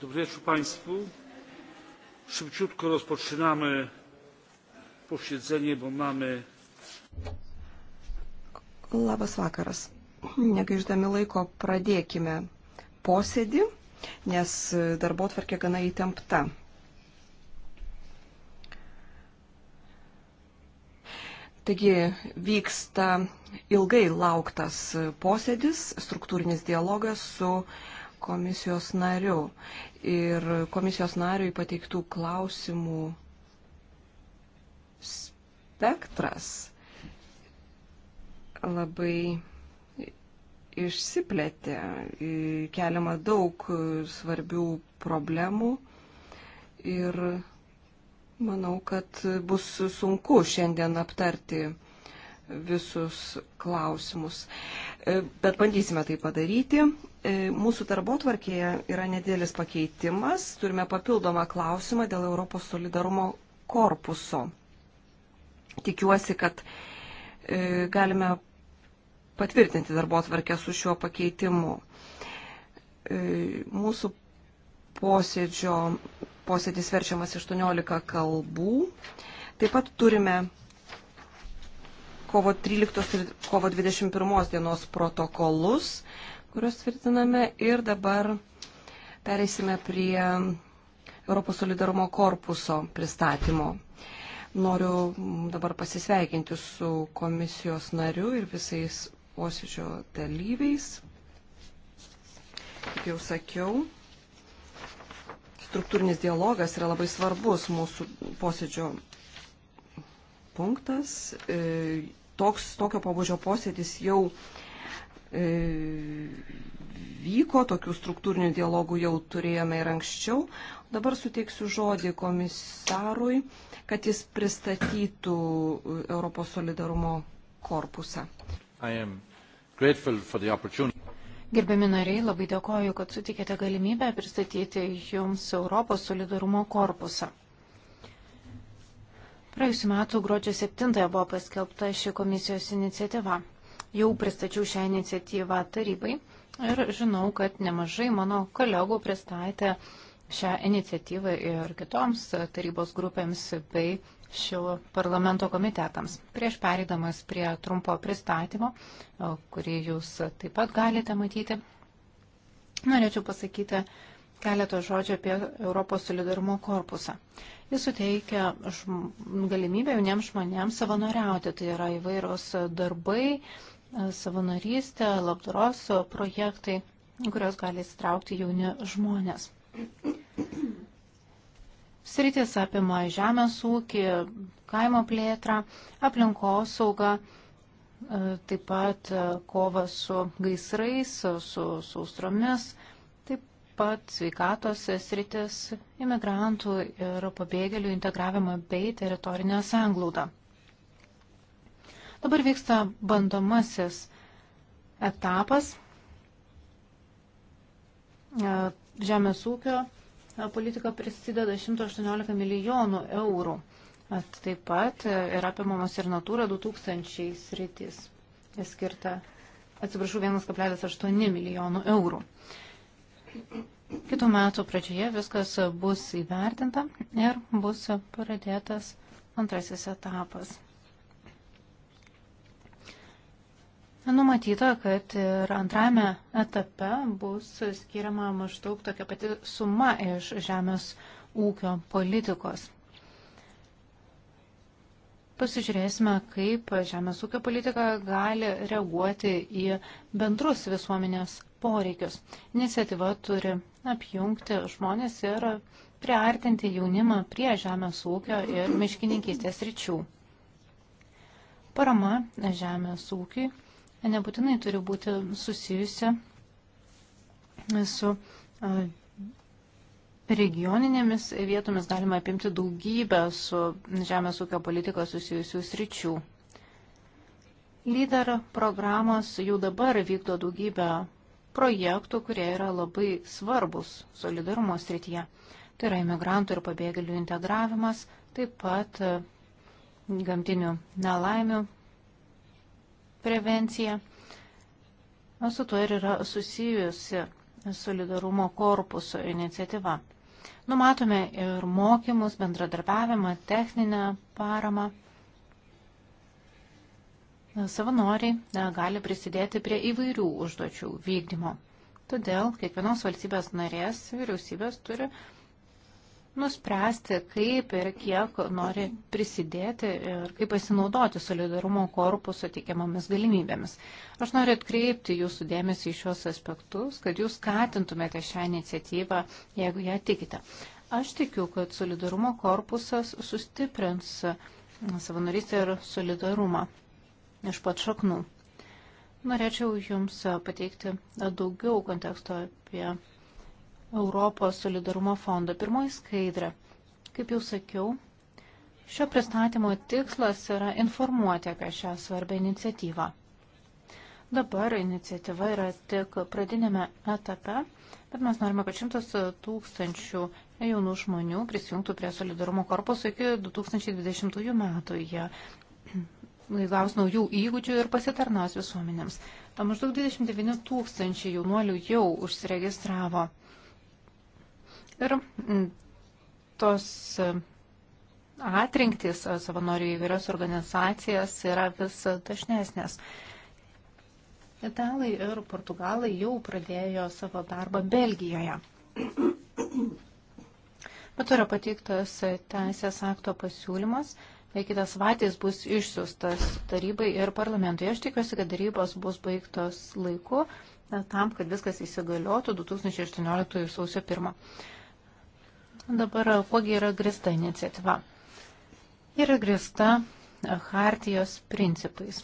Dobry wieczór Państwu. Szybciutko rozpoczynamy posiedzenie, bo mamy. Labas vakaras. Negaiždami laiko pradėkime posėdį, nes darbo tvarkė gana įtempta. Taigi vyksta ilgai lauktas posėdis, struktūrinis dialogas su uh, komisijos nariu. Ir komisijos nariui pateiktų klausimų spektras labai išsiplėtė, keliama daug svarbių problemų ir manau, kad bus sunku šiandien aptarti visus klausimus. E, bet bandysime tai padaryti. E, mūsų darbo tvarkėje yra nedėlis pakeitimas, turime papildomą klausimą dėl Europos solidarumo korpuso. Tikiuosi, kad e, galime patvirtinti darbo tvarkę su šiuo pakeitimu. Mūsų posėdžio, posėdis verčiamas 18 kalbų. Taip pat turime kovo 13 ir kovo 21 dienos protokolus, kuriuos tvirtiname. Ir dabar pereisime prie Europos solidarumo korpuso pristatymo. Noriu dabar pasisveikinti su komisijos nariu ir visais posėdžio dalyviais. Kaip jau sakiau, struktūrinis dialogas yra labai svarbus mūsų posėdžio punktas. E, toks, tokio pabudžio posėdis jau e, vyko, tokių struktūrinių dialogų jau turėjome ir anksčiau. Dabar suteiksiu žodį komisarui, kad jis pristatytų Europos solidarumo korpusą. Gerbiami nariai, labai dėkoju, kad sutikėte galimybę pristatyti Jums Europos solidarumo korpusą. Praėjusiu metu gruodžio 7 buvo paskelbta ši komisijos iniciatyva. Jau pristačiau šią iniciatyvą tarybai ir žinau, kad nemažai mano kolegų pristatė šią iniciatyvą ir kitoms tarybos grupėms bei šio parlamento komitetams. Prieš pereidamas prie trumpo pristatymo, kurį jūs taip pat galite matyti, norėčiau pasakyti, Keletą žodžių apie Europos solidarumo korpusą. Jis suteikia žm... galimybę jauniems žmonėms savanoriauti, tai yra įvairios darbai, savanorystė, labdaros projektai, kurios gali įsitraukti jauni žmonės. Sritis apima žemės ūkį, kaimo plėtrą, aplinkosaugą, taip pat kova su gaisrais, su saustromis. Su pat sveikatos sritis, imigrantų ir pabėgėlių integravimą bei teritorinę sanglaudą. Dabar vyksta bandomasis etapas e, žemės ūkio politika prisideda 118 milijonų eurų. At taip pat e, yra apimamos ir Natūra 2000 sritis. Skirta, atsiprašau, 1,8 milijonų eurų. Kitų metų pradžioje viskas bus įvertinta ir bus pradėtas antrasis etapas. Numatyta, kad ir antrame etape bus skiriama maždaug tokia pati suma iš žemės ūkio politikos. Pasižiūrėsime, kaip žemės ūkio politika gali reaguoti į bendrus visuomenės poreikius. Iniciatyva turi apjungti žmonės ir priartinti jaunimą prie žemės ūkio ir miškininkystės ryčių. Parama žemės ūkiui nebūtinai turi būti susijusi su regioninėmis vietomis galima apimti daugybę su žemės ūkio politika susijusių sričių. Lyder programos jau dabar vykdo daugybę projektų, kurie yra labai svarbus solidarumo srityje. Tai yra imigrantų ir pabėgėlių integravimas, taip pat e, gamtinių nelaimių prevencija. O su tuo ir yra susijusi solidarumo korpuso iniciatyva. Numatome ir mokymus, bendradarbiavimą, techninę paramą savanoriai e, gali prisidėti prie įvairių užduočių vykdymo. Todėl kiekvienos valstybės narės vyriausybės turi nuspręsti, kaip ir kiek nori prisidėti ir kaip pasinaudoti solidarumo korpuso teikiamomis galimybėmis. Aš noriu atkreipti jūsų dėmesį į šios aspektus, kad jūs skatintumėte šią iniciatyvą, jeigu ją tikite. Aš tikiu, kad solidarumo korpusas sustiprins savanorystę ir solidarumą iš pat šaknų. Norėčiau Jums pateikti daugiau konteksto apie Europos solidarumo fondą. Pirmoji skaidrė. Kaip jau sakiau, šio pristatymo tikslas yra informuoti apie šią svarbę iniciatyvą. Dabar iniciatyva yra tik pradinėme etape, bet mes norime, kad šimtas tūkstančių jaunų žmonių prisijungtų prie solidarumo korpuso iki 2020 metų. Jie įgaus naujų įgūdžių ir pasitarnaus visuomenėms. Maždaug 29 tūkstančiai jaunuolių jau užsiregistravo. Ir mm, tos e, atrinktys e, savanorių įvairios organizacijas yra vis e, dažnesnės. Italai ir portugalai jau pradėjo savo darbą Belgijoje. Bet yra pateiktas teisės akto pasiūlymas kitas vatys bus išsiųstas tarybai ir parlamentui. Aš tikiuosi, kad darybos bus baigtos laiku, tam, kad viskas įsigaliotų 2018 sausio 1. Dabar, kuogi yra grista iniciatyva? Yra grista hartijos principais.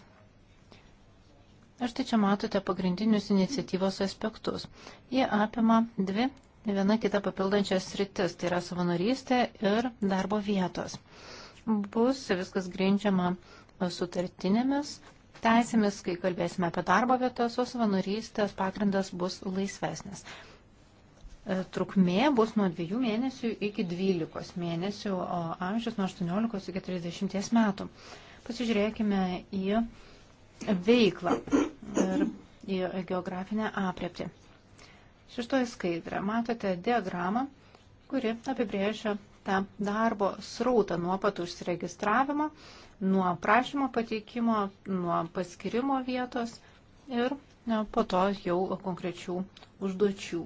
Aš tai čia matote pagrindinius iniciatyvos aspektus. Jie apima dvi viena kita papildančias sritis, tai yra savanorystė ir darbo vietos bus viskas grindžiama sutartinėmis teisėmis, kai kalbėsime apie darbo vietas, o savanorystės pagrindas bus laisvesnis. E, trukmė bus nuo 2 mėnesių iki 12 mėnesių, o amžius nuo 18 iki 30 metų. Pasižiūrėkime į veiklą ir į geografinę apriepti. Šeštoji skaidra. Matote diagramą, kuri apibrėžia tą darbo srautą nuo pat užsiregistravimo, nuo prašymo pateikimo, nuo paskirimo vietos ir po to jau konkrečių užduočių.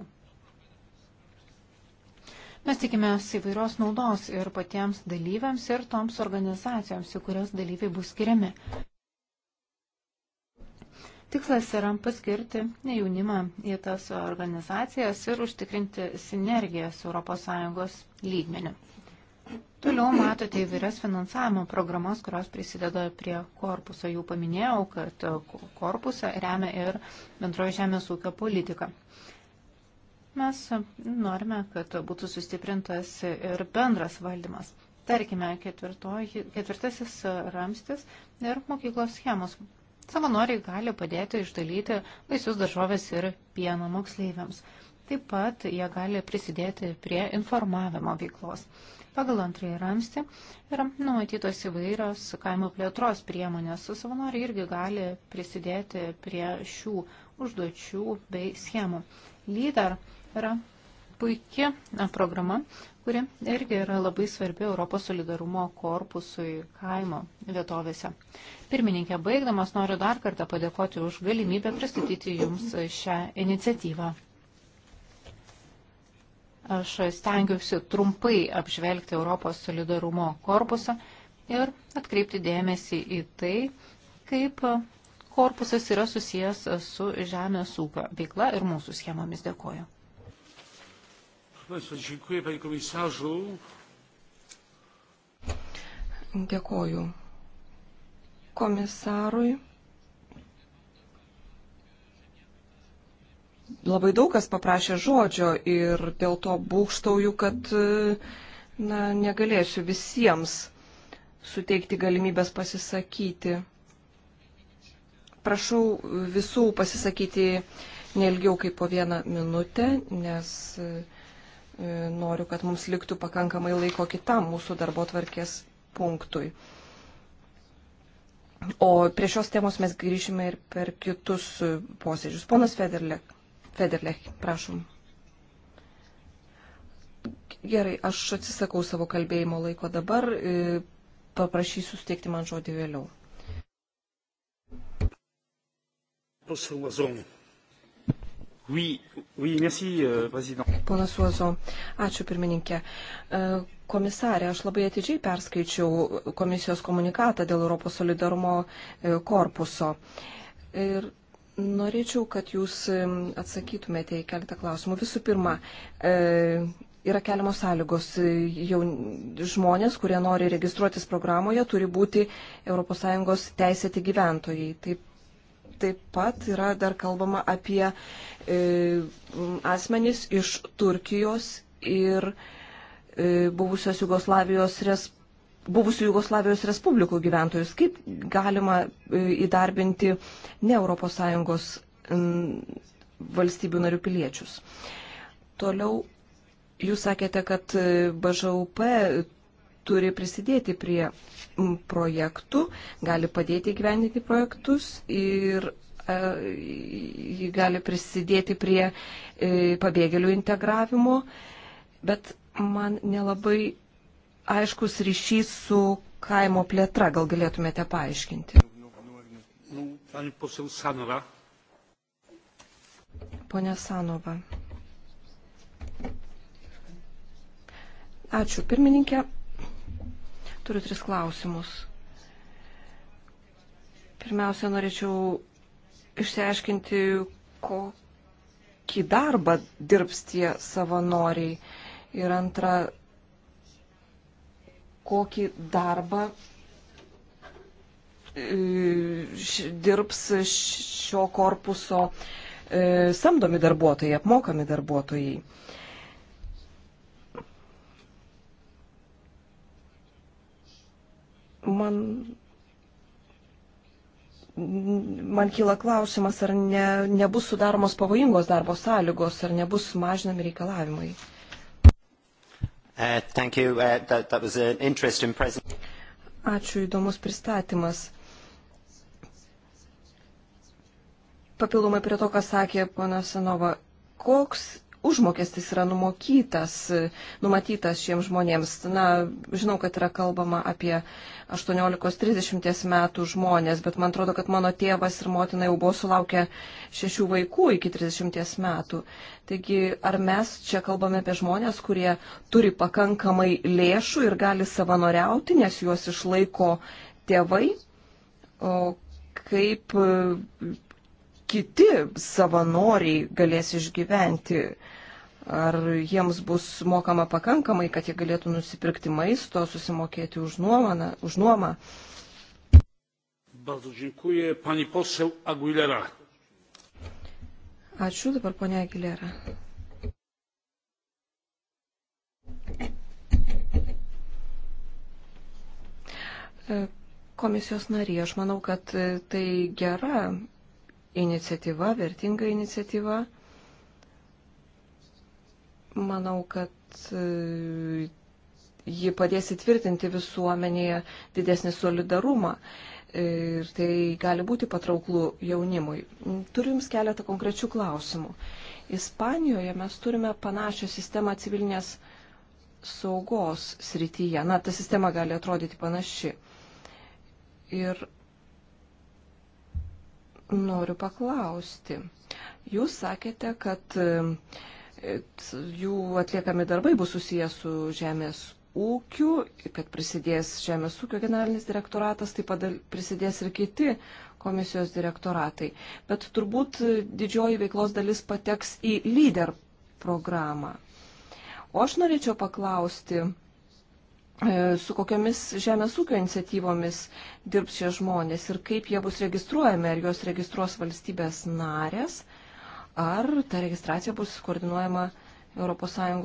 Mes tikimės įvairios naudos ir patiems dalyviams, ir toms organizacijoms, į kurias dalyviai bus skiriami tikslas yra paskirti jaunimą į tas organizacijas ir užtikrinti sinergijas ES lygmenį. Toliau matote įvairias finansavimo programas, kurios prisideda prie korpuso. Jau paminėjau, kad korpusą remia ir bendroji žemės ūkio politika. Mes norime, kad būtų sustiprintas ir bendras valdymas. Tarkime, ketvirtasis ramstis ir mokyklos schemos Savanoriai gali padėti išdalyti vaisius daržovės ir pieną moksleiviams. Taip pat jie gali prisidėti prie informavimo veiklos. Pagal antrąjį ramstį yra numatytos įvairios kaimo plėtros priemonės. Savanoriai irgi gali prisidėti prie šių užduočių bei schemų. Lyder yra puikia programa, kuri irgi yra labai svarbi Europos solidarumo korpusui kaimo vietovėse. Pirmininkė, baigdamas noriu dar kartą padėkoti už galimybę pristatyti Jums šią iniciatyvą. Aš stengiuosi trumpai apžvelgti Europos solidarumo korpusą ir atkreipti dėmesį į tai, kaip korpusas yra susijęs su žemės ūkio veikla ir mūsų schemomis. Dėkoju. Państwa, dziękuję Panie Komisarzu. Dėkoju komisarui. Labai daug kas paprašė žodžio ir dėl to būkštauju, kad na, negalėsiu visiems suteikti galimybės pasisakyti. Prašau visų pasisakyti nelgiau kaip po vieną minutę, nes E, noriu, kad mums liktų pakankamai laiko kitam mūsų darbo tvarkės punktui. O prie šios temos mes grįžime ir per kitus posėdžius. Ponas Federlech, Federlech prašom. Gerai, aš atsisakau savo kalbėjimo laiko dabar, e, paprašysiu suteikti man žodį vėliau. Poseł Łazonu. Oui, oui, merci, uh, Ponas Uozo, ačiū pirmininkė. E, komisarė, aš labai atidžiai perskaičiau komisijos komunikatą dėl Europos solidarumo e, korpuso. Ir norėčiau, kad jūs e, atsakytumėte į keletą klausimų. Visų pirma, yra keliamos sąlygos. Jau žmonės, kurie nori registruotis programoje, turi būti ES teisėti gyventojai. Taip taip pat yra dar kalbama apie e, asmenys iš Turkijos ir e, buvusios Jugoslavijos Respublikos buvusių Jugoslavijos Respublikų gyventojus, kaip galima e, įdarbinti ne ES valstybių narių piliečius. Toliau jūs sakėte, kad e, BŽUP turi prisidėti prie projektų, gali padėti gyveninti projektus ir e, ji gali prisidėti prie e, pabėgėlių integravimo, bet man nelabai aiškus ryšys su kaimo plėtra, gal galėtumėte paaiškinti. Nu, Pone Sanova. Ačiū, pirmininkė. Turiu tris klausimus. Pirmiausia, norėčiau išsiaiškinti, kokį darbą dirbs tie savanoriai. Ir antra, kokį darbą e, dirbs šio korpuso e, samdomi darbuotojai, apmokami darbuotojai. Man, man kyla klausimas, ar ne, nebus sudaromos pavojingos darbo sąlygos, ar nebus mažinami reikalavimai. Uh, thank you. Uh, that, that was an interesting presentation. Ačiū įdomus pristatymas. Papildomai prie to, ką sakė pana Senova, koks užmokestis yra numokytas, numatytas šiems žmonėms. Na, žinau, kad yra kalbama apie 18-30 metų žmonės, bet man atrodo, kad mano tėvas ir motina jau buvo sulaukę šešių vaikų iki 30 metų. Taigi, ar mes čia kalbame apie žmonės, kurie turi pakankamai lėšų ir gali savanoriauti, nes juos išlaiko tėvai? O kaip kiti savanoriai galės išgyventi. Ar jiems bus mokama pakankamai, kad jie galėtų nusipirkti maisto, susimokėti už nuomą? Už nuomą? Bardzo dziękuję. Pani poseł Aguilera. Ačiū dabar ponia Aguilera. E, komisijos narė, aš manau, kad e, tai gera iniciatyva, vertinga iniciatyva. Manau, kad e, ji padės įtvirtinti visuomenėje didesnį solidarumą e, ir tai gali būti patrauklų jaunimui. Turiu Jums keletą konkrečių klausimų. Ispanijoje mes turime panašią sistemą civilinės saugos srityje. Na, ta sistema gali atrodyti panaši. Ir noriu paklausti. Jūs sakėte, kad jų atliekami darbai bus susijęs su žemės ūkiu, kad prisidės Žemės ūkio generalinis direktoratas, taip pat prisidės ir kiti komisijos direktoratai. Bet turbūt didžioji veiklos dalis pateks į lyder programą. O aš norėčiau paklausti, e, su kokiomis Žemės ūkio iniciatyvomis dirbs šie žmonės ir kaip jie bus registruojami, ar juos registruos valstybės narės ar ta registracija bus koordinuojama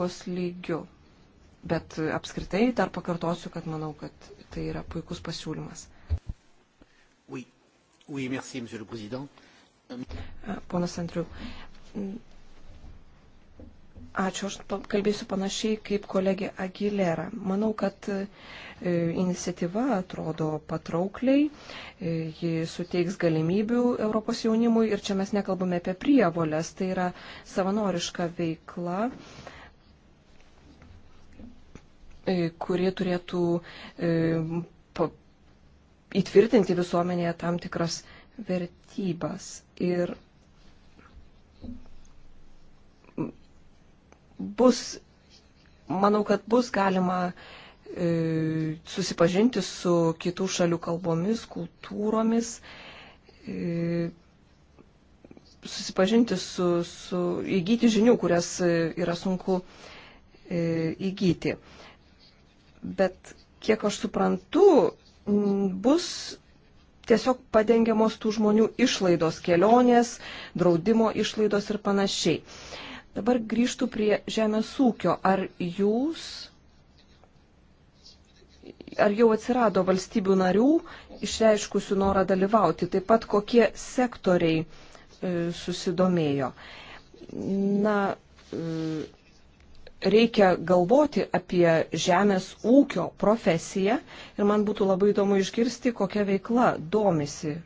ES lygiu. Bet apskritai dar pakartosiu, kad manau, kad tai yra puikus pasiūlymas. Oui. Oui, merci, Ponas Andriu, Ačiū, aš kalbėsiu panašiai kaip kolegė Agilera. Manau, kad e, iniciatyva atrodo patraukliai, e, ji suteiks galimybių Europos jaunimui ir čia mes nekalbame apie prievolės, tai yra savanoriška veikla e, kurie turėtų įtvirtinti visuomenėje tam tikras vertybas. Ir bus, manau, kad bus galima e, susipažinti su kitų šalių kalbomis, kultūromis, e, susipažinti su, su įgyti žinių, kurias e, yra sunku e, įgyti. Bet kiek aš suprantu, bus tiesiog padengiamos tų žmonių išlaidos, kelionės, draudimo išlaidos ir panašiai. E, Dabar grįžtų prie žemės ūkio. Ar jūs, ar jau atsirado valstybių narių išreiškusių norą dalyvauti? Taip pat kokie sektoriai e, susidomėjo? Na, e, reikia galvoti apie žemės ūkio profesiją ir man būtų labai įdomu išgirsti, kokia veikla domisi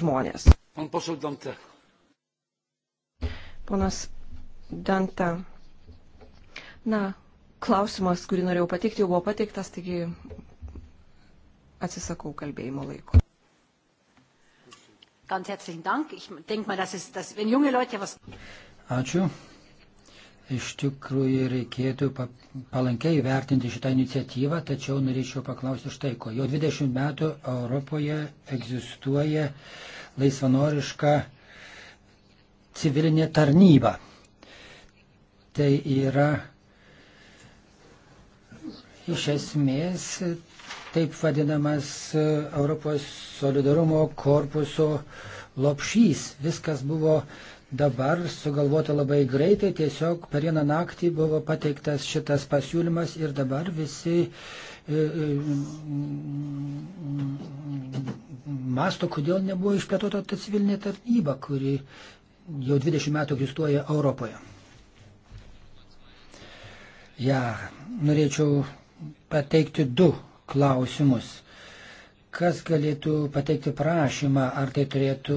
žmonės. Ponas Danta. Na, klausimas, kurį norėjau pateikti, jau buvo pateiktas, taigi atsisakau kalbėjimo laiko. Ačiū. Iš tikrųjų reikėtų palankiai vertinti šitą iniciatyvą, tačiau norėčiau paklausti štai ko. Jau 20 metų Europoje egzistuoja laisvanoriška civilinė tarnyba. Tai yra iš esmės taip vadinamas Europos solidarumo korpuso lopšys. Viskas buvo dabar sugalvota labai greitai, tiesiog per vieną naktį buvo pateiktas šitas pasiūlymas ir dabar visi e, e, masto, kodėl nebuvo išplėtota ta civilinė tarnyba, kuri jau 20 metų egzistuoja Europoje. Jar. Norėčiau pateikti du klausimus. Kas galėtų pateikti prašymą, ar tai turėtų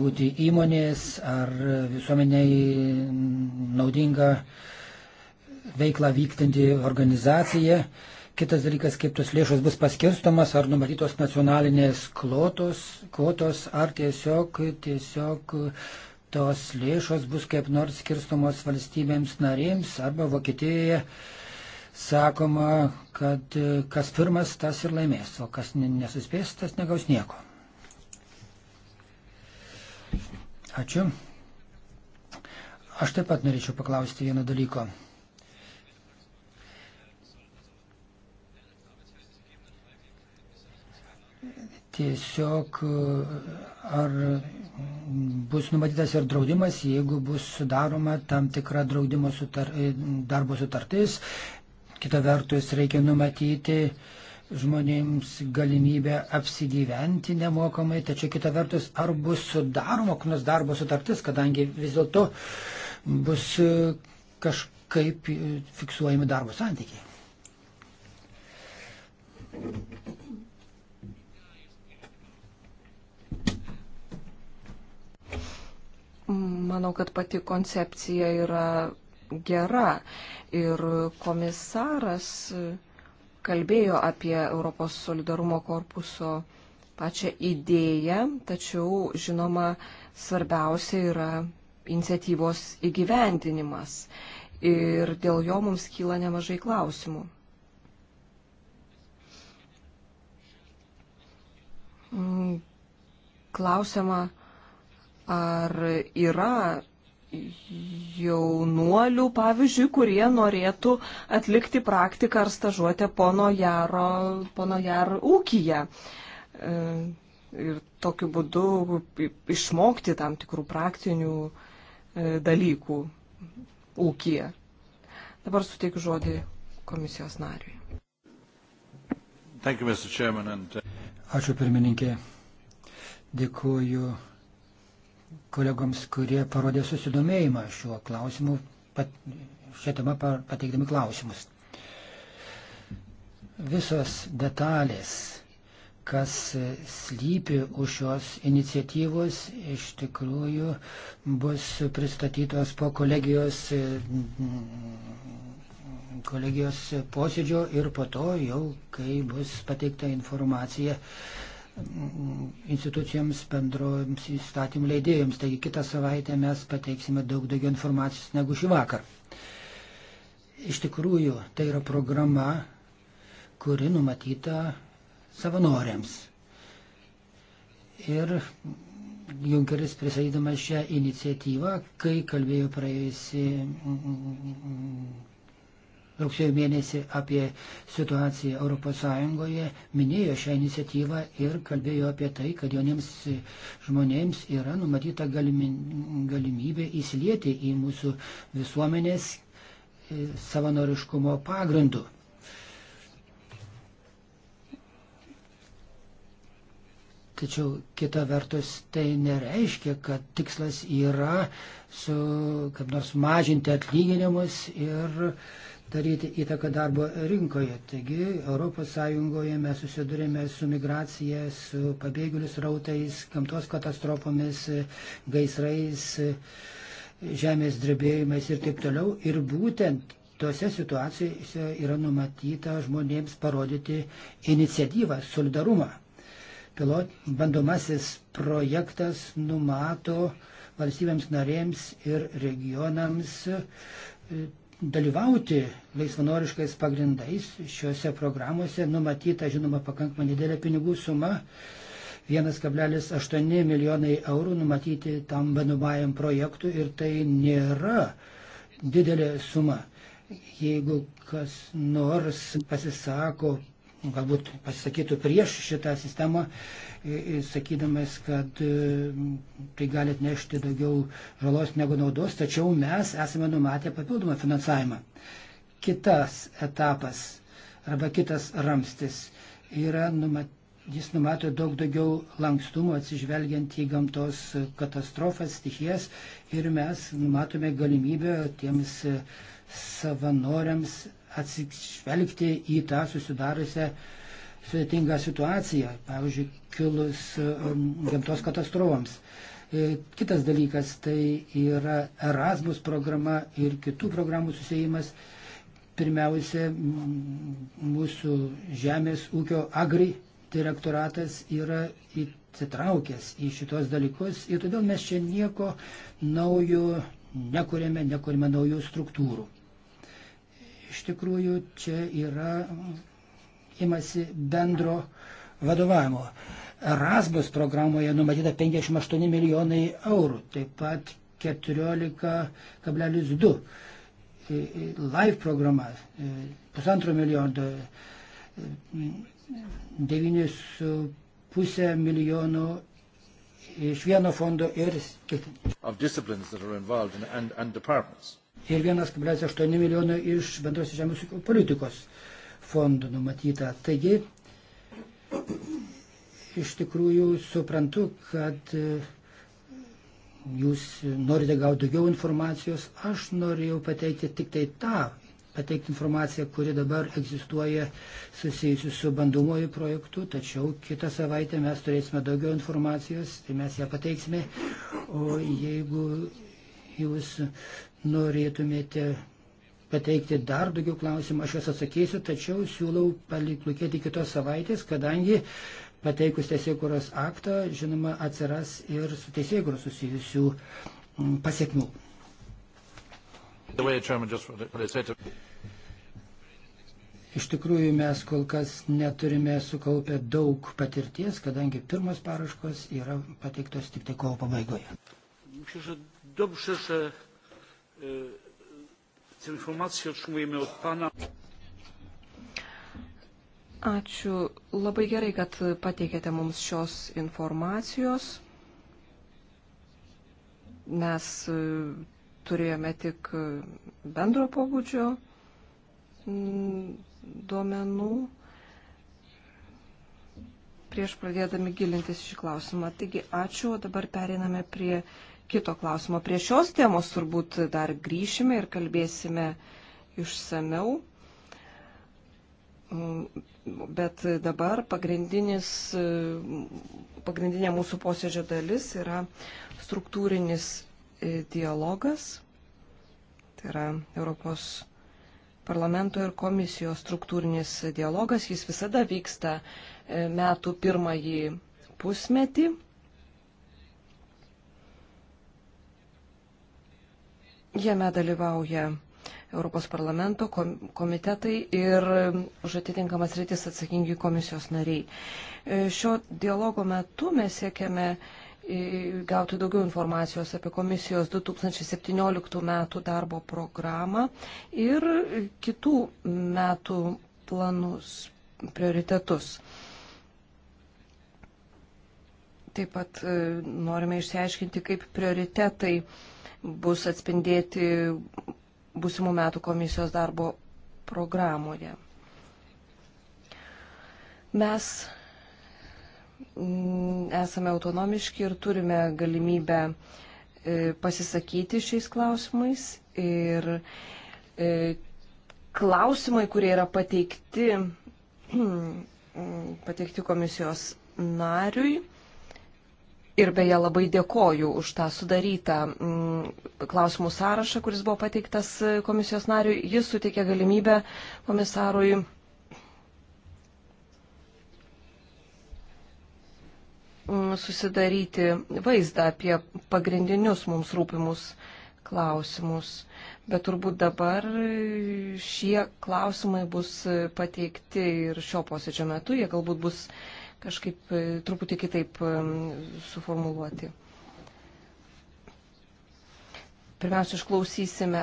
būti įmonės, ar visuomeniai naudinga veiklą vykdanti organizacija. Kitas dalykas, kaip tos lėšos bus paskirstomas, ar numatytos nacionalinės klotos, kvotos, ar tiesiog, tiesiog tos lėšos bus kaip nors skirstomos valstybėms narėms arba Vokietijoje sakoma, kad e, kas pirmas, tas ir laimės, o kas nesuspės, tas negaus nieko. Ačiū. Aš taip pat norėčiau paklausti vieno dalyko. tiesiog ar bus numatytas ir draudimas, jeigu bus sudaroma tam tikra draudimo sutar, darbo sutartis. Kita vertus, reikia numatyti žmonėms galimybę apsigyventi nemokamai, tačiau kita vertus, ar bus sudaroma kokios darbo sutartis, kadangi vis dėlto bus kažkaip fiksuojami darbo santykiai. Manau, kad pati koncepcija yra gera ir komisaras kalbėjo apie Europos solidarumo korpuso pačią idėją, tačiau, žinoma, svarbiausia yra iniciatyvos įgyvendinimas ir dėl jo mums kyla nemažai klausimų. Mm. Klausiama, Ar yra jaunuolių, pavyzdžiui, kurie norėtų atlikti praktiką ar stažuotę pono Jaro, pono Jaro ūkiją? E, ir tokiu būdu išmokti tam tikrų praktinių e, dalykų ūkyje. Dabar suteikiu žodį komisijos nariui. Uh, Ačiū pirmininkė. Dėkuoju kolegoms, kurie parodė susidomėjimą šiuo klausimu, pat, šią temą pateikdami klausimus. Visos detalės, kas slypi už šios iniciatyvos, iš tikrųjų bus pristatytos po kolegijos, kolegijos posėdžio ir po to jau, kai bus pateikta informacija institucijoms, bendrojams įstatymų leidėjams. Taigi kitą savaitę mes pateiksime daug daugiau informacijos negu šį vakar. Iš tikrųjų, tai yra programa, kuri numatyta savanoriams. Ir Junkeris prisakydamas šią iniciatyvą, kai kalbėjo praėjusi rugsėjo mėnesį apie situaciją ES, minėjo šią iniciatyvą ir kalbėjo apie tai, kad jauniems žmonėms yra numatyta galimybė įsilieti į mūsų visuomenės e, savanoriškumo pagrindu. Tačiau kita vertus tai nereiškia, kad tikslas yra su, kaip nors mažinti atlyginimus ir uh, daryti įtaką darbo rinkoje. Taigi ES mes susidurime su migracija, su pabėgėlius rautais, gamtos katastrofomis, gaisrais, žemės drebėjimais ir taip toliau. Ir būtent tose situacijose yra numatyta žmonėms parodyti iniciatyvą, solidarumą. Pilot, bandomasis projektas numato valstybėms narėms ir regionams dalyvauti laisvanoriškais pagrindais šiuose programuose numatyta, žinoma, pakankamai didelė pinigų suma. 1,8 milijonai eurų numatyti tam bandomajam projektui ir tai nėra didelė suma. Jeigu kas nors pasisako galbūt pasisakytų prieš šitą sistemą, sakydamas, kad e, tai gali atnešti daugiau žalos negu naudos, tačiau mes esame numatę papildomą finansavimą. Kitas etapas arba kitas ramstis yra numatyti. Jis numato daug daugiau lankstumo atsižvelgiant į gamtos katastrofas, stichijas ir mes numatome galimybę tiems savanoriams atsižvelgti į tą susidariusią sudėtingą situaciją, pavyzdžiui, kilus um, gamtos katastrofams. E, kitas dalykas tai yra Erasmus programa ir kitų programų susijimas. Pirmiausia, mūsų žemės ūkio agri direktoratas yra įsitraukęs į šitos dalykus ir todėl mes čia nieko naujo nekuriame, nekuriame naujų struktūrų. Iš tikrųjų, čia yra imasi bendro vadovavimo. Erasmus programoje numatyta 58 milijonai eurų, taip pat 14,2. Live programa pusantro milijono, 9,5 milijono iš vieno fondo ir kiti ir 1,8 milijono iš bendros žemės ūkio politikos fondų numatyta. Taigi, iš tikrųjų suprantu, kad e, jūs norite gauti daugiau informacijos. Aš norėjau pateikti tik tai tą, pateikti informaciją, kuri dabar egzistuoja susijusi su bandomuoju projektu, tačiau kitą savaitę mes turėsime daugiau informacijos, tai mes ją pateiksime. O jeigu jūs norėtumėte pateikti dar daugiau klausimų, aš juos atsakysiu, tačiau siūlau palikti kitos savaitės, kadangi pateikus teisėkuros aktą, žinoma, atsiras ir su teisėkuros susijusių mm, pasiekmių. Iš tikrųjų, mes kol kas neturime sukaupę daug patirties, kadangi pirmas paraškos yra pateiktos tik tai kovo pabaigoje. Myślę, że dobrze, że Te informacje otrzymujemy od Pana. Ačiū. Labai gerai, kad pateikėte mums šios informacijos. Mes turėjome tik bendro pobūdžio mm, duomenų prieš pradėdami gilintis šį klausimą. Taigi ačiū, o dabar pereiname prie kito klausimo. Prie šios temos turbūt dar grįšime ir kalbėsime išsameu. Bet dabar pagrindinė mūsų posėdžio dalis yra struktūrinis e, dialogas. Tai yra Europos parlamento ir komisijos struktūrinis dialogas. Jis visada vyksta e, metų pirmąjį pusmetį. Jame dalyvauja Europos parlamento komitetai ir už atitinkamas rytis atsakingi komisijos nariai. E, šio dialogo metu mes siekiame e, gauti daugiau informacijos apie komisijos 2017 metų darbo programą ir kitų metų planus, prioritetus. Taip pat e, norime išsiaiškinti, kaip prioritetai bus atspindėti būsimų metų komisijos darbo programoje. Mes mm, esame autonomiški ir turime galimybę e, pasisakyti šiais klausimais ir e, klausimai, kurie yra pateikti, pateikti komisijos nariui, Ir beje, labai dėkoju už tą sudarytą mm, klausimų sąrašą, kuris buvo pateiktas e, komisijos nariui. Jis suteikė galimybę komisarui. Mm, susidaryti vaizdą apie pagrindinius mums rūpimus klausimus. Bet turbūt dabar šie klausimai bus pateikti ir šio posėdžio metu, jie galbūt bus uh, kažkaip e, truputį kitaip e, suformuluoti. Pirmiausia, išklausysime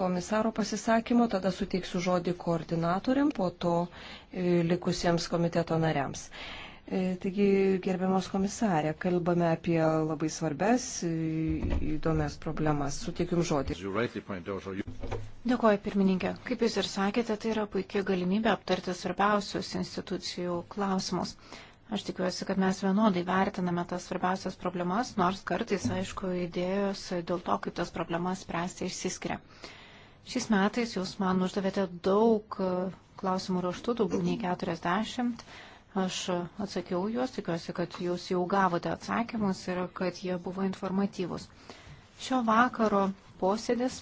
komisaro pasisakymo, tada suteiksiu žodį koordinatoriam, po to e, likusiems komiteto nariams. E, taigi, gerbiamos komisarė, kalbame apie labai svarbes įdomias problemas. Suteikim žodį. Dėkuoju, pirmininkė. Kaip Jūs ir sakėte, tai yra puikia galimybė aptarti svarbiausius institucijų klausimus. Aš tikiuosi, kad mes vienodai vertiname tas svarbiausias problemas, nors kartais, aišku, idėjos dėl to, kaip tas problemas spręsti, išsiskiria. Šiais metais Jūs man uždavėte daug e, klausimų raštų, daugiau nei 40 Aš atsakiau juos, tikiuosi, kad jūs jau gavote atsakymus ir kad jie buvo informatyvus. Šio vakaro posėdis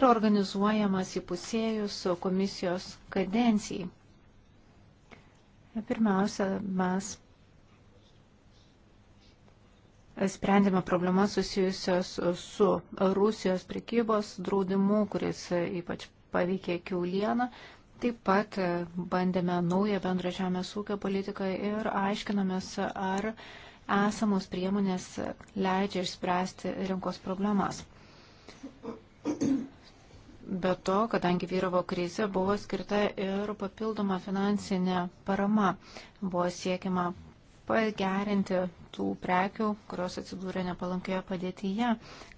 yra organizuojamas įpusėjus komisijos kadencijai. Pirmiausia, mes sprendėme problemas susijusios su Rusijos prekybos draudimu, kuris ypač paveikė kiaulieną. Taip pat e, bandėme naują bendrą žemės ūkio politiką ir aiškinomės, ar esamos priemonės leidžia išspręsti rinkos problemas. Be to, kadangi vyravo krizė, buvo skirta ir papildoma finansinė parama. Buvo siekiama pagerinti tų prekių, kurios atsidūrė nepalankioje padėtyje,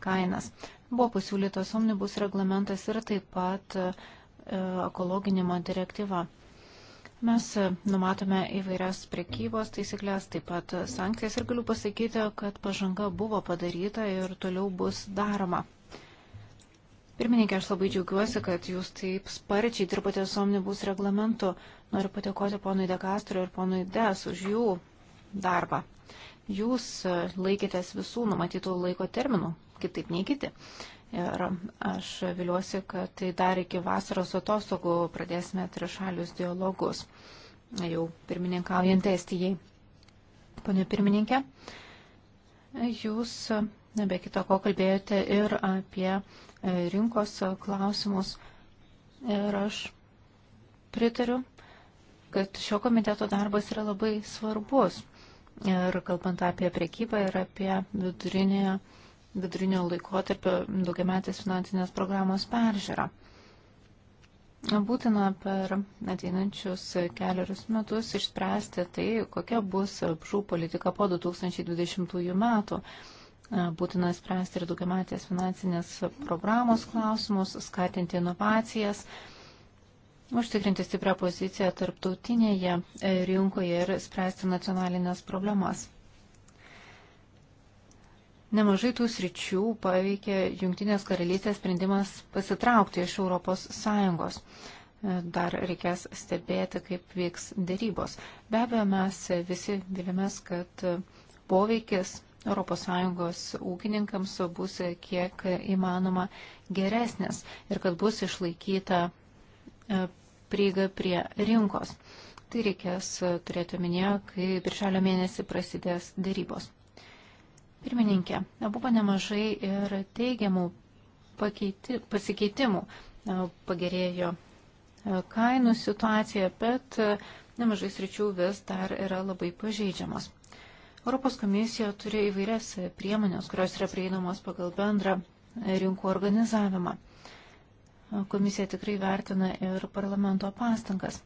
kainas. Buvo pasiūlytas omnibus reglamentas ir taip pat E, ekologinimo direktyva. Mes e, numatome įvairias prekybos taisyklės, taip pat sankcijas ir galiu pasakyti, kad pažanga buvo padaryta ir toliau bus daroma. Pirmininkė, aš labai džiaugiuosi, kad jūs taip sparčiai dirbate su omnibus reglamentu. Noriu patikoti ponui Dekastro ir ponui Des už jų darbą. Jūs e, laikėtės visų numatytų laiko terminų, kitaip nei kiti. Ir aš viliuosi, kad tai dar iki vasaros atostogų pradėsime trišalius dialogus, jau pirmininkaujant Estijai. Pane pirmininkė, jūs be kito ko kalbėjote ir apie e, rinkos klausimus. Ir aš pritariu, kad šio komiteto darbas yra labai svarbus. Ir kalbant apie prekybą ir apie vidurinėje vidurinio laikotarpio daugiametės finansinės programos peržiūrą. Būtina per ateinančius keliarius metus išspręsti tai, kokia bus žų politika po 2020 metų. Būtina spręsti ir daugiamatės finansinės programos klausimus, skatinti inovacijas, užtikrinti stiprią poziciją tarptautinėje rinkoje ir spręsti nacionalinės problemas. Nemažai tų sričių paveikė Junktinės karalystės sprendimas pasitraukti iš ES. E, dar reikės stebėti, kaip vyks dėrybos. Be abejo, mes visi vilėmės, kad poveikis ES ūkininkams bus kiek įmanoma geresnis ir kad bus išlaikyta e, prieiga prie rinkos. Tai reikės turėti omenyje, kai birželio mėnesį prasidės dėrybos. Pirmininkė, buvo nemažai ir teigiamų pakeiti, pasikeitimų. E, pagerėjo e, kainų situacija, bet e, nemažai sričių vis dar yra labai pažeidžiamos. Europos komisija turi įvairias priemonės, kurios yra prieinamos pagal bendrą rinkų organizavimą. Komisija tikrai vertina ir parlamento pastangas.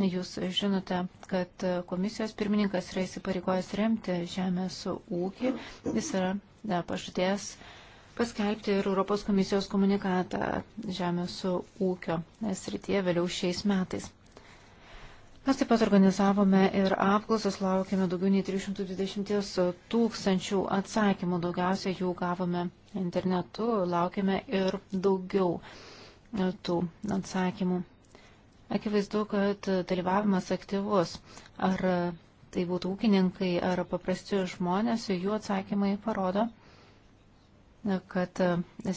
Jūs žinote, kad komisijos pirmininkas yra įsipareigojęs remti žemės ūkį. Jis yra da, pažadėjęs paskelbti ir Europos komisijos komunikatą žemės ūkio srityje vėliau šiais metais. Mes taip pat organizavome ir apklausas, laukėme daugiau nei 320 tūkstančių atsakymų, daugiausia jų gavome internetu, laukėme ir daugiau tų atsakymų. Akivaizdu, kad dalyvavimas aktyvus. Ar tai būtų ūkininkai ar paprasti žmonės, jų atsakymai parodo, kad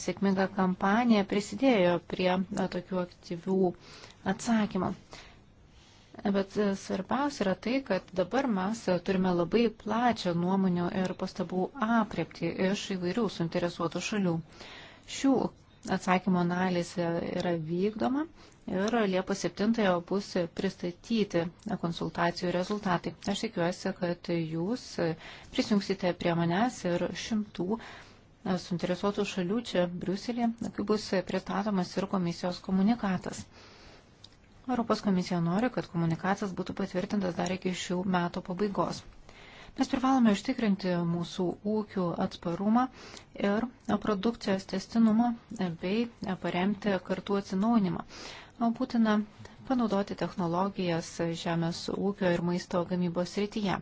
sėkminga kampanija prisidėjo prie tokių aktyvių atsakymų. Bet svarbiausia yra tai, kad dabar mes turime labai plačią nuomonių ir pastabų apriepti iš įvairių suinteresuotų šalių. Šių atsakymo analizė yra vykdoma ir Liepos 7-ąją bus pristatyti konsultacijų rezultatai. Aš tikiuosi, kad jūs prisijungsite prie manęs ir šimtų suinteresuotų šalių čia Briuselėje, kai bus pristatomas ir komisijos komunikatas. Europos komisija nori, kad komunikatas būtų patvirtintas dar iki šių metų pabaigos. Mes privalome užtikrinti mūsų ūkių atsparumą ir produkcijos testinumą bei paremti kartu atsinaunimą. Būtina panaudoti technologijas žemės ūkio ir maisto gamybos srityje.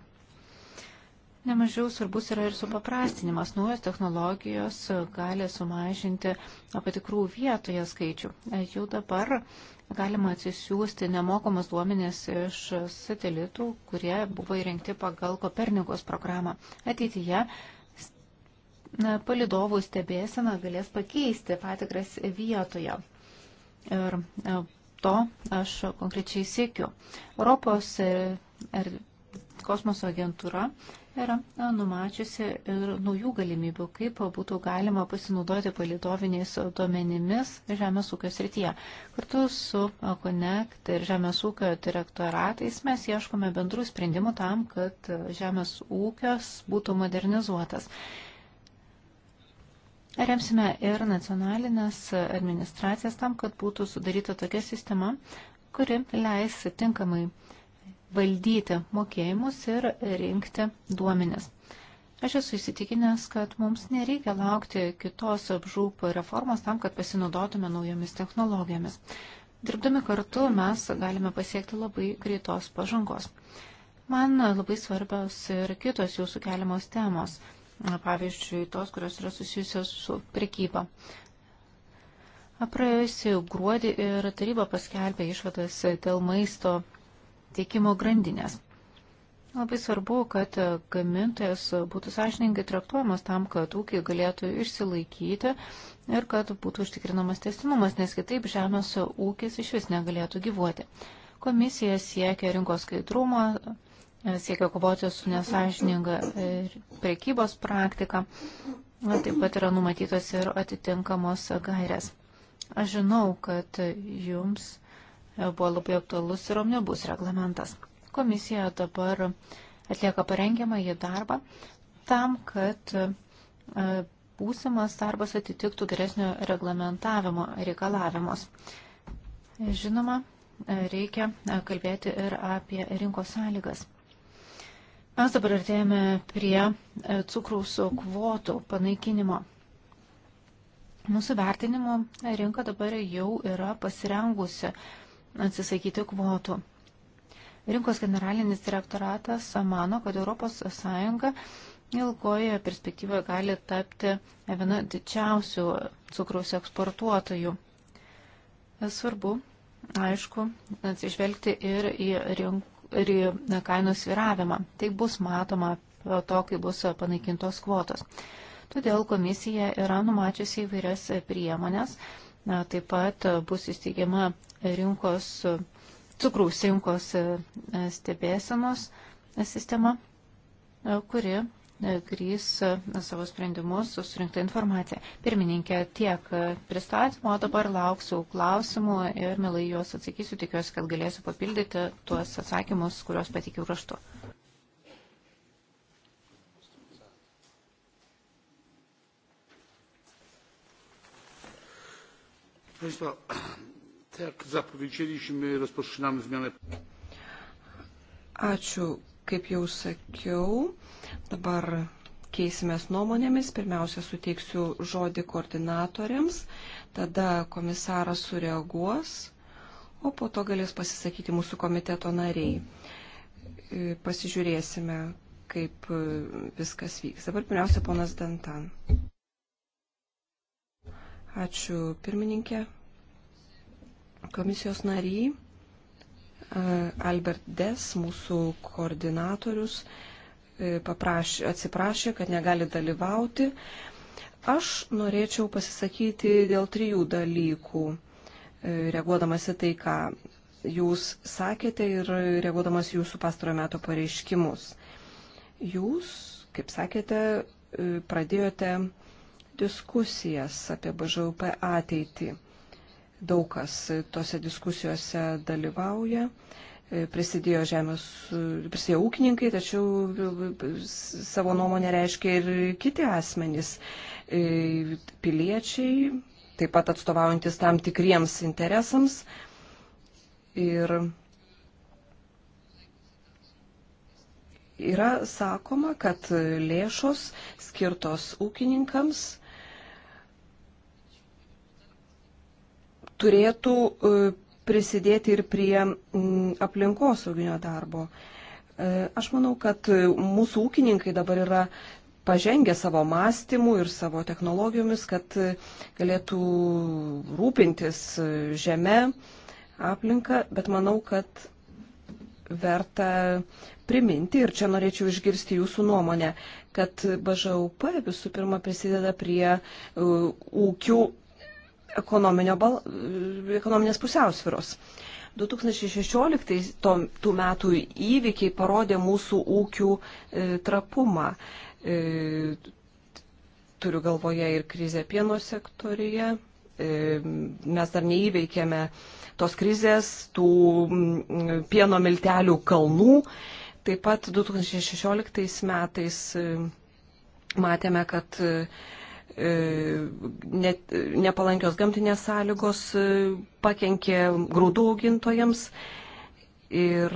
Nemažiau svarbus yra ir supaprastinimas. Naujos technologijos gali sumažinti patikrų vietoje skaičių. Jau dabar galima atsisiųsti nemokamas duomenės iš satelitų, kurie buvo įrengti pagal Kopernikos programą. Ateityje palidovų stebėsena galės pakeisti patikras vietoje. Ir e, to aš konkrečiai siekiu. Europos ir, e, er, ir kosmoso agentūra yra numačiusi ir naujų galimybių, kaip būtų galima pasinaudoti palidoviniais duomenimis Žemės ūkio srityje. Kartu su Connect ir Žemės ūkio direktoratais mes ieškome bendrų sprendimų tam, kad Žemės ūkios būtų modernizuotas. Remsime ir nacionalinės administracijas tam, kad būtų sudaryta tokia sistema, kuri leis tinkamai valdyti mokėjimus ir rinkti duomenis. Aš esu įsitikinęs, kad mums nereikia laukti kitos apžūp reformos tam, kad pasinaudotume naujomis technologijomis. Dirbdami kartu mes galime pasiekti labai greitos pažangos. Man labai svarbios ir kitos jūsų keliamos temos, pavyzdžiui, tos, kurios yra susijusios su prekyba. Praėjusį gruodį ir taryba paskelbė išvadas dėl maisto tiekimo grandinės. Labai svarbu, kad gamintojas būtų sąžiningai traktuojamas tam, kad ūkiai galėtų išsilaikyti ir kad būtų užtikrinamas testinumas, nes kitaip žemės ūkis iš vis negalėtų gyvuoti. Komisija siekia rinkos skaidrumo, siekia kovoti su nesažininga prekybos praktika. Taip pat yra numatytos ir atitinkamos gairės. Aš žinau, kad jums buvo labai aktualus ir omnibus reglamentas. Komisija dabar atlieka parengiamą į darbą tam, kad e, būsimas darbas atitiktų geresnio reglamentavimo reikalavimus. Žinoma, reikia e, kalbėti ir apie rinkos sąlygas. Mes dabar artėjame prie e, cukraus kvotų panaikinimo. Mūsų vertinimu rinka dabar jau yra pasirengusi uh, atsisakyti kvotų. Rinkos generalinis direktoratas mano, kad ES ilgoje perspektyvoje gali tapti viena didžiausių cukraus eksportuotojų. Svarbu, aišku, atsižvelgti ir į, rink, ir į kainų sviravimą. Tai bus matoma po to, kai bus panaikintos kvotos. Todėl komisija yra numačiusi įvairias priemonės, Taip pat e, bus įsteigiama rinkos, e, cukraus rinkos e, stebėsenos sistema, kuri grįs savo sprendimus surinktą informaciją. Pirmininkė, tiek pristatymo, dabar lauksiu klausimų ir mielai juos atsakysiu, tikiuosi, kad galėsiu papildyti tuos atsakymus, kuriuos patikiu raštu. Państwa, tak jak zapowiedzieliśmy, rozpoczynamy zmianę. Ačiū, kaip jau sakiau. Dabar keisimės nuomonėmis. Pirmiausia, suteiksiu žodį koordinatoriams, tada komisaras sureaguos, o po to galės pasisakyti mūsų komiteto nariai. E, pasižiūrėsime, kaip e, viskas vyks. Dabar pirmiausia, ponas Dantan. Ačiū pirmininkė, komisijos nariai, Albert Des, mūsų koordinatorius, e, paprašė, atsiprašė, kad negali dalyvauti. Aš norėčiau pasisakyti dėl trijų dalykų, e, reaguodamas į tai, ką jūs sakėte ir reaguodamas jūsų pastarojo meto pareiškimus. Jūs, kaip sakėte, e, pradėjote diskusijas apie BŽUP ateitį. Daug kas tose diskusijose dalyvauja. Prisidėjo žemės, prisidėjo ūkininkai, tačiau savo nuomonę reiškia ir kiti asmenys, e, piliečiai, taip pat atstovaujantis tam tikriems interesams. Ir yra sakoma, kad lėšos skirtos ūkininkams turėtų e, prisidėti ir prie aplinkosauginio darbo. E, aš manau, kad e, mūsų ūkininkai dabar yra pažengę savo mąstymu ir savo technologijomis, kad galėtų rūpintis žeme, aplinka, bet manau, kad verta priminti, ir čia norėčiau išgirsti jūsų nuomonę, kad BŽUP visų pirma prisideda prie ūkių bal, ekonominės pusiausviros. 2016 to, tų metų įvykiai parodė mūsų ūkių e, trapumą. E, turiu galvoje ir krizę pieno sektorija. E, mes dar neįveikėme tos krizės, tų pieno miltelių kalnų. Taip pat 2016 metais e, matėme, kad e, E, net, nepalankios gamtinės sąlygos e, pakenkė grūdų augintojams. Ir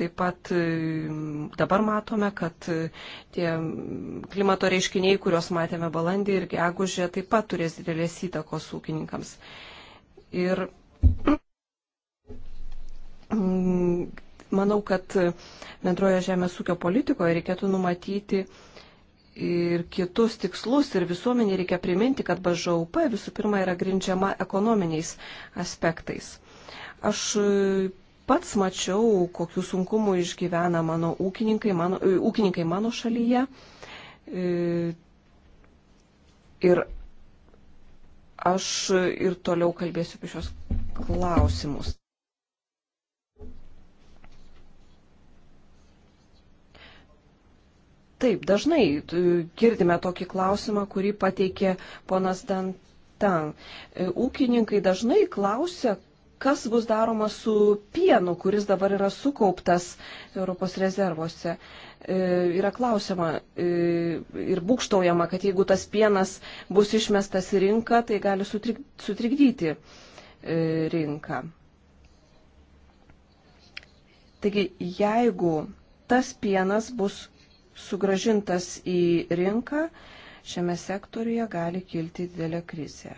taip pat e, dabar matome, kad tie klimato reiškiniai, kuriuos matėme balandį ir gegužę, taip pat turės didelės įtakos ūkininkams. Ir mm, manau, kad bendroje žemės ūkio politikoje reikėtų numatyti ir kitus tikslus ir visuomenį reikia priminti, kad BŽUP visų pirma yra grindžiama ekonominiais aspektais. Aš e, pats mačiau, kokiu sunkumu išgyvena mano ūkininkai mano, e, ūkininkai mano šalyje. E, ir aš ir toliau kalbėsiu apie šios klausimus. Taip, dažnai e, girdime tokį klausimą, kurį pateikė ponas Dantan. E, ūkininkai dažnai klausia, kas bus daroma su pienu, kuris dabar yra sukauptas Europos rezervuose. E, yra klausima ir būkštaujama, kad jeigu tas pienas bus išmestas į rinką, tai gali sutrikdyti rinką. Taigi, jeigu tas pienas bus sugražintas į rinką, šiame sektoriuje gali kilti didelė krizė.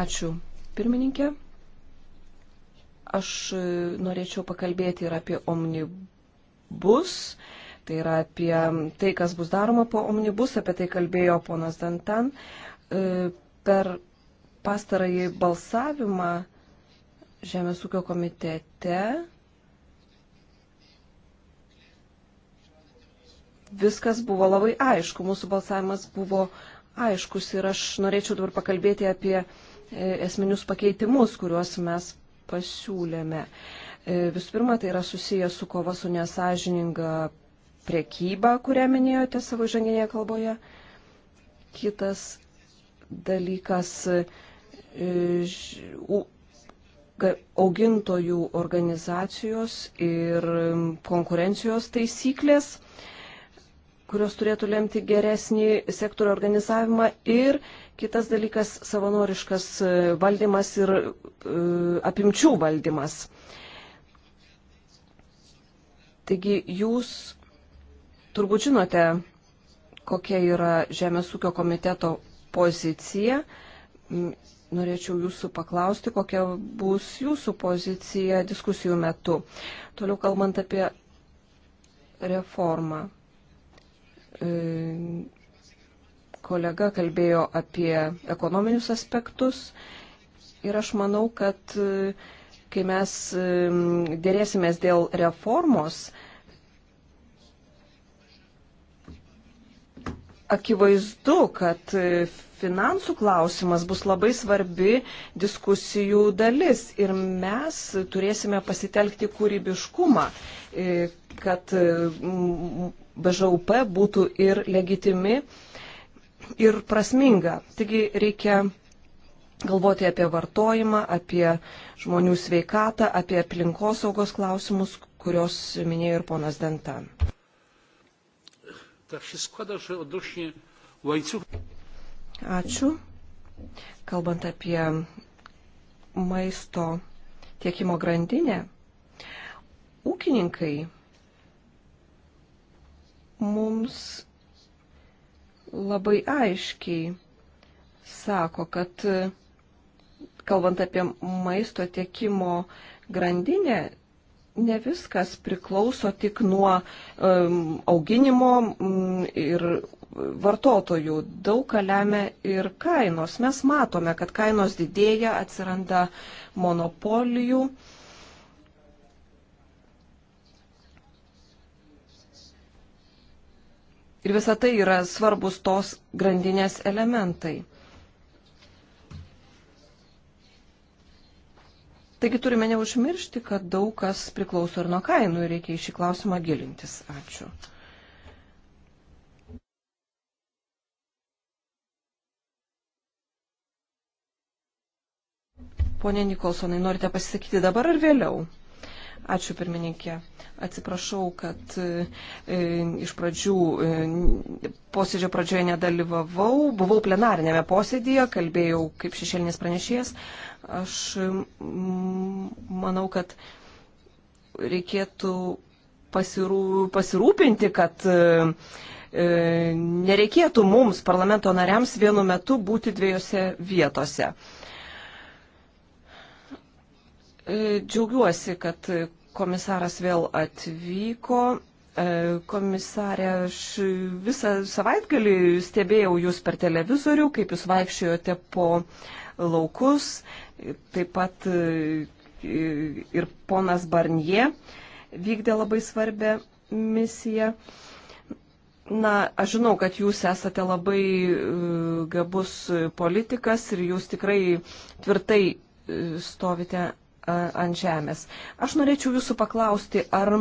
Ačiū, pirmininkė. Aš norėčiau pakalbėti ir apie omnibus, tai yra apie tai, kas bus daroma po omnibus, apie tai kalbėjo ponas Dantan. E, per pastarąjį balsavimą Žemės ūkio komitete viskas buvo labai aišku, mūsų balsavimas buvo aiškus ir aš norėčiau dabar pakalbėti apie e, esminius pakeitimus, kuriuos mes pasiūlėme. E, visų pirma, tai yra susijęs su kova su nesažininga prekyba, kurią minėjote savo žanginėje kalboje. Kitas dalykas e, augintojų organizacijos ir konkurencijos taisyklės kurios turėtų lemti geresnį sektorio organizavimą ir kitas dalykas - savanoriškas e, valdymas ir e, apimčių valdymas. Taigi jūs turbūt žinote, kokia yra Žemės ūkio komiteto pozicija. Norėčiau jūsų paklausti, kokia bus jūsų pozicija diskusijų metu. Toliau kalbant apie reformą. E, kolega kalbėjo apie ekonominius aspektus ir aš manau, kad e, kai mes e, dėrėsimės dėl reformos, akivaizdu, kad finansų klausimas bus labai svarbi diskusijų dalis ir mes turėsime pasitelkti kūrybiškumą, kad BŽUP būtų ir legitimi, ir prasminga. Taigi reikia galvoti apie vartojimą, apie žmonių sveikatą, apie aplinkosaugos klausimus, kurios minėjo ir ponas Denta. Ačiū. Kalbant apie maisto tiekimo grandinę, ūkininkai mums labai aiškiai sako, kad kalbant apie maisto tiekimo grandinę, ne viskas priklauso tik nuo um, auginimo um, ir vartotojų. Daug ką lemia ir kainos. Mes matome, kad kainos didėja, atsiranda monopolijų. Uh, Ir visa tai yra svarbus tos grandinės elementai. Taigi turime neužmiršti, kad daug kas priklauso ir nuo kainų ir reikia į šį klausimą gilintis. Ačiū. Pone Nikolsonai, norite pasisakyti dabar ar vėliau? Ačiū pirmininkė. Atsiprašau, kad e, e, iš pradžių e, posėdžio pradžioje nedalyvavau, buvau plenarinėme posėdėje, kalbėjau kaip šešėlinis pranešėjas. Aš manau, kad reikėtų pasirū, pasirūpinti, kad nereikėtų mums, parlamento nariams, vienu metu būti dviejose vietose. Džiaugiuosi, kad komisaras vėl atvyko. E, komisarė, aš visą savaitgalį stebėjau jūs per televizorių, kaip jūs vaikščiojote po laukus, taip pat e, ir ponas Barnie vykdė labai svarbę misiją. Na, aš žinau, kad jūs esate labai e, gabus politikas ir jūs tikrai tvirtai stovite ant žemės. Aš norėčiau jūsų paklausti, ar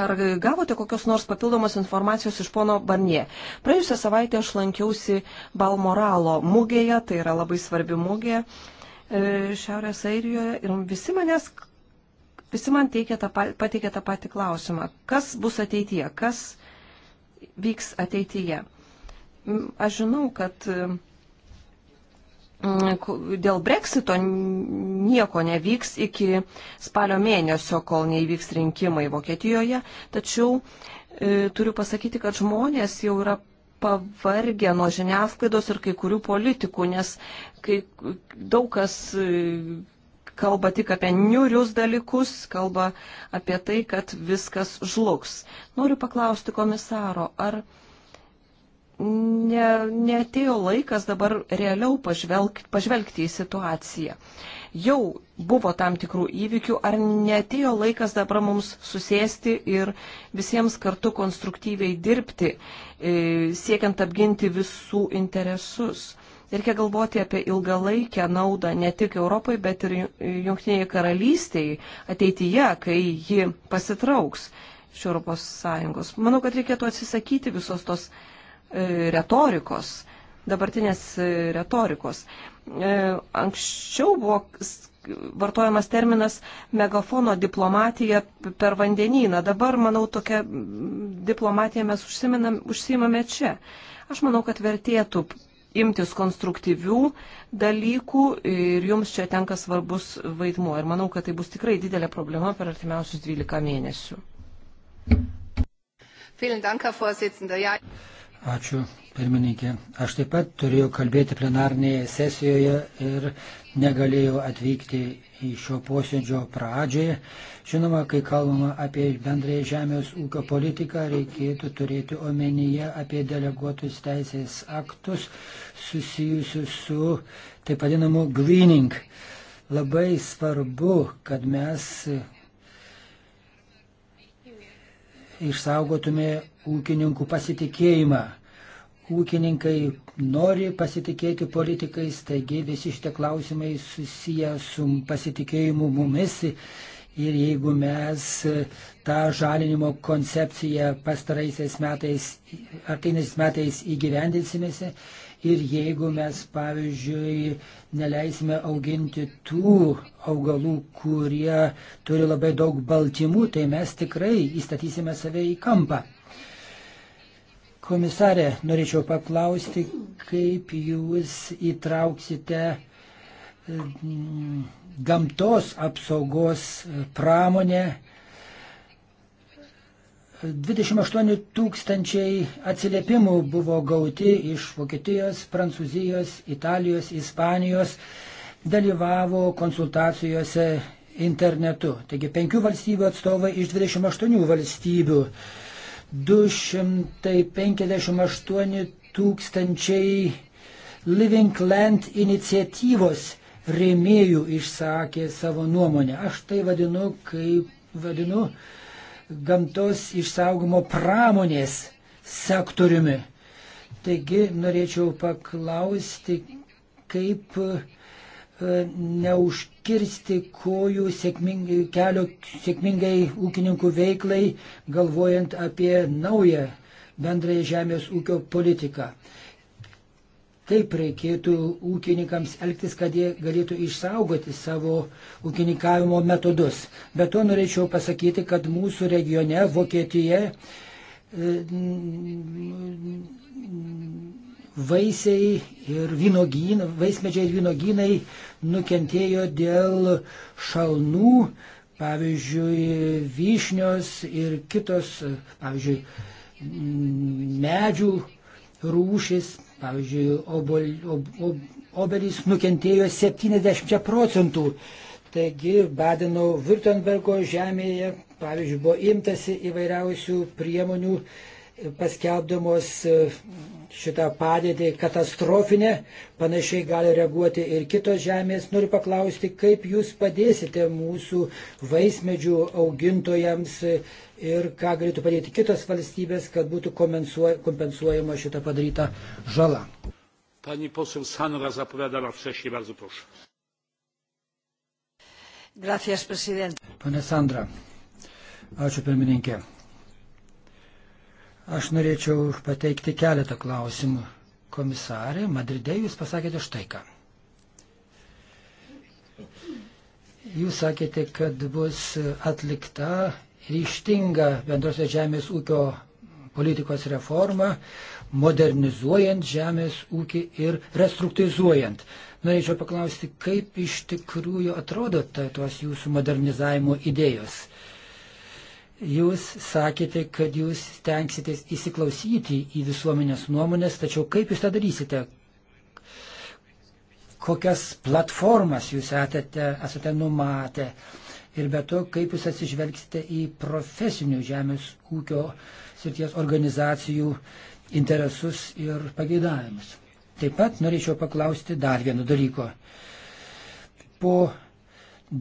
Ar gavote kokios nors papildomos informacijos iš pono Barnie? Praėjusią savaitę aš lankiausi Balmoralo mugėje, tai yra labai svarbi mugė e, Šiaurės Airijoje ir visi, manęs, visi man teikė tą, pateikė tą patį klausimą. Kas bus ateityje? Kas vyks ateityje? Aš žinau, kad Mm, dėl breksito nieko nevyks iki spalio mėnesio, kol neįvyks rinkimai Vokietijoje, tačiau e, turiu pasakyti, kad žmonės jau yra pavargę nuo žiniasklaidos ir kai kurių politikų, nes kai daug kas e, kalba tik apie niurius dalykus, kalba apie tai, kad viskas žlugs. Noriu paklausti komisaro, ar ne, netėjo laikas dabar realiau pažvelg, pažvelgti į situaciją. Jau buvo tam tikrų įvykių, ar netėjo laikas dabar mums susėsti ir visiems kartu konstruktyviai dirbti, e, siekiant apginti visų interesus. Reikia galvoti apie ilgalaikę naudą ne tik Europai, bet ir Junktinėje karalystėje ateityje, kai ji pasitrauks iš ES. Manau, kad reikėtų atsisakyti visos tos retorikos, dabartinės retorikos. E, anksčiau buvo vartojamas terminas megafono diplomatija per vandenyną. Dabar, manau, tokią diplomatiją mes užsimame čia. Aš manau, kad vertėtų imtis konstruktyvių dalykų ir jums čia tenka svarbus vaidmuo. Ir manau, kad tai bus tikrai didelė problema per artimiausius 12 mėnesių. Vielen Dank, Herr Vorsitzender. Ja. Ačiū, pirmininkė. Aš taip pat turėjau kalbėti plenarnėje sesijoje ir negalėjau atvykti į šio posėdžio pradžią. Žinoma, kai kalbama apie bendrąją žemės ūkio politiką, reikėtų turėti omenyje apie deleguotus teisės aktus susijusius su taip vadinamu greening. Labai svarbu, kad mes išsaugotume ūkininkų pasitikėjimą. Ūkininkai nori pasitikėti politikais, taigi visi šitie klausimai susiję su pasitikėjimu mumis. Ir jeigu mes tą žalinimo koncepciją pastaraisiais metais, artinaisiais metais įgyvendinsimėse, ir jeigu mes, pavyzdžiui, neleisime auginti tų augalų, kurie turi labai daug baltymų, tai mes tikrai įstatysime save į kampą. Komisarė, norėčiau paklausti, kaip jūs įtrauksite e, gamtos apsaugos pramonę. 28 tūkstančiai atsiliepimų buvo gauti iš Vokietijos, Prancūzijos, Italijos, Ispanijos, dalyvavo konsultacijose internetu. Taigi penkių valstybių atstovai iš 28 valstybių. 258 tūkstančiai Living Land iniciatyvos rėmėjų išsakė savo nuomonę. Aš tai vadinu, kaip vadinu, gamtos išsaugumo pramonės sektoriumi. Taigi norėčiau paklausti, kaip uh, E, neužkirsti kojų sėkmingai, kelio sėkmingai ūkininkų veiklai, galvojant apie naują bendrąją žemės ūkio politiką. Kaip reikėtų ūkininkams elgtis, kad jie galėtų išsaugoti savo ūkininkavimo metodus. Bet to norėčiau pasakyti, kad mūsų regione, Vokietijoje, vaisiai ir vynogynai, vaismedžiai ir vynogynai nukentėjo dėl šalnų, pavyzdžiui, vyšnios ir kitos, pavyzdžiui, medžių rūšis, pavyzdžiui, obol, ob, ob, obelys nukentėjo 70 procentų. Taigi Badeno Württembergo žemėje, pavyzdžiui, buvo imtasi įvairiausių priemonių paskelbdamos e, šitą padėtį katastrofinę, panašiai gali reaguoti ir kitos žemės. Noriu paklausti, kaip jūs padėsite mūsų vaismedžių augintojams e, ir ką galėtų padėti kitos valstybės, kad būtų kompensuojama šita padaryta žala. Pani poseł Sanra zapowiadała wcześniej, bardzo proszę. Gracias, prezident. Pane Sandra, ačiū pirmininkė. Aš norėčiau pateikti keletą klausimų. Komisarė, Madride jūs pasakėte štai ką. Jūs sakėte, kad bus atlikta ryštinga bendrosios žemės ūkio politikos reforma, modernizuojant žemės ūkį ir restruktūrizuojant. Norėčiau paklausti, kaip iš tikrųjų atrodo ta, tos jūsų modernizavimo idėjos. Jūs sakėte, kad jūs tenksitės įsiklausyti į visuomenės nuomonės, tačiau kaip jūs tą darysite? Kokias platformas jūs atėte, esate numatę? Ir be to, kaip jūs atsižvelgsite į profesinių žemės ūkio srities organizacijų interesus ir pageidavimus? Taip pat norėčiau paklausti dar vieno dalyko. Po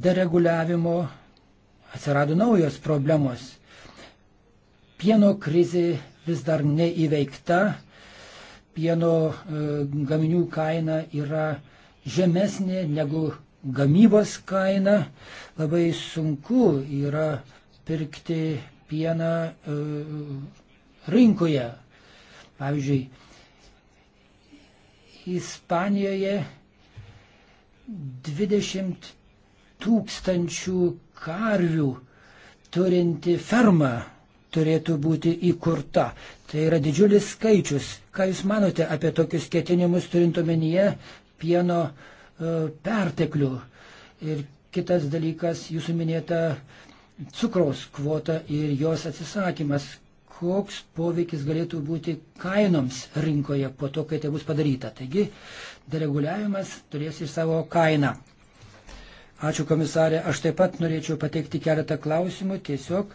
dereguliavimo atsirado naujos problemos. Pieno krizė vis dar neįveikta, pieno e, gaminių kaina yra žemesnė negu gamybos kaina. Labai sunku yra pirkti pieną e, rinkoje. Pavyzdžiui, Ispanijoje 20 tūkstančių karvių turinti ferma turėtų būti įkurta. Tai yra didžiulis skaičius. Ką Jūs manote apie tokius ketinimus turint omenyje pieno e, perteklių? Ir kitas dalykas, Jūsų minėta cukraus kvota ir jos atsisakymas. Koks poveikis galėtų būti kainoms rinkoje po to, kai tai bus padaryta. Taigi, dereguliavimas turės ir savo kainą. Ačiū komisarė. Aš taip pat norėčiau pateikti keletą klausimų. Tiesiog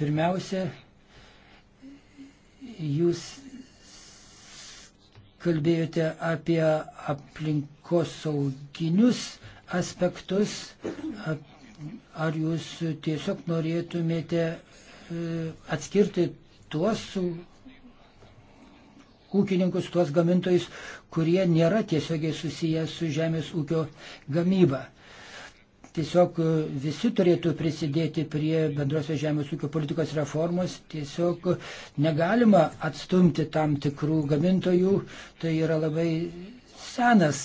pirmiausia, jūs kalbėjote apie aplinkos sauginius aspektus. Ar jūs tiesiog norėtumėte e, atskirti tuos ūkininkus, tuos gamintojus, kurie nėra tiesiogiai susiję su žemės ūkio gamyba? Tiesiog e, visi turėtų prisidėti prie bendrosios žemės ūkio politikos reformos. Tiesiog negalima atstumti tam tikrų gamintojų. Tai yra labai senas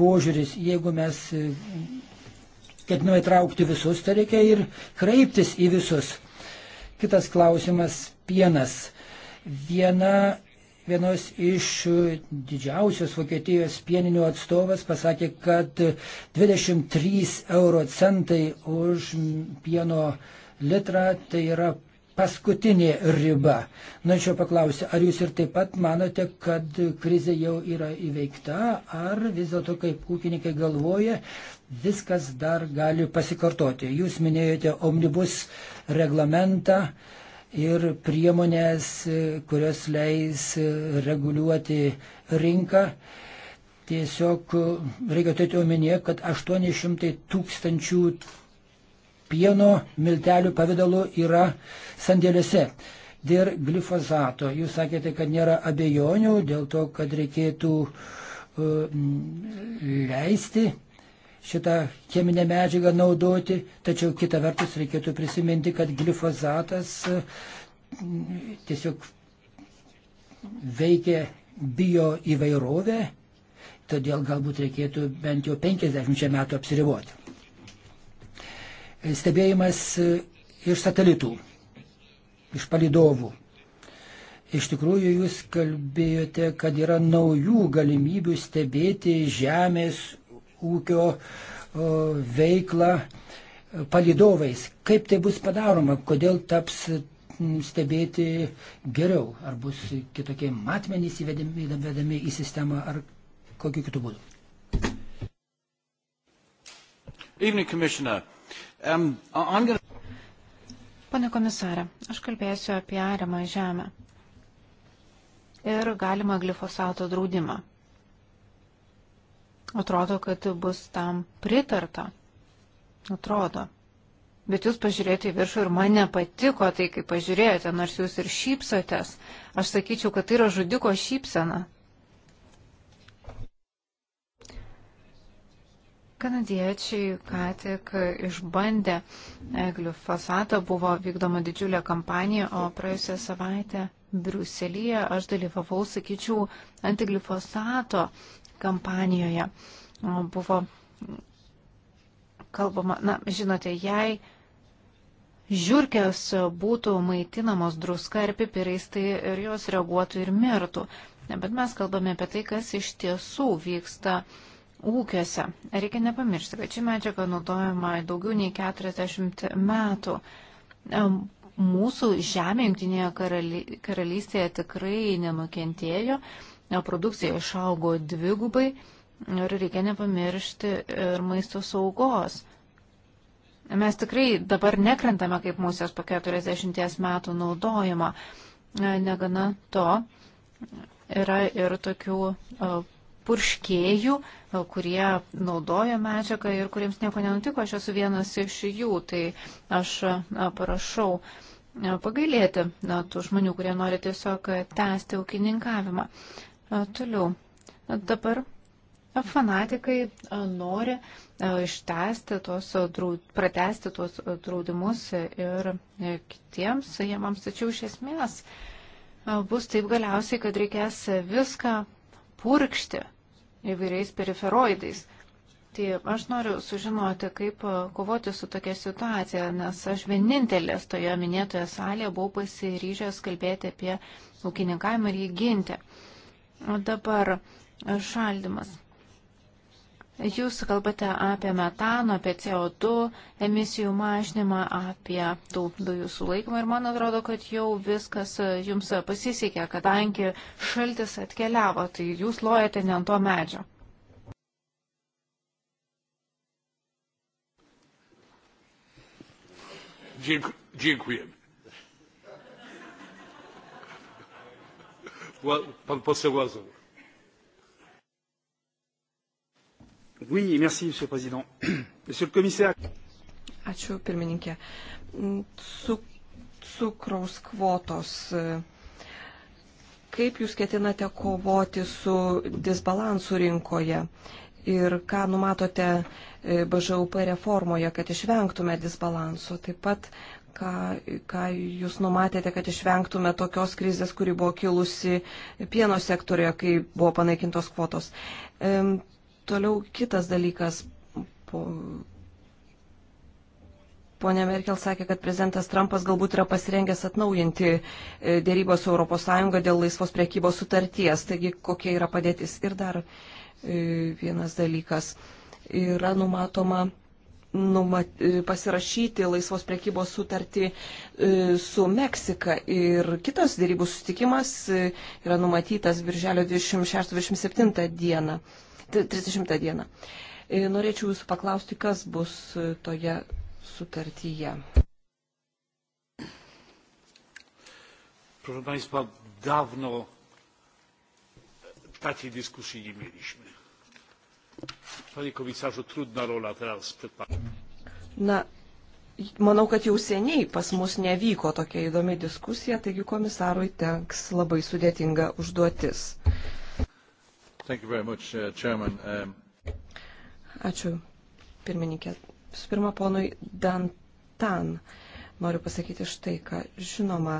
požiūris. Jeigu mes e, ketiname įtraukti visus, tai reikia ir kreiptis į visus. Kitas klausimas - pienas. Viena vienos iš didžiausios Vokietijos pieninių atstovas pasakė, kad 23 euro centai už pieno litrą tai yra paskutinė riba. Norėčiau paklausti, ar jūs ir taip pat manote, kad krizė jau yra įveikta, ar vis dėlto, kaip ūkininkai galvoja, viskas dar gali pasikartoti. Jūs minėjote omnibus reglamentą, ir priemonės, kurios leis reguliuoti rinką. Tiesiog reikia turėti omenyje, kad 800 tūkstančių pieno miltelių pavydalu yra sandėliuose. Dėl glifozato, jūs sakėte, kad nėra abejonių dėl to, kad reikėtų uh, leisti šitą cheminę medžiagą naudoti, tačiau kita vertus reikėtų prisiminti, kad glifozatas e, tiesiog veikia bio įvairovę, todėl galbūt reikėtų bent jau 50 metų apsiriboti. Stebėjimas e, iš satelitų, iš palidovų. Iš tikrųjų, jūs kalbėjote, kad yra naujų galimybių stebėti Žemės ūkio veiklą palidovais. Kaip tai bus padaroma, kodėl taps stebėti geriau, ar bus kitokie matmenys įvedami, įvedami į sistemą, ar kokiu kitų būdų. Evening, Commissioner. Um, I'm gonna... Pane komisarė, aš kalbėsiu apie ariamą žemę ir galimą glifosato draudimą. Atrodo, kad bus tam pritarta. Atrodo. Bet jūs pažiūrėjote į viršų ir man nepatiko tai, kai pažiūrėjote, nors jūs ir šypsotės. Aš sakyčiau, kad tai yra žudiko šypsena. Kanadiečiai ką tik išbandė glifosatą, buvo vykdoma didžiulė kampanija, o praėjusią savaitę Briuselyje aš dalyvavau, sakyčiau, antiglifosato kampanijoje. Buvo kalbama, na, žinote, jei žiūrkės būtų maitinamos druska ar pipirais, tai ir jos reaguotų ir mirtų. Bet mes kalbame apie tai, kas iš tiesų vyksta ūkiuose. Reikia nepamiršti, kad ši medžiaga naudojama daugiau nei 40 metų. Mūsų žemė Junktinėje karaly, karalystėje tikrai nenukentėjo, produkcija išaugo dvigubai ir reikia nepamiršti ir maisto saugos. Mes tikrai dabar nekrentame kaip mūsės po 40 metų naudojimo. E, negana to, yra ir tokių e, purškėjų, e, kurie naudoja medžiagą ir kuriems nieko nenutiko. Aš esu vienas iš jų, tai aš prašau pagailėti na, tų žmonių, kurie nori tiesiog tęsti ūkininkavimą. Toliau. Dabar fanatikai nori ištesti tuos, pratesti tuos draudimus ir kitiems jėmams, tačiau iš esmės bus taip galiausiai, kad reikės viską purkšti įvairiais periferoidais. Tai aš noriu sužinoti, kaip kovoti su tokia situacija, nes aš vienintelės toje minėtoje salėje buvau pasiryžęs kalbėti apie ūkininkavimą ir jį ginti. Dabar šaldimas. Jūs kalbate apie metaną, apie CO2 emisijų mažinimą, apie tų dujų sulaikymą ir man atrodo, kad jau viskas jums pasisekė, kadangi šaltis atkeliavo, tai jūs lojate ne ant to medžio. Dziękuję. Pan poseł Łazow. Oui, merci, monsieur le président. Monsieur le commissaire. Ačiū, pirmininkė. Mm, su, cukraus kvotos. Kaip jūs ketinate kovoti su disbalansu rinkoje ir ką numatote e, BŽUP reformoje, kad išvengtume disbalanso? Taip pat ką, ką jūs numatėte, kad išvengtume tokios krizės, kuri buvo kilusi pieno sektorioje, kai buvo panaikintos kvotos. E, toliau kitas dalykas. Po, Pone Merkel sakė, kad prezidentas Trumpas galbūt yra pasirengęs atnaujinti e, dėrybos su ES dėl laisvos priekybos sutarties. Taigi, kokia yra padėtis. Ir dar e, vienas dalykas. Yra numatoma numat, e, pasirašyti laisvos priekybos sutartį e, su Meksika. Ir kitas dėrybų sustikimas e, yra numatytas birželio 26-27 dieną. 30 dieną. Norėčiau jūsų paklausti, kas bus toje sutartyje. Proszę Państwa, dawno takiej dyskusji nie mieliśmy. Panie komisarzu, trudna rola teraz przed panem. Na, manau, kad jau seniai pas mus nevyko tokia įdomi diskusija, taigi komisarui tenks labai sudėtinga užduotis. Much, uh, chairman, um... Ačiū, pirmininkė. Visų pirma, ponui Dantan. Uh, noriu pasakyti štai, kad žinoma,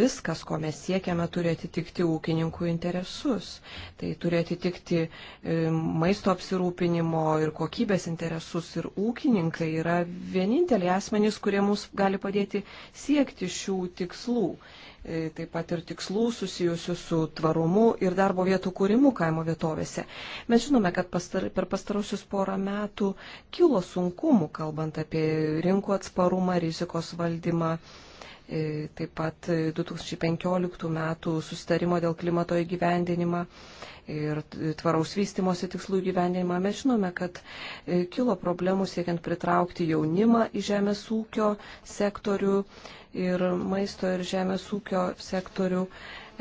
viskas, ko mes siekiame, turi atitikti ūkininkų interesus. Tai turi atitikti e, maisto apsirūpinimo ir kokybės interesus. Ir ūkininkai yra vieninteliai asmenys, kurie mums gali padėti siekti šių tikslų. E, taip pat ir tikslų susijusių su tvarumu ir darbo vietų kūrimu kaimo vietovėse. Mes žinome, kad pastar, per pastarusius porą metų kilo sunkumų, kalbant apie rinkų atsparumą, rizikos valdymą. E, taip pat 2015 metų sustarimo dėl klimato įgyvendinimą ir tvaraus vystimosi tikslų įgyvendinimą. Mes žinome, kad e, kilo problemų siekiant pritraukti jaunimą į žemės ūkio sektorių ir maisto ir žemės ūkio sektorių.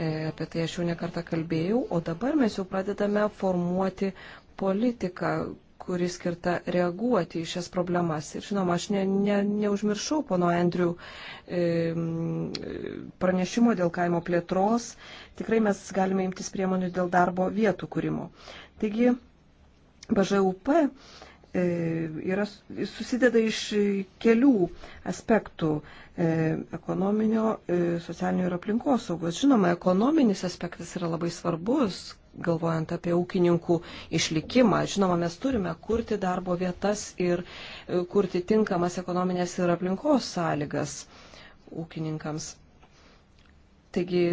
E, apie tai aš jau nekartą kalbėjau, o dabar mes jau pradedame formuoti politiką, kuri skirta reaguoti į šias problemas. Ir žinoma, aš ne, ne, neužmiršau pono Andrių e, pranešimo dėl kaimo plėtros. Tikrai mes galime imtis priemonių dėl darbo vietų kūrimo. Taigi, BŽUP E, yra, susideda iš e, kelių aspektų e, - ekonominio, socialinio ir aplinkosaugos. Žinoma, ekonominis aspektas yra labai svarbus, galvojant apie ūkininkų išlikimą. Žinoma, mes turime kurti darbo vietas ir kurti tinkamas ekonominės ir aplinkos sąlygas ūkininkams. Taigi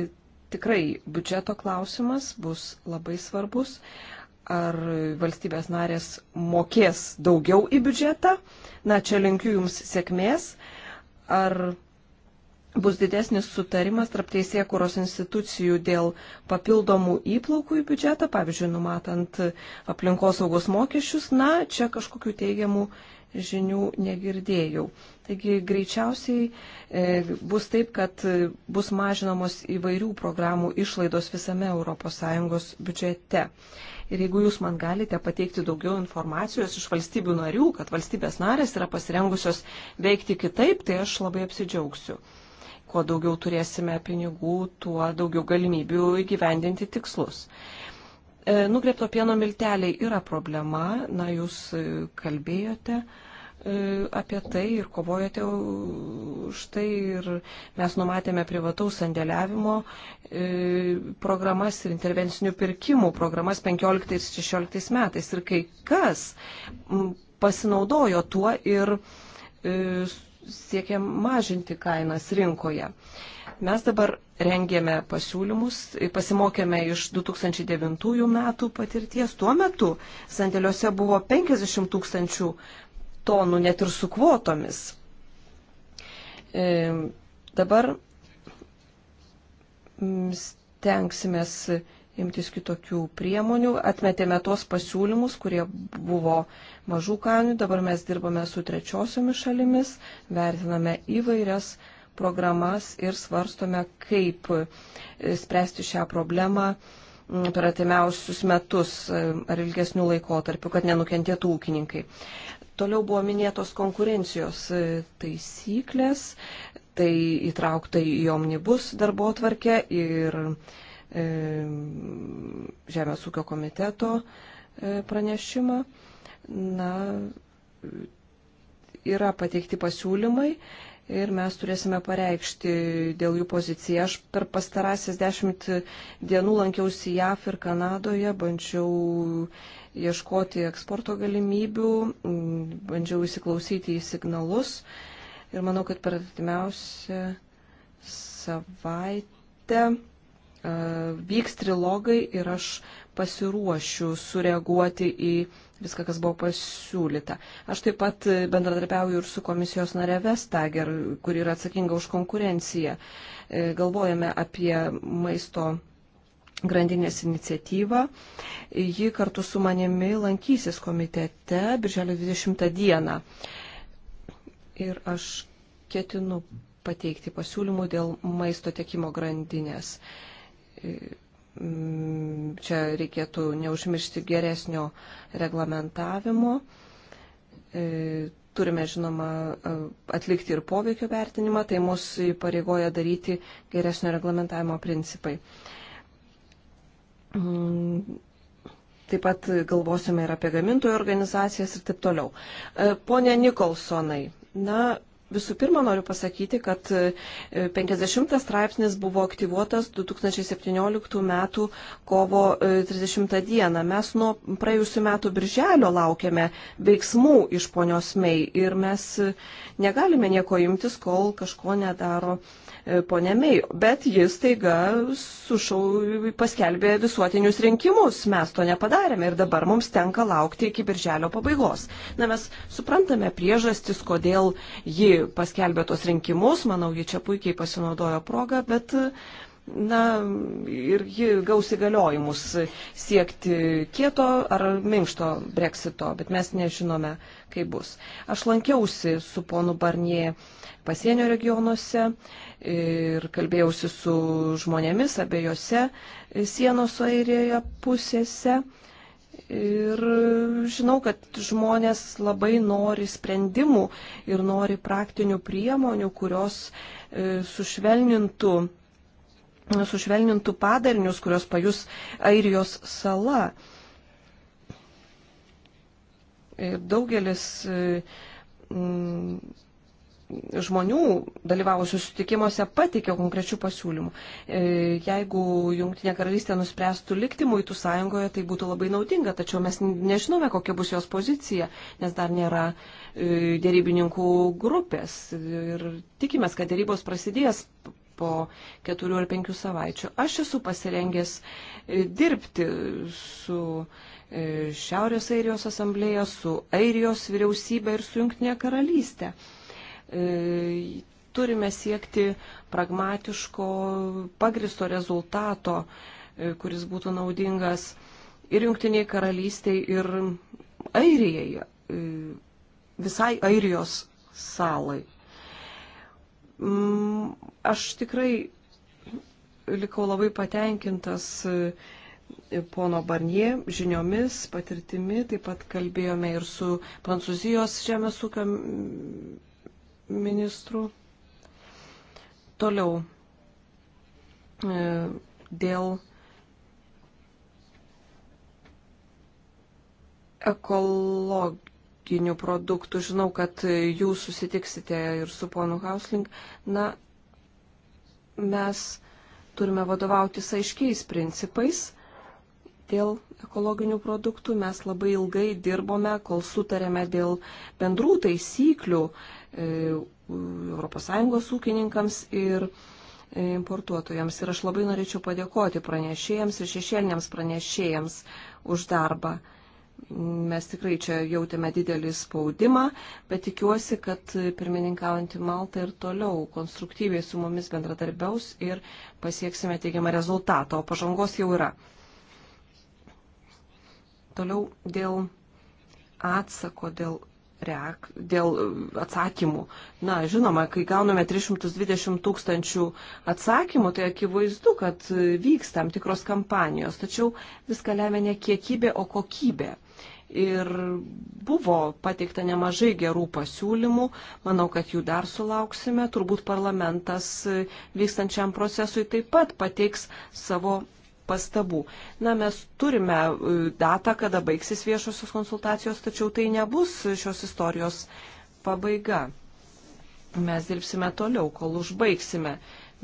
tikrai biudžeto klausimas bus labai svarbus ar valstybės narės mokės daugiau į biudžetą. Na, čia linkiu Jums sėkmės. Ar bus didesnis sutarimas tarp teisėkuros institucijų dėl papildomų įplaukų į biudžetą, pavyzdžiui, numatant aplinkosaugos mokesčius, na, čia kažkokių teigiamų žinių negirdėjau. Taigi greičiausiai e, bus taip, kad bus mažinamos įvairių programų išlaidos visame ES biudžete. Ir jeigu jūs man galite pateikti daugiau informacijos iš valstybių narių, kad valstybės narės yra pasirengusios veikti kitaip, tai aš labai apsidžiaugsiu. Kuo daugiau turėsime pinigų, tuo daugiau galimybių įgyvendinti tikslus. E, Nugrėpto pieno milteliai yra problema, na jūs e, kalbėjote. Uh, E, apie tai ir kovojate už tai ir mes numatėme privataus sandėliavimo e, programas ir intervencinių pirkimų programas 15 ir 16 metais. Ir kai kas pasinaudojo tuo ir e, siekia mažinti kainas rinkoje. Mes dabar rengėme pasiūlymus, pasimokėme iš 2009 metų patirties. Tuo metu sandėliuose buvo 50 tūkstančių tonų, net ir su kvotomis. E, dabar stengsimės imtis kitokių priemonių. Atmetėme tuos pasiūlymus, kurie buvo mažų kainų. Dabar mes dirbame su trečiosiomis šalimis, vertiname įvairias programas ir svarstome, kaip e, spręsti šią problemą per atimiausius metus e, ar ilgesnių laikotarpių, kad nenukentėtų ūkininkai. Toliau buvo minėtos konkurencijos e, taisyklės, tai įtraukta į omnibus darbo atvarkę ir e, Žemės ūkio komiteto e, pranešimą. Na, yra pateikti pasiūlymai ir mes turėsime pareikšti dėl jų poziciją. Aš per pastarąsias dešimt dienų lankiausi JAF ir Kanadoje, bandžiau ieškoti eksporto galimybių, bandžiau įsiklausyti į signalus ir manau, kad per artimiausią savaitę e, vyks trilogai ir aš pasiruošiu sureaguoti į viską, kas buvo pasiūlyta. Aš taip pat bendradarbiauju ir su komisijos nare Vestager, kuri yra atsakinga už konkurenciją. E, galvojame apie maisto grandinės iniciatyvą. Ji kartu su manimi lankysis komitete birželio 20 dieną. Ir aš ketinu pateikti pasiūlymų dėl maisto tiekimo grandinės. Čia reikėtų neužmiršti geresnio reglamentavimo. Turime, žinoma, atlikti ir poveikio vertinimą, tai mus pareigoja daryti geresnio reglamentavimo principai. Mm, taip pat galvosime ir apie gamintojų organizacijas ir taip toliau. E, Pone Nikolsonai, na, Visų pirma, noriu pasakyti, kad 50 e, straipsnis buvo aktyvuotas 2017 m. kovo 30 e, d. Mes nuo praėjusiu metu birželio laukiame veiksmų iš ponios mei ir mes e, negalime nieko imtis, kol kažko nedaro ponė mei. Bet jis taiga sušau paskelbė visuotinius rinkimus, mes to nepadarėme ir dabar mums tenka laukti iki birželio pabaigos. Na, mes suprantame priežastis, kodėl ji paskelbė tos rinkimus, manau, ji čia puikiai pasinaudojo progą, bet na, ir ji gaus įgaliojimus siekti kieto ar minkšto breksito, bet mes nežinome, kaip bus. Aš lankiausi su ponu Barnie pasienio regionuose ir kalbėjausi su žmonėmis abiejose sienos airėje pusėse. Ir žinau, kad žmonės labai nori sprendimų ir nori praktinių priemonių, kurios e, sušvelnintų, sušvelnintų padarinius, kurios pajus Airijos sala. Ir daugelis e, žmonių dalyvavusių sutikimuose patikė konkrečių pasiūlymų. E, jeigu Junktinė karalystė nuspręstų likti muitų sąjungoje, tai būtų labai naudinga, tačiau mes nežinome, kokia bus jos pozicija, nes dar nėra e, dėrybininkų grupės ir tikimės, kad dėrybos prasidės po keturių ar penkių savaičių. Aš esu pasirengęs e, dirbti su Šiaurės Airijos asamblėje, su Airijos vyriausybė ir su Junktinė karalystė. E, turime siekti pragmatiško, pagristo rezultato, e, kuris būtų naudingas ir jungtiniai karalystiai, ir Airijai, e, visai Airijos salai. Mm, aš tikrai likau labai patenkintas pono Barnie žiniomis, patirtimi, taip pat kalbėjome ir su Prancūzijos žemės ūkio ministrų. Toliau e, dėl ekologinių produktų. Žinau, kad jūs susitiksite ir su ponu Hausling. Na, mes turime vadovautis aiškiais principais dėl ekologinių produktų. Mes labai ilgai dirbome, kol sutarėme dėl bendrų taisyklių ES ūkininkams ir e, importuotojams. Ir aš labai norėčiau padėkoti pranešėjams ir šešėliniams pranešėjams už darbą. Mes tikrai čia jautėme didelį spaudimą, bet tikiuosi, kad pirmininkaujantį Maltą ir toliau konstruktyviai su mumis bendradarbiaus ir pasieksime teigiamą rezultatą, o pažangos jau yra. Toliau dėl atsako, dėl reak, dėl atsakymų. Na, žinoma, kai gauname 320 tūkstančių atsakymų, tai akivaizdu, kad vyks tam tikros kampanijos, tačiau viską lemia ne kiekybė, o kokybė. Ir buvo pateikta nemažai gerų pasiūlymų, manau, kad jų dar sulauksime, turbūt parlamentas vykstančiam procesui taip pat pateiks savo pastabų. Na, mes turime e, datą, kada baigsis viešosios konsultacijos, tačiau tai nebus šios istorijos pabaiga. Mes dirbsime toliau, kol užbaigsime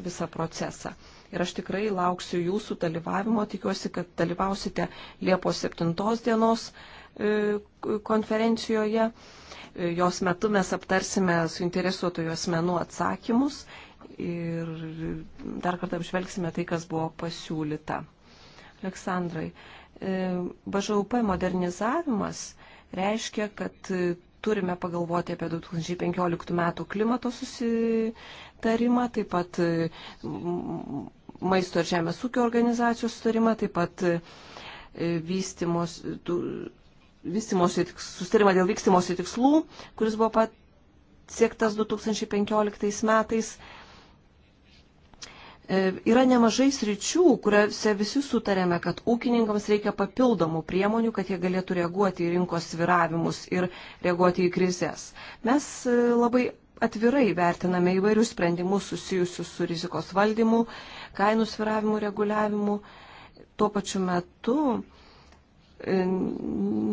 visą procesą. Ir aš tikrai lauksiu jūsų dalyvavimo, tikiuosi, kad dalyvausite Liepos 7 dienos e, konferencijoje. E, jos metu mes aptarsime suinteresuotojų asmenų atsakymus ir dar kartą apžvelgsime tai, kas buvo pasiūlyta. Aleksandrai. E, BŽUP modernizavimas reiškia, kad turime pagalvoti apie 2015 metų klimato susitarimą, taip pat maisto ir žemės ūkio organizacijų susitarimą, taip pat e, vystimos, susitarimą dėl vystimosi tikslų, kuris buvo pasiektas 2015 metais. E, yra nemažai sričių, kuriuose visi sutarėme, kad ūkininkams reikia papildomų priemonių, kad jie galėtų reaguoti į rinkos sviravimus ir reaguoti į krizės. Mes e, labai atvirai vertiname įvairius sprendimus susijusius su rizikos valdymu, kainų sviravimu, reguliavimu. Tuo pačiu metu e,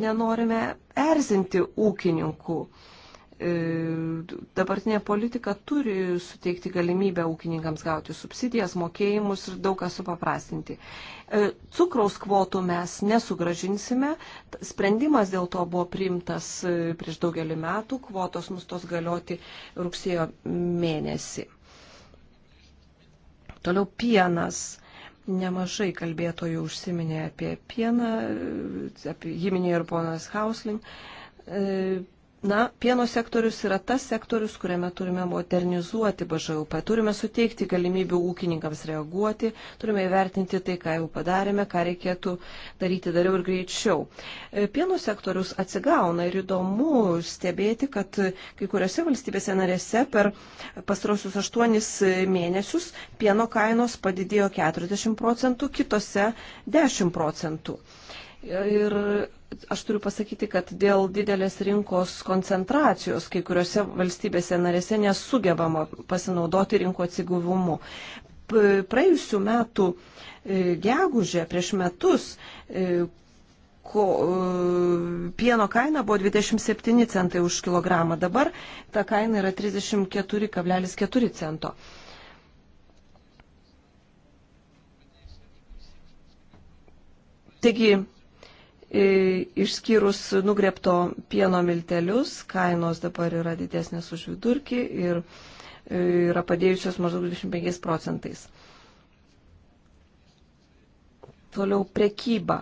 nenorime erzinti ūkininkų. E, dabartinė politika turi suteikti galimybę ūkininkams gauti subsidijas, mokėjimus ir daug ką supaprastinti. E, cukraus kvotų mes nesugražinsime. Sprendimas dėl to buvo priimtas e, prieš daugelį metų. Kvotos nustos galioti rugsėjo mėnesį. Toliau pienas. Nemažai kalbėtojų užsiminė apie pieną, apie jį minėjo ir ponas Hausling Na, pieno sektorius yra tas sektorius, kuriame turime modernizuoti BŽUP, turime suteikti galimybių ūkininkams reaguoti, turime įvertinti tai, ką jau padarėme, ką reikėtų daryti dariau ir greičiau. E, pieno sektorius atsigauna ir įdomu stebėti, kad kai kuriuose valstybėse narėse per pastrosius 8 mėnesius pieno kainos padidėjo 40 procentų, kitose 10 procentų. Ir aš turiu pasakyti, kad dėl didelės rinkos koncentracijos kai kuriuose valstybėse narėse nesugebama pasinaudoti rinko atsigavimu. Praėjusiu metu e, gegužė prieš metus e, ko, e, pieno kaina buvo 27 centai už kilogramą, dabar ta kaina yra 34,4 cento. Taigi Išskyrus nugrepto pieno miltelius, kainos dabar yra didesnės už vidurkį ir e, yra padėjusios maždaug 25 procentais. Toliau prekyba.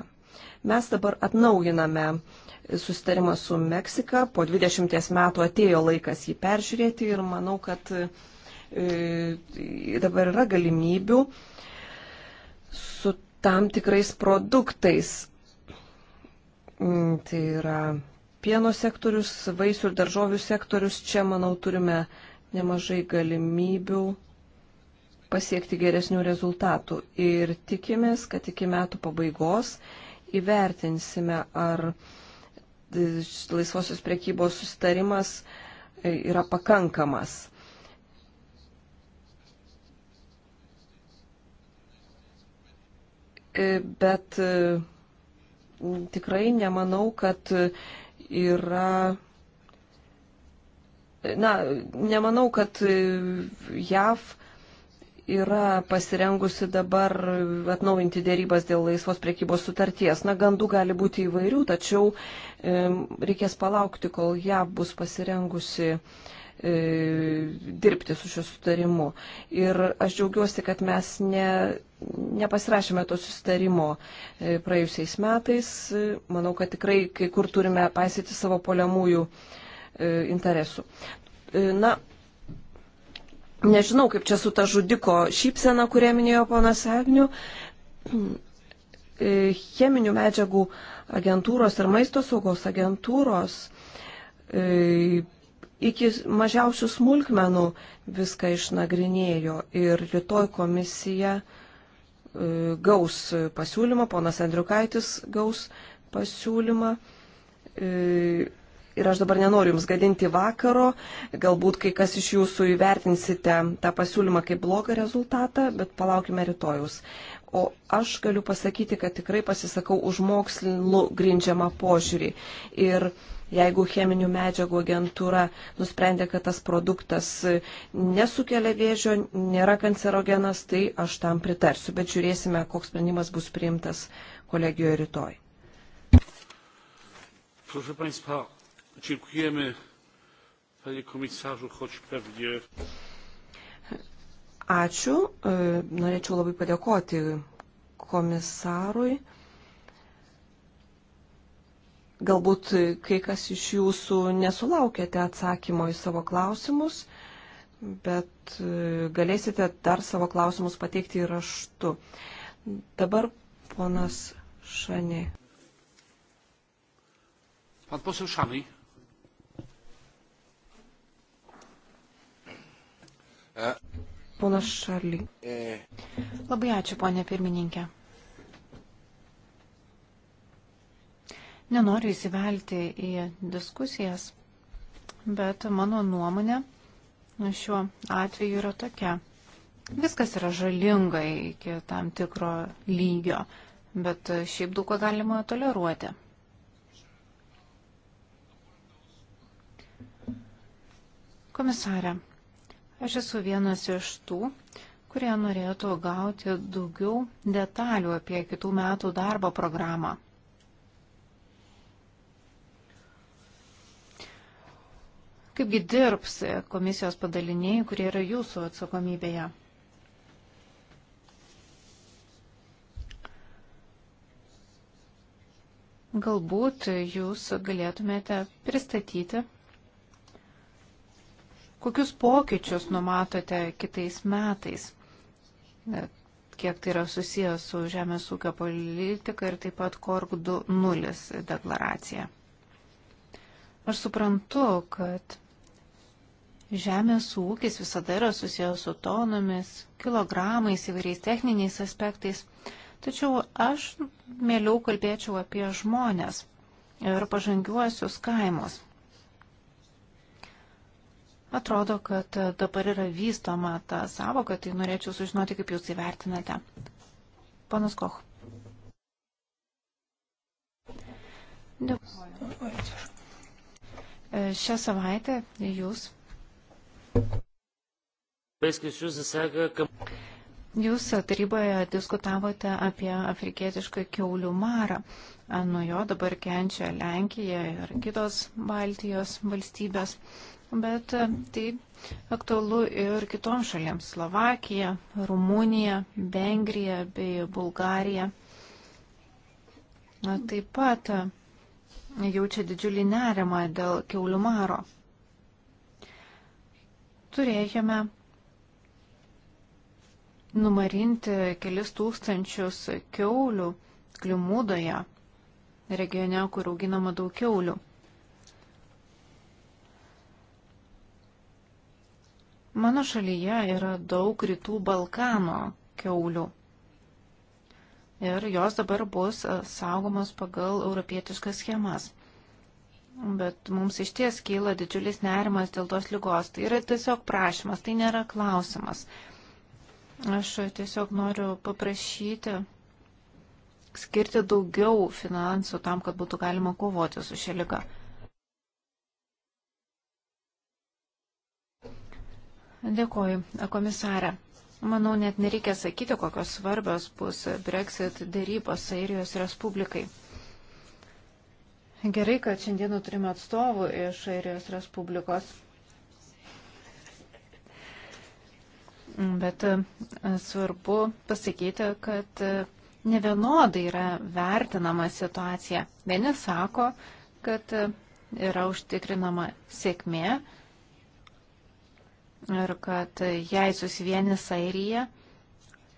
Mes dabar atnaujiname susitarimą su Meksika. Po 20 metų atėjo laikas jį peržiūrėti ir manau, kad e, dabar yra galimybių su tam tikrais produktais Mm, tai yra pieno sektorius, vaisių ir daržovių sektorius. Čia, manau, turime nemažai galimybių pasiekti geresnių rezultatų. Ir tikimės, kad iki metų pabaigos įvertinsime, ar laisvosios priekybos sustarimas e, yra pakankamas. E, bet e, tikrai nemanau, kad yra. Na, nemanau, kad JAV yra pasirengusi dabar atnaujinti dėrybas dėl laisvos priekybos sutarties. Na, gandų gali būti įvairių, tačiau e, reikės palaukti, kol JAV bus pasirengusi e, E, dirbti su šiuo sutarimu. Ir aš džiaugiuosi, kad mes ne, nepasirašėme to sutarimo e, praėjusiais metais. Manau, kad tikrai kai kur turime paisyti savo poliamųjų e, interesų. Na, nežinau, kaip čia su ta žudiko šypsena, kurią minėjo ponas Agnių. Cheminių medžiagų agentūros ir maisto saugos agentūros iki mažiausių smulkmenų viską išnagrinėjo ir rytoj komisija e, gaus pasiūlymą, ponas Andriukaitis gaus pasiūlymą. E, ir aš dabar nenoriu Jums gadinti vakaro, galbūt kai kas iš Jūsų įvertinsite tą pasiūlymą kaip blogą rezultatą, bet palaukime rytojus. O aš galiu pasakyti, kad tikrai pasisakau už mokslinų grindžiamą požiūrį. Ir uh, Jeigu cheminių medžiagų agentūra nusprendė, kad tas produktas nesukelia vėžio, nėra kancerogenas, tai aš tam pritarsiu, bet žiūrėsime, koks sprendimas bus priimtas kolegijoje rytoj. Proszę Państwa, dziękujemy Panie Komisarzu, choć pewnie. Ačiū. E, norėčiau labai padėkoti komisarui. Galbūt kai kas iš jūsų nesulaukėte atsakymo į savo klausimus, bet e, galėsite dar savo klausimus pateikti ir raštu. Dabar ponas Šani. Pan poseł Szany. Ponas Šarly. E. Labai ačiū, ponė pirmininkė. Nenoriu įsivelti į diskusijas, bet mano nuomonė šiuo atveju yra tokia. Viskas yra žalinga iki tam tikro lygio, bet šiaip daug ką galima toleruoti. Komisarė, aš esu vienas iš tų, kurie norėtų gauti daugiau detalių apie kitų metų darbo programą. Kaipgi dirbs komisijos padaliniai, kurie yra jūsų atsakomybėje? Galbūt jūs galėtumėte pristatyti, kokius pokyčius numatote kitais metais, kiek tai yra susijęs su žemės ūkio politika ir taip pat KORG 2.0 deklaracija. Aš suprantu, kad Žemės ūkis visada yra susijęs su tonomis, kilogramais, įvairiais techniniais aspektais. Tačiau aš mėliau kalbėčiau apie žmonės ir pažangiuosius kaimus. Atrodo, kad dabar yra vystoma ta savoka, tai norėčiau sužinoti, kaip jūs įvertinate. Panas Koch. Dėkuoju. Šią savaitę jūs Jūs taryboje diskutavote apie afrikietišką keulių marą. Nuo jo dabar kenčia Lenkija ir kitos Baltijos valstybės. Bet tai aktualu ir kitoms šalėms - Slovakija, Rumunija, Vengrija bei Bulgarija. Taip pat jaučia didžiulį nerimą dėl keulių maro turėjome numarinti kelis tūkstančius keulių klimūdoje, regione, kur auginama daug keulių. Mano šalyje yra daug rytų Balkano keulių. Ir jos dabar bus saugomos pagal europietiškas schemas. Bet mums iš ties kyla didžiulis nerimas dėl tos lygos. Tai yra tiesiog prašymas, tai nėra klausimas. Aš tiesiog noriu paprašyti skirti daugiau finansų tam, kad būtų galima kovoti su šia lyga. Dėkoju, komisarė. Manau, net nereikia sakyti, kokios svarbios bus Brexit dėrybos Airijos Respublikai. Gerai, kad šiandieną turime atstovų iš Airijos Respublikos. Bet e, svarbu pasakyti, kad e, nevienodai yra vertinama situacija. Vieni sako, kad e, yra užtikrinama sėkmė ir kad jei susivienys Airija,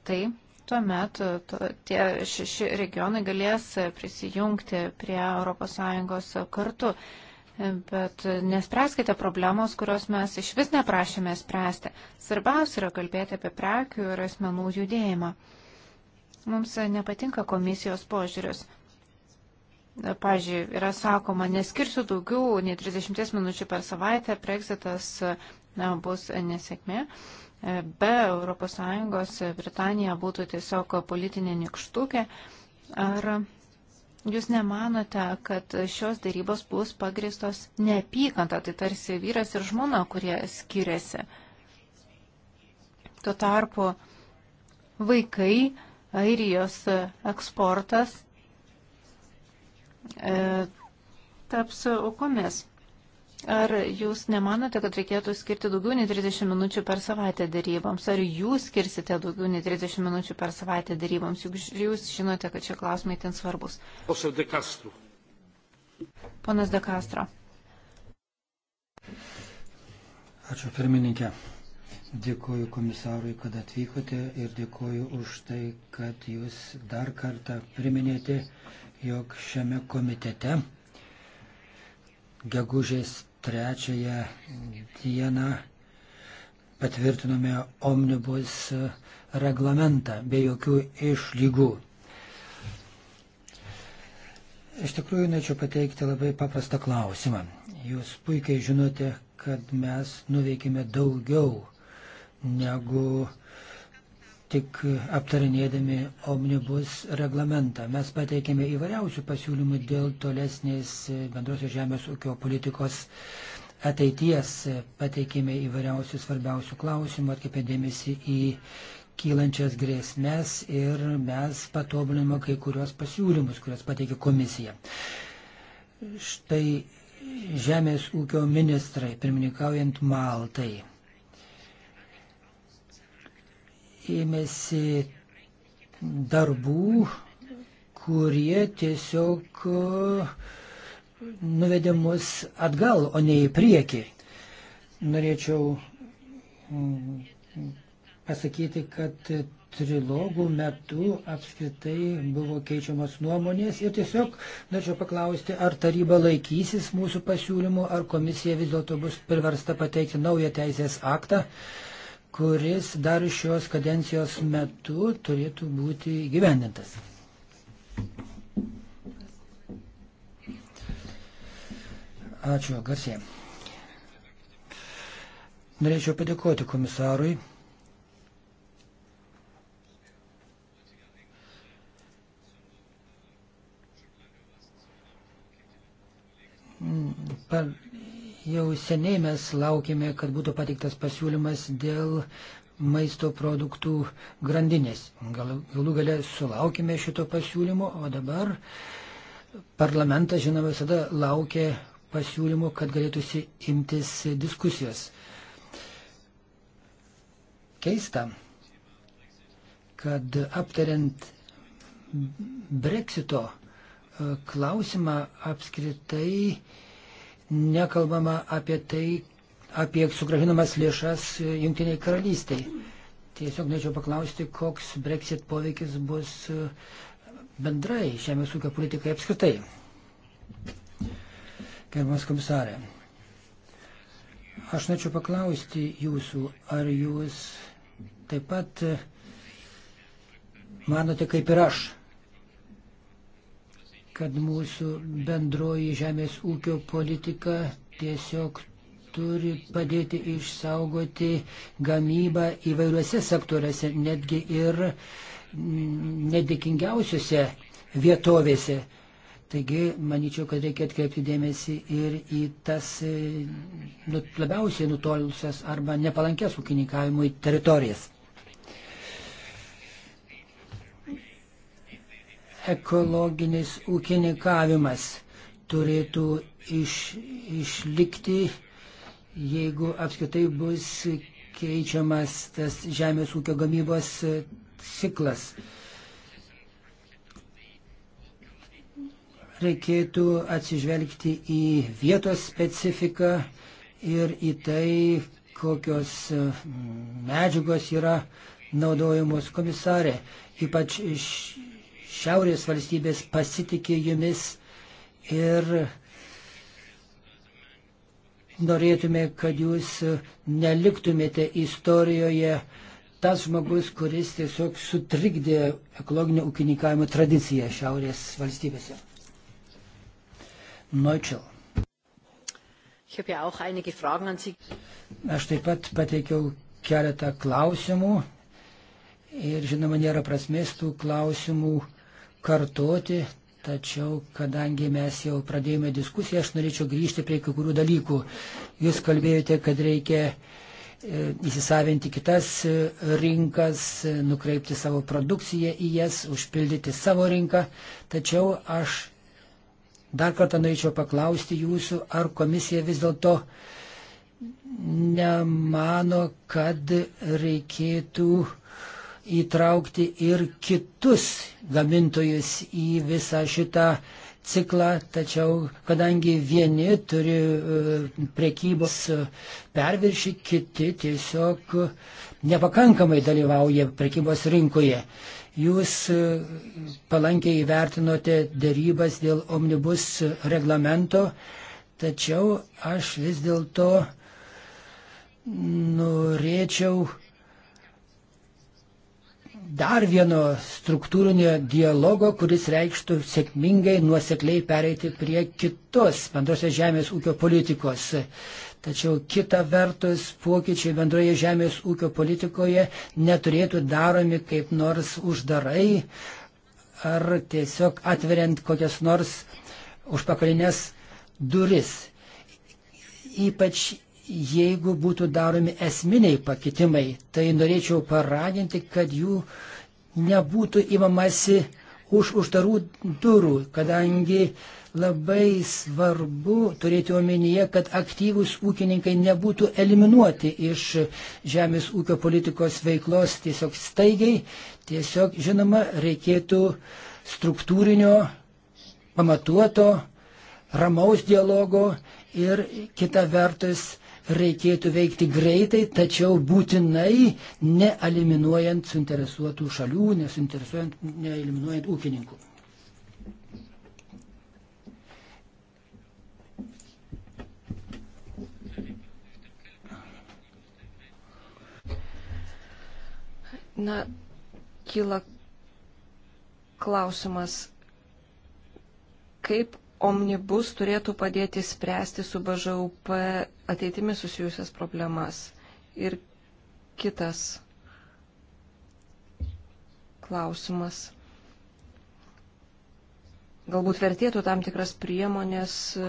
tai tuomet e, tie šeši regionai galės e, prisijungti prie ES e, kartu. Bet nespręskite problemos, kurios mes iš vis neprašėme spręsti. Svarbiausia yra kalbėti apie prekių ir asmenų judėjimą. Mums nepatinka komisijos požiūris. Pavyzdžiui, yra sakoma, neskirsiu daugiau nei 30 minučių per savaitę, Brexitas bus nesėkmė be ES Britanija būtų tiesiog politinė nikštukė. Ar jūs nemanote, kad šios darybos bus pagristos neapykanta, tai tarsi vyras ir žmona, kurie skiriasi? Tuo tarpu vaikai, airijos eksportas e, taps aukomis. Ar jūs nemanote, kad reikėtų skirti daugiau nei 30 minučių per savaitę daryboms? Ar jūs skirsite daugiau nei 30 minučių per savaitę daryboms? Juk jūs žinote, kad šie klausimai ten svarbus. Ponas De Castro. Ačiū pirmininkė. Dėkuoju komisarui, kad atvykote ir dėkuoju už tai, kad jūs dar kartą priminėte, jog šiame komitete gegužės trečiąją dieną patvirtinome omnibus reglamentą be jokių išlygų. Iš tikrųjų, norėčiau pateikti labai paprastą klausimą. Jūs puikiai žinote, kad mes nuveikėme daugiau negu tik aptarinėdami omnibus reglamentą. Mes pateikėme įvairiausių pasiūlymų dėl tolesnės bendrosios žemės ūkio politikos ateities. Pateikėme įvairiausių svarbiausių klausimų, atkepėdėmėsi į kylančias grėsmės ir mes patobulinome kai kurios pasiūlymus, kurias pateikė komisija. Štai žemės ūkio ministrai, pirmininkaujant Maltai ėmėsi darbų, kurie tiesiog nuvedė mus atgal, o ne į priekį. Norėčiau mm, pasakyti, kad trilogų metu apskritai buvo keičiamas nuomonės ir tiesiog norėčiau paklausti, ar taryba laikysis mūsų pasiūlymų, ar komisija vis dėlto bus priversta pateikti naują teisės aktą, kuris dar šios kadencijos metu turėtų būti įgyvendintas. Ačiū, Garsė. Norėčiau padėkoti komisarui Jau seniai mes laukime, kad būtų pateiktas pasiūlymas dėl maisto produktų grandinės. Gal, galų galę sulaukime šito pasiūlymo, o dabar parlamentas, žinoma, visada laukia pasiūlymo, kad galėtųsi imtis diskusijos. Keista, kad aptariant Brexito e, klausimą apskritai nekalbama apie tai, apie sugražinamas lėšas Junktiniai karalystiai. Tiesiog norėčiau paklausti, koks Brexit poveikis bus bendrai žemės ūkio politikai apskritai. Gerbiamas komisarė, aš norėčiau paklausti jūsų, ar jūs taip pat manote kaip ir aš, kad mūsų bendroji žemės ūkio politika tiesiog turi padėti išsaugoti gamybą įvairiuose sektoriuose, netgi ir mm, nedėkingiausiuose vietovėse. Taigi, manyčiau, kad reikia atkreipti dėmesį ir į tas e, nu, labiausiai nutolusias arba nepalankės ūkininkavimui teritorijas. ekologinis ūkininkavimas turėtų iš, išlikti, jeigu apskritai bus keičiamas tas žemės ūkio gamybos ciklas. Reikėtų atsižvelgti į vietos specifiką ir į tai, kokios mm, medžiagos yra naudojamos komisarė. Ypač iš šiaurės valstybės pasitikė jumis ir norėtume, kad jūs neliktumėte istorijoje tas žmogus, kuris tiesiog sutrikdė ekologinio ūkininkavimo tradiciją šiaurės valstybėse. Noičel. Aš taip pat pateikiau keletą klausimų ir žinoma nėra prasmės tų klausimų kartoti, tačiau kadangi mes jau pradėjome diskusiją, aš norėčiau grįžti prie kai kurių dalykų. Jūs kalbėjote, kad reikia e, įsisavinti kitas e, rinkas, e, nukreipti savo produkciją į jas, užpildyti savo rinką. Tačiau aš dar kartą norėčiau paklausti jūsų, ar komisija vis dėlto nemano, kad reikėtų įtraukti ir kitus gamintojus į visą šitą ciklą, tačiau kadangi vieni turi e, prekybos e, perviršį, kiti tiesiog nepakankamai dalyvauja prekybos rinkoje. Jūs e, palankiai įvertinote dėrybas dėl omnibus reglamento, tačiau aš vis dėlto norėčiau dar vieno struktūrinio dialogo, kuris reikštų sėkmingai, nuosekliai pereiti prie kitos bendrosios žemės ūkio politikos. Tačiau kita vertus, pokyčiai bendroje žemės ūkio politikoje neturėtų daromi kaip nors uždarai ar tiesiog atveriant kokias nors užpakalinės duris. Ypač jeigu būtų daromi esminiai pakitimai, tai norėčiau paraginti, kad jų nebūtų imamasi už uždarų durų, kadangi labai svarbu turėti omenyje, kad aktyvūs ūkininkai nebūtų eliminuoti iš žemės ūkio politikos veiklos tiesiog staigiai, tiesiog žinoma reikėtų struktūrinio, pamatuoto, ramaus dialogo ir kita vertus reikėtų veikti greitai, tačiau būtinai neeliminuojant suinteresuotų šalių, nesuinteresuojant, neeliminuojant ūkininkų. Na, kyla klausimas, kaip omnibus turėtų padėti spręsti su BŽUP ateitimi susijusias problemas. Ir kitas klausimas. Galbūt vertėtų tam tikras priemonės e,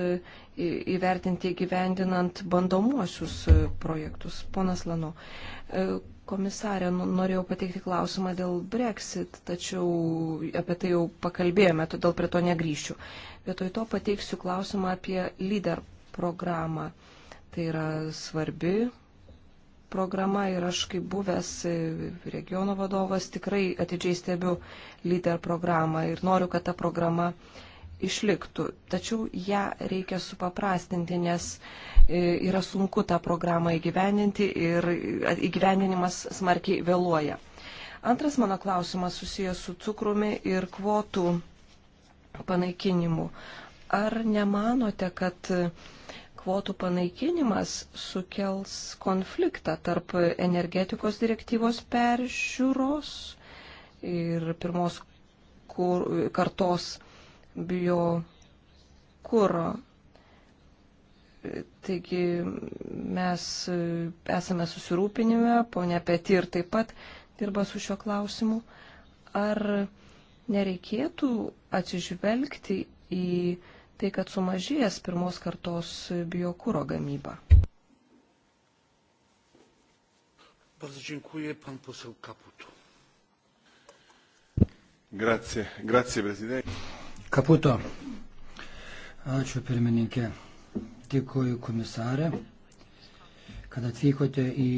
įvertinti gyvendinant bandomuosius e, projektus. Ponas Lano, e, komisarė, nu, norėjau pateikti klausimą dėl Brexit, tačiau apie tai jau pakalbėjome, todėl prie to negryšiu. Vietoj to pateiksiu klausimą apie lyder programą. Tai yra svarbi programa ir aš kaip buvęs regiono vadovas tikrai atidžiai stebiu lyder programą ir noriu, kad ta programa išliktų. Tačiau ją reikia supaprastinti, nes e, yra sunku tą programą įgyveninti ir e, įgyveninimas smarkiai vėluoja. Antras mano klausimas susijęs su cukrumi ir kvotų panaikinimu. Ar nemanote, kad kvotų panaikinimas sukels konfliktą tarp energetikos direktyvos peržiūros ir pirmos kur, kartos bio kūro. Taigi mes esame susirūpinime, ponia Petir taip pat dirba su šiuo klausimu. Ar nereikėtų atsižvelgti į tai, kad sumažės pirmos kartos biokūro gamyba. Bardzo dziękuję, pan poseł Kaputo. Grazie, grazie, prezidentė. Kaputo. Ačiū, pirmininkė. Dėkuoju, komisarė, kad atvykote į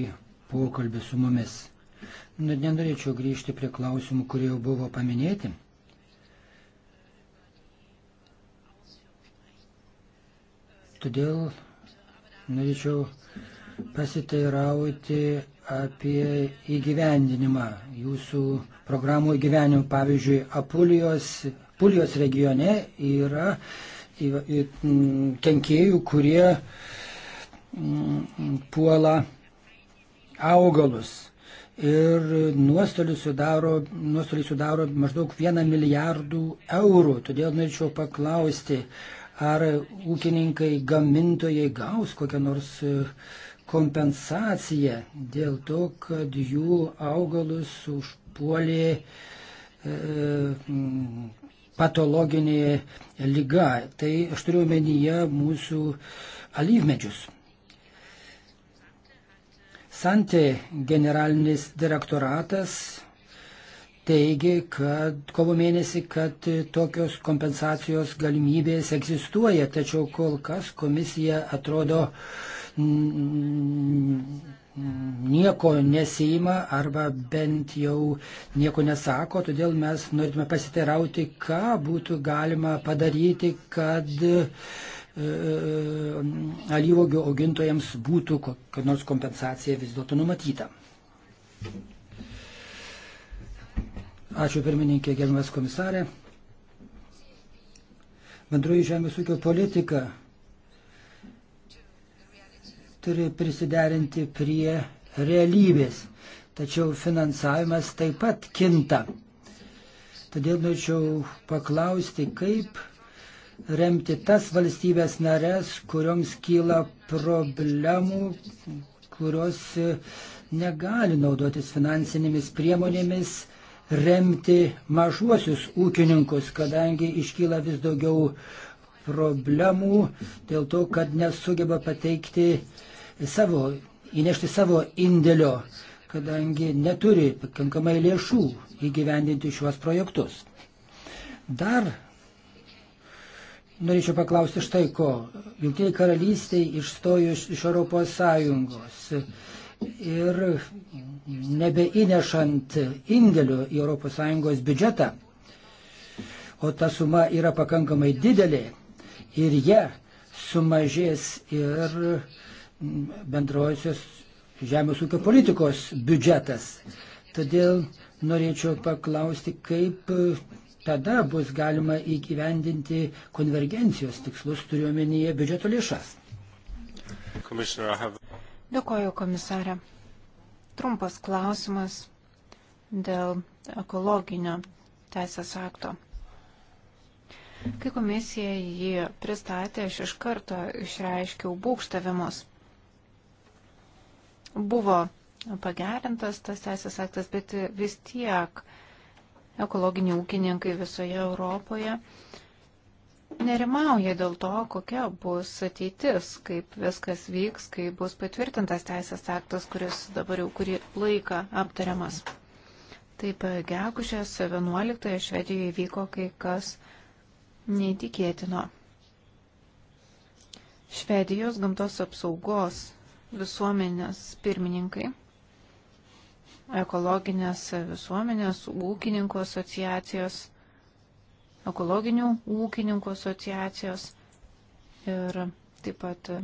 pokalbį su mumis. Nenorėčiau grįžti prie klausimų, kurie jau buvo paminėti. Todėl norėčiau pasiteirauti apie įgyvendinimą, jūsų programų įgyvendinimą. Pavyzdžiui, Apulijos, Apulijos regione yra kenkėjų, kurie puola augalus. Ir nuostolį sudaro, nuostolį sudaro maždaug vieną milijardų eurų. Todėl norėčiau paklausti, Ar ūkininkai, gamintojai gaus kokią nors e, kompensaciją dėl to, kad jų augalus užpuolė e, mm, patologinė lyga. Tai aš turiu omenyje mūsų alyvmedžius. Santė generalinis direktoratas teigia, kad kovo mėnesį, kad tokios kompensacijos galimybės egzistuoja, tačiau kol kas komisija atrodo nieko nesima arba bent jau nieko nesako, todėl mes norime pasiteirauti, ką būtų galima padaryti, kad e, e, alyvogių augintojams būtų kokia nors kompensacija vis dėlto numatyta. Thank you. Ačiū pirmininkė, gerbiamas komisarė. Bendroji žemės ūkio politika turi prisiderinti prie realybės, tačiau finansavimas taip pat kinta. Todėl norėčiau paklausti, kaip remti tas valstybės narės, kurioms kyla problemų, kurios negali naudotis finansinėmis priemonėmis remti mažuosius ūkininkus, kadangi iškyla vis daugiau problemų dėl to, kad nesugeba pateikti savo, įnešti savo indėlio, kadangi neturi pakankamai lėšų įgyvendinti šiuos projektus. Dar norėčiau paklausti štai ko. Junktiniai karalystiai išstojo iš, iš Europos Sąjungos. Ir nebeįnešant indėlių į ES biudžetą, o ta suma yra pakankamai didelė ir jie sumažės ir bendrosios žemės ūkio politikos biudžetas. Todėl norėčiau paklausti, kaip tada bus galima įgyvendinti konvergencijos tikslus, turiuomenyje biudžeto lėšas. Dėkoju, komisarė. Trumpas klausimas dėl ekologinio teisės akto. Kai komisija jį pristatė, aš iš karto išreiškiau būkštavimus. Buvo pagerintas tas teisės aktas, bet vis tiek ekologiniai ūkininkai visoje Europoje uh, nerimauja dėl to, kokia bus ateitis, kaip viskas vyks, kai bus patvirtintas teisės aktas, kuris dabar jau kurį laiką aptariamas. Taip, gegužės 11-ąją Švedijoje vyko kai kas neįtikėtino. Švedijos gamtos apsaugos visuomenės pirmininkai, ekologinės visuomenės, ūkininkų asociacijos ekologinių ūkininkų asociacijos ir taip pat e,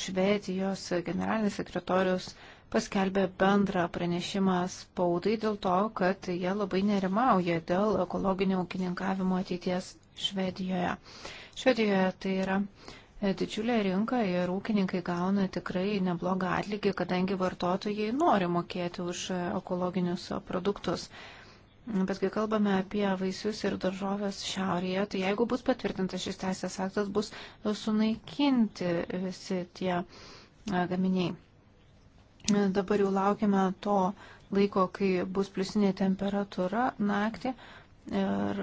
Švedijos generalinis sekretorius paskelbė bendrą pranešimą spaudai dėl to, kad jie labai nerimauja dėl ekologinio ūkininkavimo ateities Švedijoje. Švedijoje tai yra e, didžiulė rinka ir ūkininkai gauna tikrai neblogą atlygį, kadangi vartotojai nori mokėti už e, ekologinius produktus. Bet kai kalbame apie vaisius ir daržovės šiaurėje, tai jeigu bus patvirtintas šis teisės aktas, bus sunaikinti visi tie gaminiai. Dabar jau laukime to laiko, kai bus pliusinė temperatūra naktį ir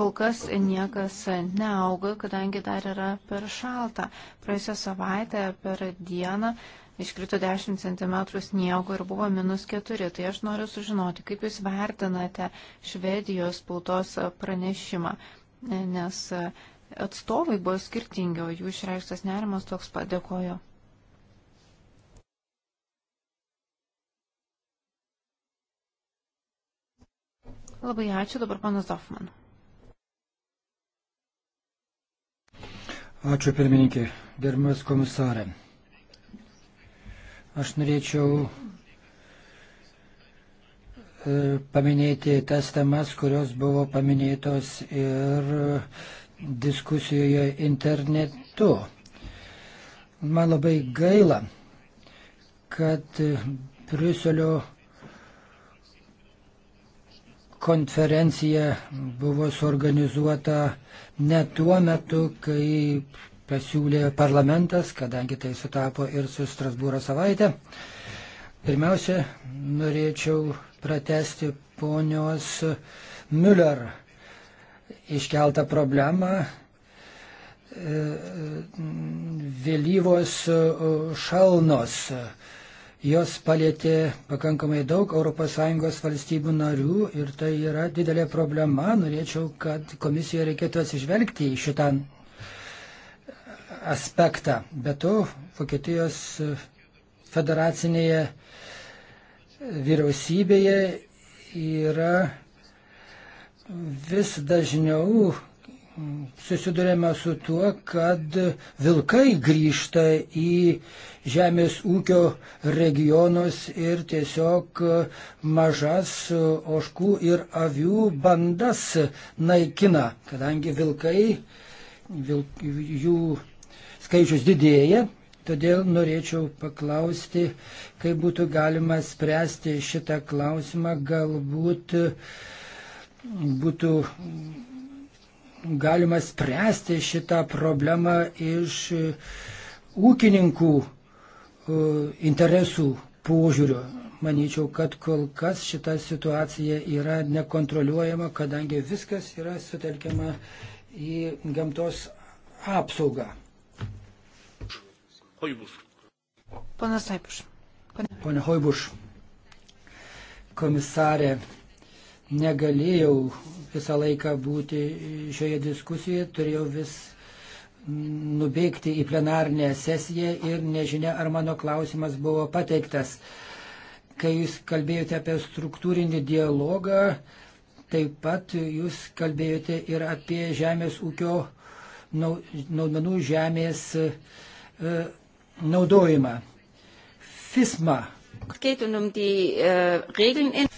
kol kas niekas neauga, kadangi dar yra per šalta. Praėjusią savaitę per dieną iškrito 10 cm sniego ir buvo minus 4. Tai aš noriu sužinoti, kaip Jūs vertinate Švedijos spaudos pranešimą, nes atstovai buvo skirtingi, o jų išreikštas nerimas toks padėkojo. Labai ačiū, dabar panas Dofman. Ačiū pirmininkė, gerbiamas komisarė. Aš norėčiau e, paminėti tas temas, kurios buvo paminėtos ir diskusijoje internetu. Man labai gaila, kad Briuselio konferencija buvo suorganizuota ne tuo metu, kai pasiūlė parlamentas, kadangi tai sutapo ir su Strasbūro savaitė. Pirmiausia, norėčiau pratesti ponios Müller iškeltą problemą e, vėlyvos šalnos. Jos palėtė pakankamai daug ES valstybių narių ir tai yra didelė problema. Norėčiau, kad komisija reikėtų atsižvelgti į šitą aspektą. Be to, Vokietijos federacinėje vyriausybėje yra vis dažniau susidurėme su tuo, kad vilkai grįžta į žemės ūkio regionus ir tiesiog mažas oškų ir avių bandas naikina, kadangi vilkai, vil, jų skaičius didėja, todėl norėčiau paklausti, kaip būtų galima spręsti šitą klausimą, galbūt būtų galima spręsti šitą problemą iš ūkininkų e, interesų požiūrio. Manyčiau, kad kol kas šita situacija yra nekontroliuojama, kadangi viskas yra sutelkiama į gamtos apsaugą. Hoibuš. Ponas Hoibuš. Pone, Pone Hoibuš, komisarė, negalėjau visą laiką būti šioje diskusijoje, turėjau vis nubėgti į plenarnę sesiją ir nežinia, ar mano klausimas buvo pateiktas. Kai jūs kalbėjote apie struktūrinį dialogą, taip pat jūs kalbėjote ir apie žemės ūkio naudmenų žemės e, naudojimą. FISMA. Um äh,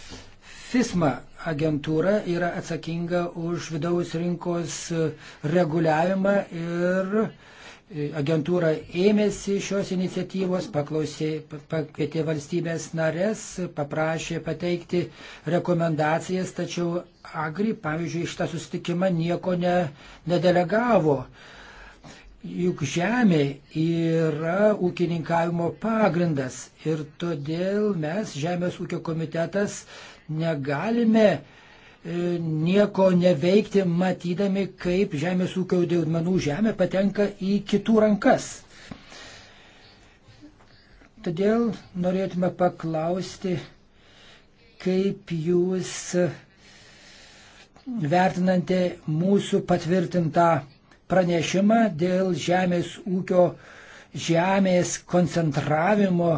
FISMA agentūra yra atsakinga už vidaus rinkos äh, reguliavimą ir äh, agentūra ėmėsi šios iniciatyvos, paklausė, pakvietė valstybės narės, paprašė pateikti rekomendacijas, tačiau Agri, pavyzdžiui, šitą susitikimą nieko ne, nedelegavo. Juk žemė yra ūkininkavimo pagrindas ir todėl mes, Žemės ūkio komitetas, negalime e, nieko neveikti, matydami, kaip žemės ūkio dėmenų žemė patenka į kitų rankas. Todėl norėtume paklausti, kaip jūs vertinate mūsų patvirtintą pranešimą dėl žemės ūkio žemės koncentravimo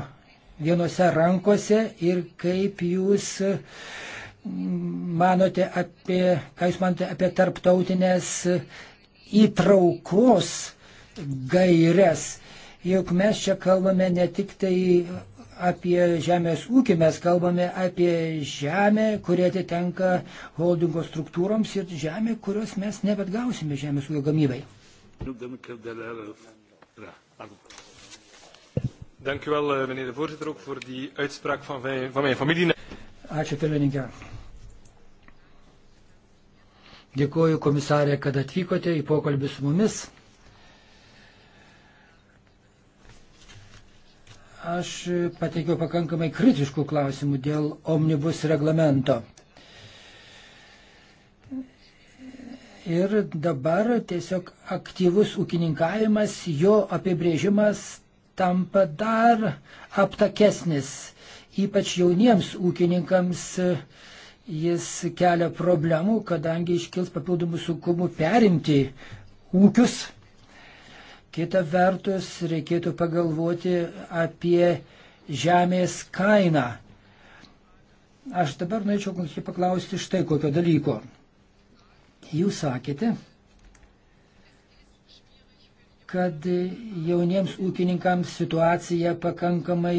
vienose rankose ir kaip jūs mm, manote apie, ką jūs manote apie tarptautinės įtraukos gairias. Juk mes čia kalbame ne tik tai apie žemės ūkį, mes kalbame apie žemę, kurie atitenka holdingo struktūroms ir žemę, kurios mes nebetgausime žemės ūkio gamybai. Dank u wel, eh, meneer de voorzitter, ook voor die uitspraak van, wij, van mijn familie. Ačiū, pirmininkė. Dėkuoju komisarė, kad atvykote į pokalbį su mumis. Aš pateikiau pakankamai kritiškų klausimų dėl omnibus reglamento. Ir dabar tiesiog aktyvus ūkininkavimas, jo apibrėžimas tampa dar aptakesnis. Ypač jauniems ūkininkams jis kelia problemų, kadangi iškils papildomų sunkumų perimti ūkius Kita vertus, reikėtų pagalvoti apie žemės kainą. Aš dabar norėčiau paklausti štai kokio dalyko. Jūs sakėte, kad jauniems ūkininkams situacija pakankamai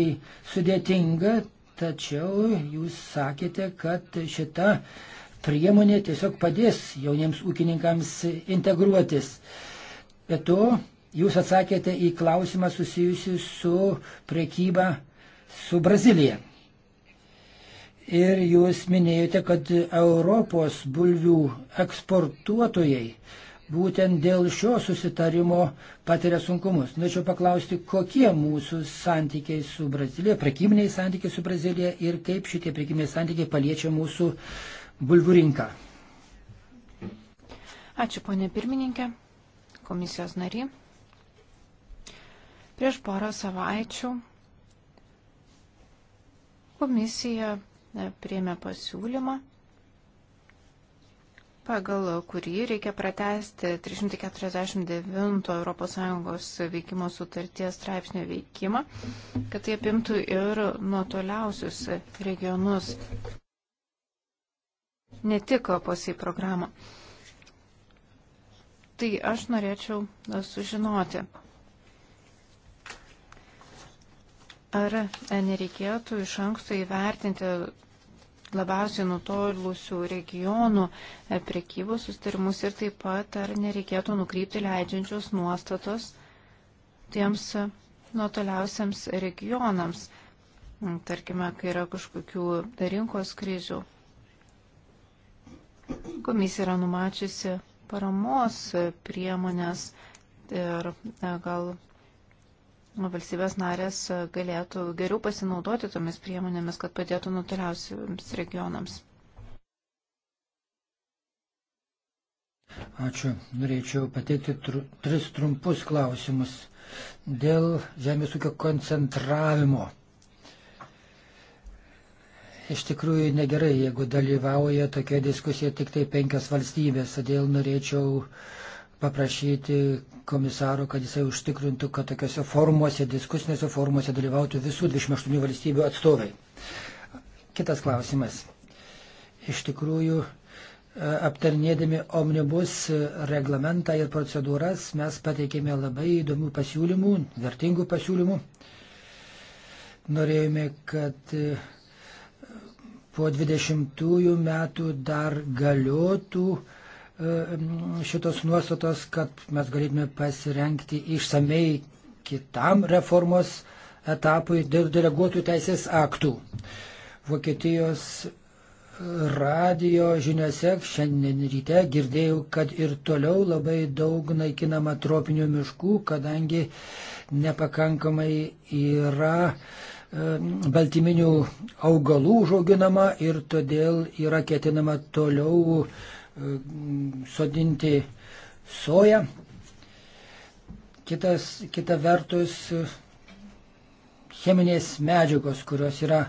sudėtinga, tačiau jūs sakėte, kad šita priemonė tiesiog padės jauniems ūkininkams integruotis. Be to, Jūs atsakėte į klausimą susijusi su priekyba su Brazilija. Ir jūs minėjote, kad Europos bulvių eksportuotojai būtent dėl šio susitarimo patiria sunkumus. Norėčiau paklausti, kokie mūsų santykiai su Brazilija, prekybiniai santykiai su Brazilija ir kaip šitie prekybiniai santykiai paliečia mūsų bulvių rinką. Ačiū, ponė pirmininkė, komisijos nariai. Prieš porą savaičių komisija e, priėmė pasiūlymą, pagal kurį reikia pratesti 349 ES veikimo sutarties straipsnio veikimą, kad tai apimtų ir nuotoliausius regionus, ne tik posį programą. Tai aš norėčiau e, sužinoti, Ar nereikėtų iš anksto įvertinti labiausiai nutolusių regionų e, prekybos sustarimus ir taip pat ar nereikėtų nukrypti leidžiančios nuostatos tiems e, nuotoliausiams regionams, tarkime, kai yra kažkokių rinkos krizių. Komisija yra numačiusi paramos e, priemonės ir gal valstybės narės galėtų geriau pasinaudoti tomis priemonėmis, kad padėtų nutoliausiams regionams. Ačiū. Norėčiau pateikti tru, tris trumpus klausimus dėl žemės ūkio koncentravimo. Iš tikrųjų negerai, jeigu dalyvauja tokia diskusija tik tai penkias valstybės, todėl norėčiau uh, paprašyti komisaro, kad jisai užtikrintų, kad tokiuose formuose, diskusinėse formuose dalyvautų visų 28 valstybių atstovai. Kitas klausimas. Iš tikrųjų, e, aptarnėdami omnibus reglamentą ir procedūras, mes pateikėme labai įdomių pasiūlymų, vertingų pasiūlymų. Norėjome, kad e, po 20 metų dar galiotų uh, E, šitos nuostatos, kad mes galėtume pasirenkti išsamei kitam reformos etapui dėl deleguotų teisės aktų. Vokietijos radijo žiniuose šiandien ryte girdėjau, kad ir toliau labai daug naikinama tropinių miškų, kadangi nepakankamai yra e, baltyminių augalų užauginama ir todėl yra ketinama toliau sodinti soją. Kitas, kita vertus, cheminės medžiagos, kurios yra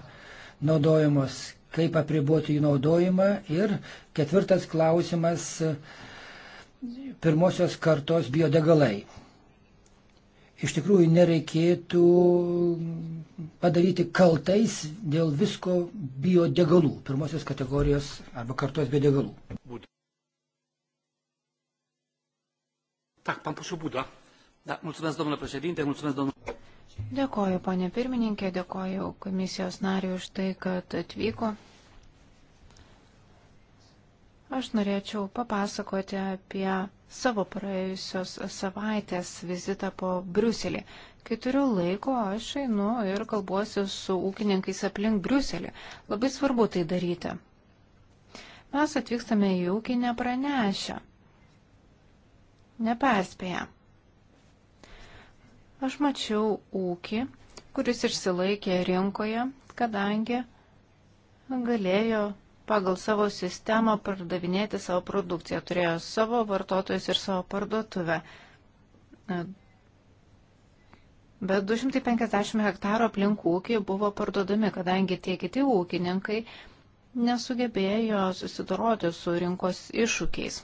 naudojamos, kaip apriboti jų naudojimą. Ir ketvirtas klausimas - pirmosios kartos biodegalai. Iš tikrųjų, nereikėtų padaryti kaltais dėl visko biodegalų, pirmosios kategorijos arba kartos biodegalų. Būtų. Tak, pan pošau būda. Da, mulțumesc, domnule președinte, mulțumesc, domnule. Dėkoju, ponė pirmininkė, dėkoju komisijos nariui už tai, kad atvyko. Aš norėčiau papasakoti apie savo praėjusios savaitės vizitą po Briuselį. Kai turiu laiko, aš einu ir kalbuosiu su ūkininkais aplink Briuselį. Labai svarbu tai daryti. Mes atvykstame į ūkinę pranešę neperspėja. Aš mačiau ūkį, kuris išsilaikė rinkoje, kadangi galėjo pagal savo sistemą pardavinėti savo produkciją, turėjo savo vartotojus ir savo parduotuvę. Bet 250 hektarų aplink ūkį buvo parduodami, kadangi tie kiti ūkininkai nesugebėjo susidoroti su rinkos iššūkiais.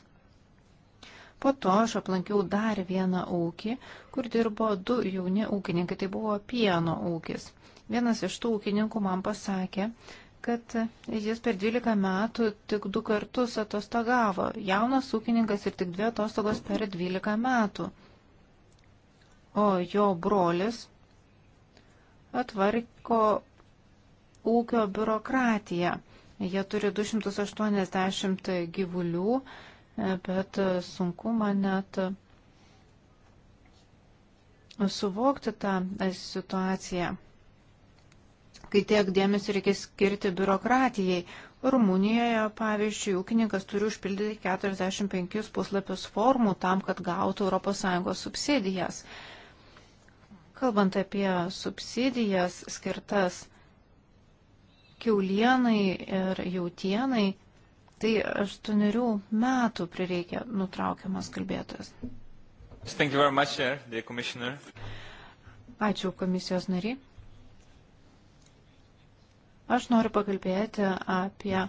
Po to aš aplankiau dar vieną ūkį, kur dirbo du jauni ūkininkai, tai buvo pieno ūkis. Vienas iš tų ūkininkų man pasakė, kad jis per 12 metų tik du kartus atostogavo. Jaunas ūkininkas ir tik dvi atostogos per 12 metų. O jo brolis atvarko ūkio biurokratiją. Jie turi 280 gyvulių, bet sunku man net suvokti tą situaciją, kai tiek dėmesio reikia skirti biurokratijai. Rumunijoje, pavyzdžiui, ūkininkas turi užpildyti 45 puslapius formų tam, kad gautų ES subsidijas. Kalbant apie subsidijas skirtas kiaulienai ir jautienai, Tai aštuonerių metų prireikė nutraukiamas kalbėtojas. Much, sir, Ačiū komisijos nariai. Aš noriu pakalbėti apie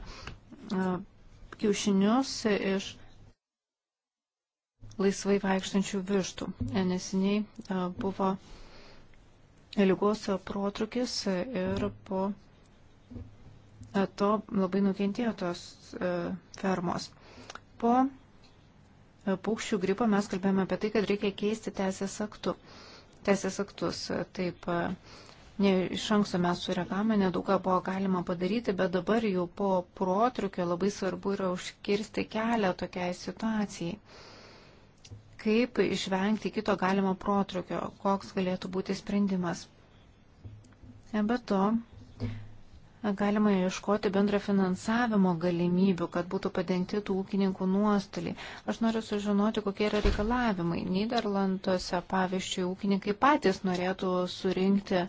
kiaušinius iš laisvai vaikštančių vištų. Neseniai buvo lygos protrukis ir po E, to labai nukentėjo tos e, fermos. Po e, paukščių gripo mes kalbėjome apie tai, kad reikia keisti teisės, aktu, teisės aktus. Taip, ne, iš anksto mes sureagavome, nedaug ką buvo galima padaryti, bet dabar jau po protrukio labai svarbu yra užkirsti kelią tokiai situacijai. Kaip išvengti kito galimo protrukio, koks galėtų būti sprendimas. Be to, galima ieškoti bendra finansavimo galimybių, kad būtų padengti tų ūkininkų nuostoliai. Aš noriu sužinoti, kokie yra reikalavimai. Niderlanduose, pavyzdžiui, ūkininkai patys norėtų surinkti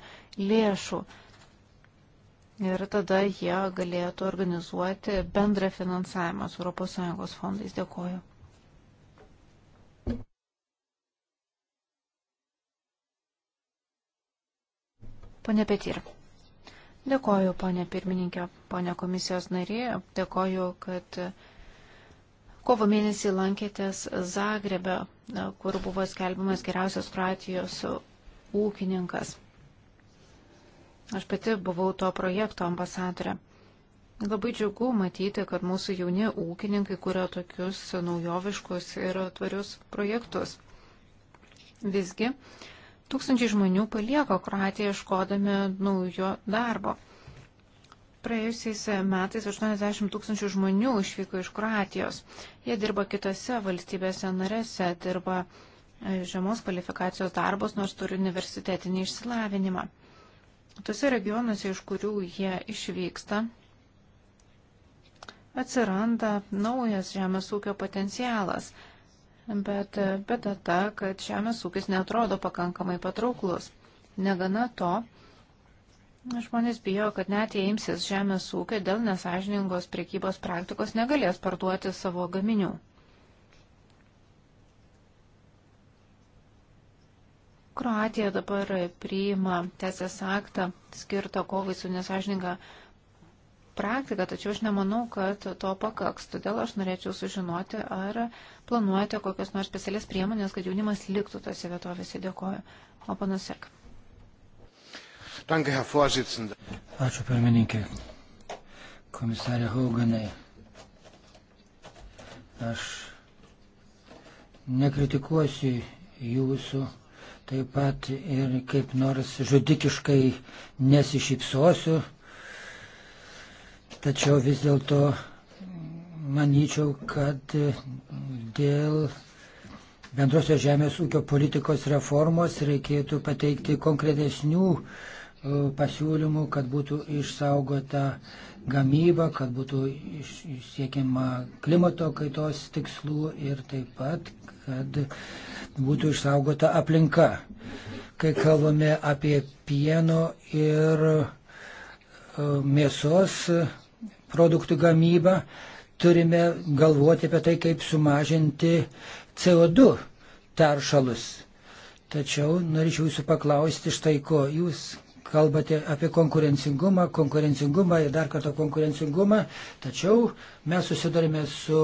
lėšų. Ir tada jie galėtų organizuoti bendrą finansavimą su ES fondais. Dėkoju. Pone Petir. Dėkoju, ponė pirmininkė, ponė komisijos narė, dėkoju, kad kovo mėnesį lankėtės Zagrebe, kur buvo skelbiamas geriausias Kroatijos ūkininkas. Aš pati buvau to projekto ambasadorė. Labai džiugu matyti, kad mūsų jauni ūkininkai kuria tokius naujoviškus ir tvarius projektus. Visgi, Tūkstančiai žmonių palieka Kroatiją iškodami naujo darbo. Praėjusiais metais 80 tūkstančių žmonių išvyko iš Kroatijos. Jie dirba kitose valstybėse narėse, dirba e, žemos kvalifikacijos darbus, nors turi universitetinį išsilavinimą. Tuose regionuose, iš kurių jie išvyksta, atsiranda naujas žemės ūkio potencialas bet bėda ta, kad žemės ūkis netrodo pakankamai patrauklus. Negana to, Žmonės bijo, kad net jei imsis žemės ūkio dėl nesažiningos priekybos praktikos negalės parduoti savo gaminių. Kroatija dabar priima teisės aktą skirtą kovai su nesažininga praktiką, tačiau aš nemanau, kad to pakaks. Todėl aš norėčiau sužinoti, ar planuojate kokias nors specialias priemonės, kad jaunimas liktų tose vietovėse. Dėkoju. O panusek. Ačiū pirmininkė. Komisarė Hauganai. Aš nekritikuosiu jūsų, taip pat ir kaip nors žudikiškai nesišypsosiu, Tačiau vis dėlto manyčiau, kad dėl bendrosios žemės ūkio politikos reformos reikėtų pateikti konkretesnių e, pasiūlymų, kad būtų išsaugota gamyba, kad būtų siekiama klimato kaitos tikslų ir taip pat, kad būtų išsaugota aplinka. Kai kalbame apie pieno ir e, mėsos produktų gamybą, turime galvoti apie tai, kaip sumažinti CO2 taršalus. Tačiau norėčiau jūsų paklausti štai ko. Jūs kalbate apie konkurencingumą, konkurencingumą ir dar kartą konkurencingumą, tačiau mes susidurime su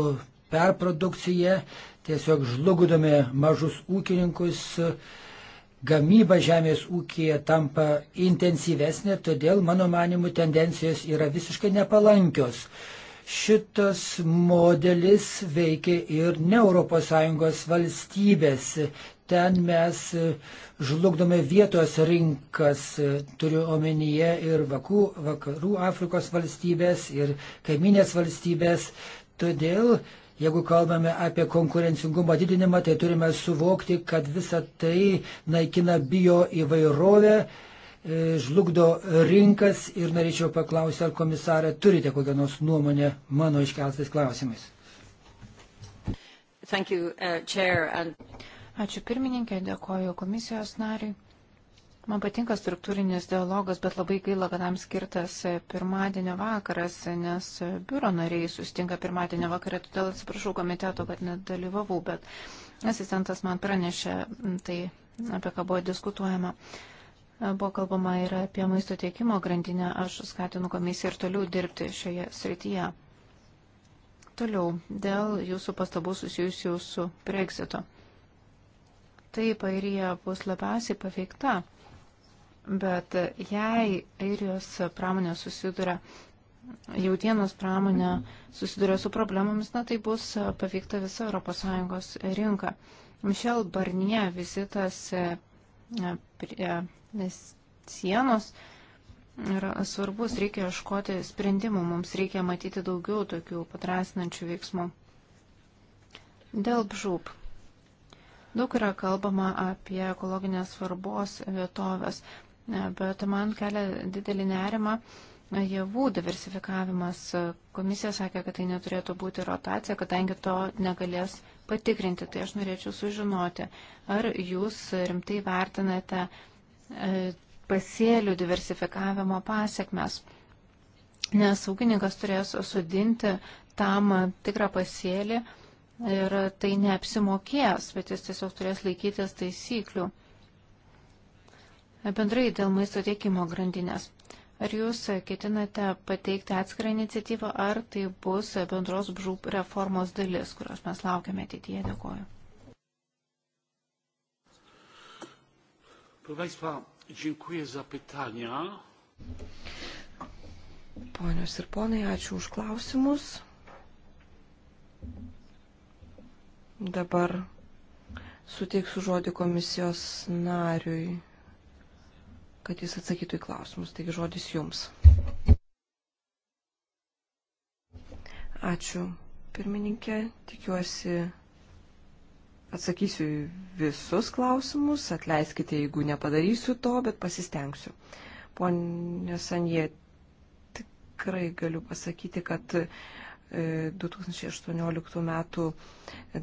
perprodukcija, tiesiog žlugdome mažus ūkininkus, uh, gamyba žemės ūkija tampa intensyvesnė, todėl mano manimų tendencijos yra visiškai nepalankios. Šitas modelis veikia ir ne ES valstybės. Ten mes žlugdome vietos rinkas, turiu omenyje ir vakų, vakarų Afrikos valstybės, ir kaiminės valstybės. Todėl Jeigu kalbame apie konkurencingumo didinimą, tai turime suvokti, kad visa tai naikina bio įvairovę, e, žlugdo rinkas ir norėčiau paklausti, ar komisarė turite kokią nors nuomonę mano iškeltais klausimais. Thank you, uh, chair, and... Ačiū pirmininkė, dėkoju komisijos nariui. Man patinka struktūrinis dialogas, bet labai gaila, kad tam skirtas pirmadienio vakaras, nes biuro nariai sustinka pirmadienio vakarą, todėl atsiprašau komiteto, kad nedalyvavau, bet asistentas man pranešė tai, apie ką buvo diskutuojama. Buvo kalbama ir apie maisto tiekimo grandinę, aš skatinu komisiją ir toliau dirbti šioje srityje. Toliau, dėl jūsų pastabų susijusių su Brexitu. Taip, airija bus labiausiai paveikta Bet jei airijos pramonė susiduria, jautienos pramonė susiduria su problemomis, na tai bus paveikta visa ES rinka. Mišel Barnie vizitas e, prie e, sienos yra svarbus, reikia ieškoti sprendimų, mums reikia matyti daugiau tokių padrasinančių veiksmų. Dėl bžūp. Daug yra kalbama apie ekologinės svarbos vietovės bet man kelia didelį nerimą e, javų diversifikavimas. Komisija sakė, kad tai neturėtų būti rotacija, kadangi to negalės patikrinti. Tai aš norėčiau sužinoti, ar jūs rimtai vertinate e, pasėlių diversifikavimo pasiekmes. Nes ūkininkas turės sudinti tam tikrą pasėlį ir tai neapsimokės, bet jis tiesiog turės laikytis taisyklių. Bendrai dėl maisto tiekimo grandinės. Ar jūs ketinate pateikti atskirą iniciatyvą, ar tai bus bendros bžūp reformos dalis, kurios mes laukiame ateityje? Dėkuoju. Proszę Państwa, dziękuję za pytania. Ponios ir ponai, ačiū už klausimus. Dabar suteiksiu žodį komisijos nariui kad jis atsakytų į klausimus. Taigi žodis jums. Ačiū, pirmininkė. Tikiuosi atsakysiu į visus klausimus. Atleiskite, jeigu nepadarysiu to, bet pasistengsiu. Pone Sanje, tikrai galiu pasakyti, kad uh, 2018 metų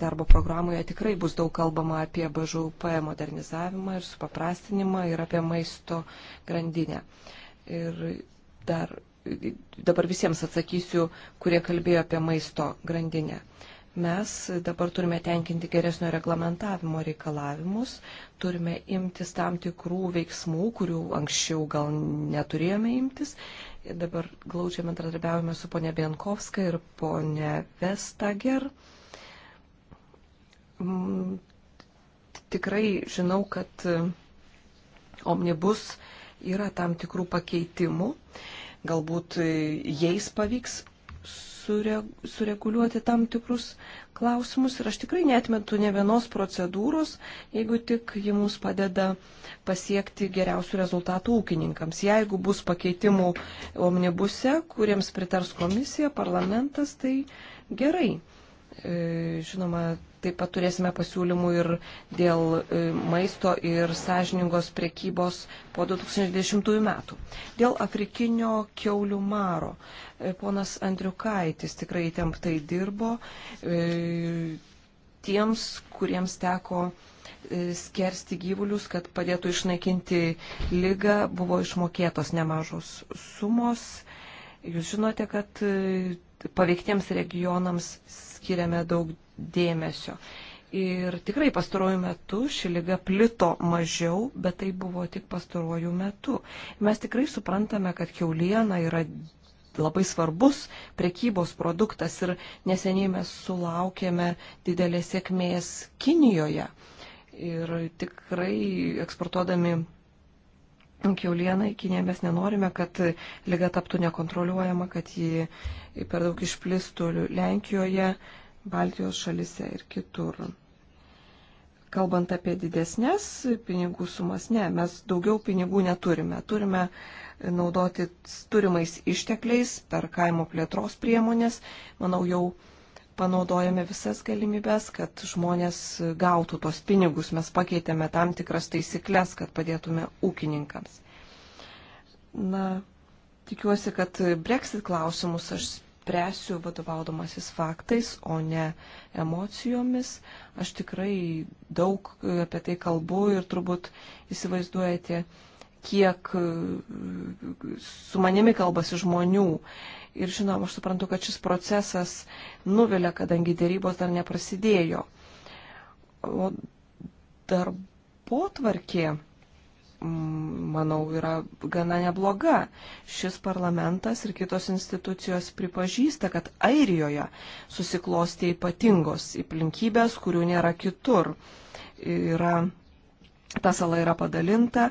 darbo programoje tikrai bus daug kalbama apie BŽUP modernizavimą ir supaprastinimą ir apie maisto grandinę. Ir dar dabar visiems atsakysiu, kurie kalbėjo apie maisto grandinę. Mes dabar turime tenkinti geresnio reglamentavimo reikalavimus, turime imtis tam tikrų veiksmų, kurių anksčiau gal neturėjome imtis Ir dabar glaudžiai bendradarbiaujame su ponia Bienkovska ir ponia Vestager. Mm, tikrai žinau, kad e, omnibus yra tam tikrų pakeitimų. Galbūt e, jais pavyks sure, sureguliuoti tam tikrus klausimus ir aš tikrai netmetu ne vienos procedūros, jeigu tik ji mums padeda pasiekti geriausių rezultatų ūkininkams. Jeigu bus pakeitimų omnibuse, kuriems pritars komisija, parlamentas, tai gerai. E, žinoma, Taip pat turėsime pasiūlymų ir dėl e, maisto ir sąžiningos priekybos po 2010 metų. Dėl afrikinio keulių maro. E, ponas Andriukaitis tikrai temptai dirbo. E, tiems, kuriems teko skersti gyvulius, kad padėtų išnaikinti lygą, buvo išmokėtos nemažos sumos. Jūs žinote, kad paveiktiems regionams skiriame daug dėmesio. Ir tikrai pastaruoju metu ši lyga plito mažiau, bet tai buvo tik pastaruoju metu. Mes tikrai suprantame, kad keuliena yra labai svarbus prekybos produktas ir neseniai mes sulaukėme didelės sėkmės Kinijoje. Ir tikrai eksportuodami keulieną į Kiniją mes nenorime, kad lyga taptų nekontroliuojama, kad ji per daug išplistų Lenkijoje, Baltijos šalise ir kitur. Kalbant apie didesnės pinigų sumas, ne, mes daugiau pinigų neturime. Turime naudoti turimais ištekliais per kaimo plėtros priemonės. Manau, jau panaudojame visas galimybės, kad žmonės gautų tos pinigus. Mes pakeitėme tam tikras taisyklės, kad padėtume ūkininkams. Na, tikiuosi, kad Brexit klausimus aš spręsiu vadovaudamasis faktais, o ne emocijomis. Aš tikrai daug apie tai kalbu ir turbūt įsivaizduojate, kiek e, su manimi kalbasi žmonių. Ir žinom, aš suprantu, kad šis procesas nuvilia, kadangi dėrybos dar neprasidėjo. O darbo tvarkė manau, yra gana nebloga. Šis parlamentas ir kitos institucijos pripažįsta, kad Airijoje susiklostė ypatingos aplinkybės, kurių nėra kitur. Yra, ta sala yra padalinta,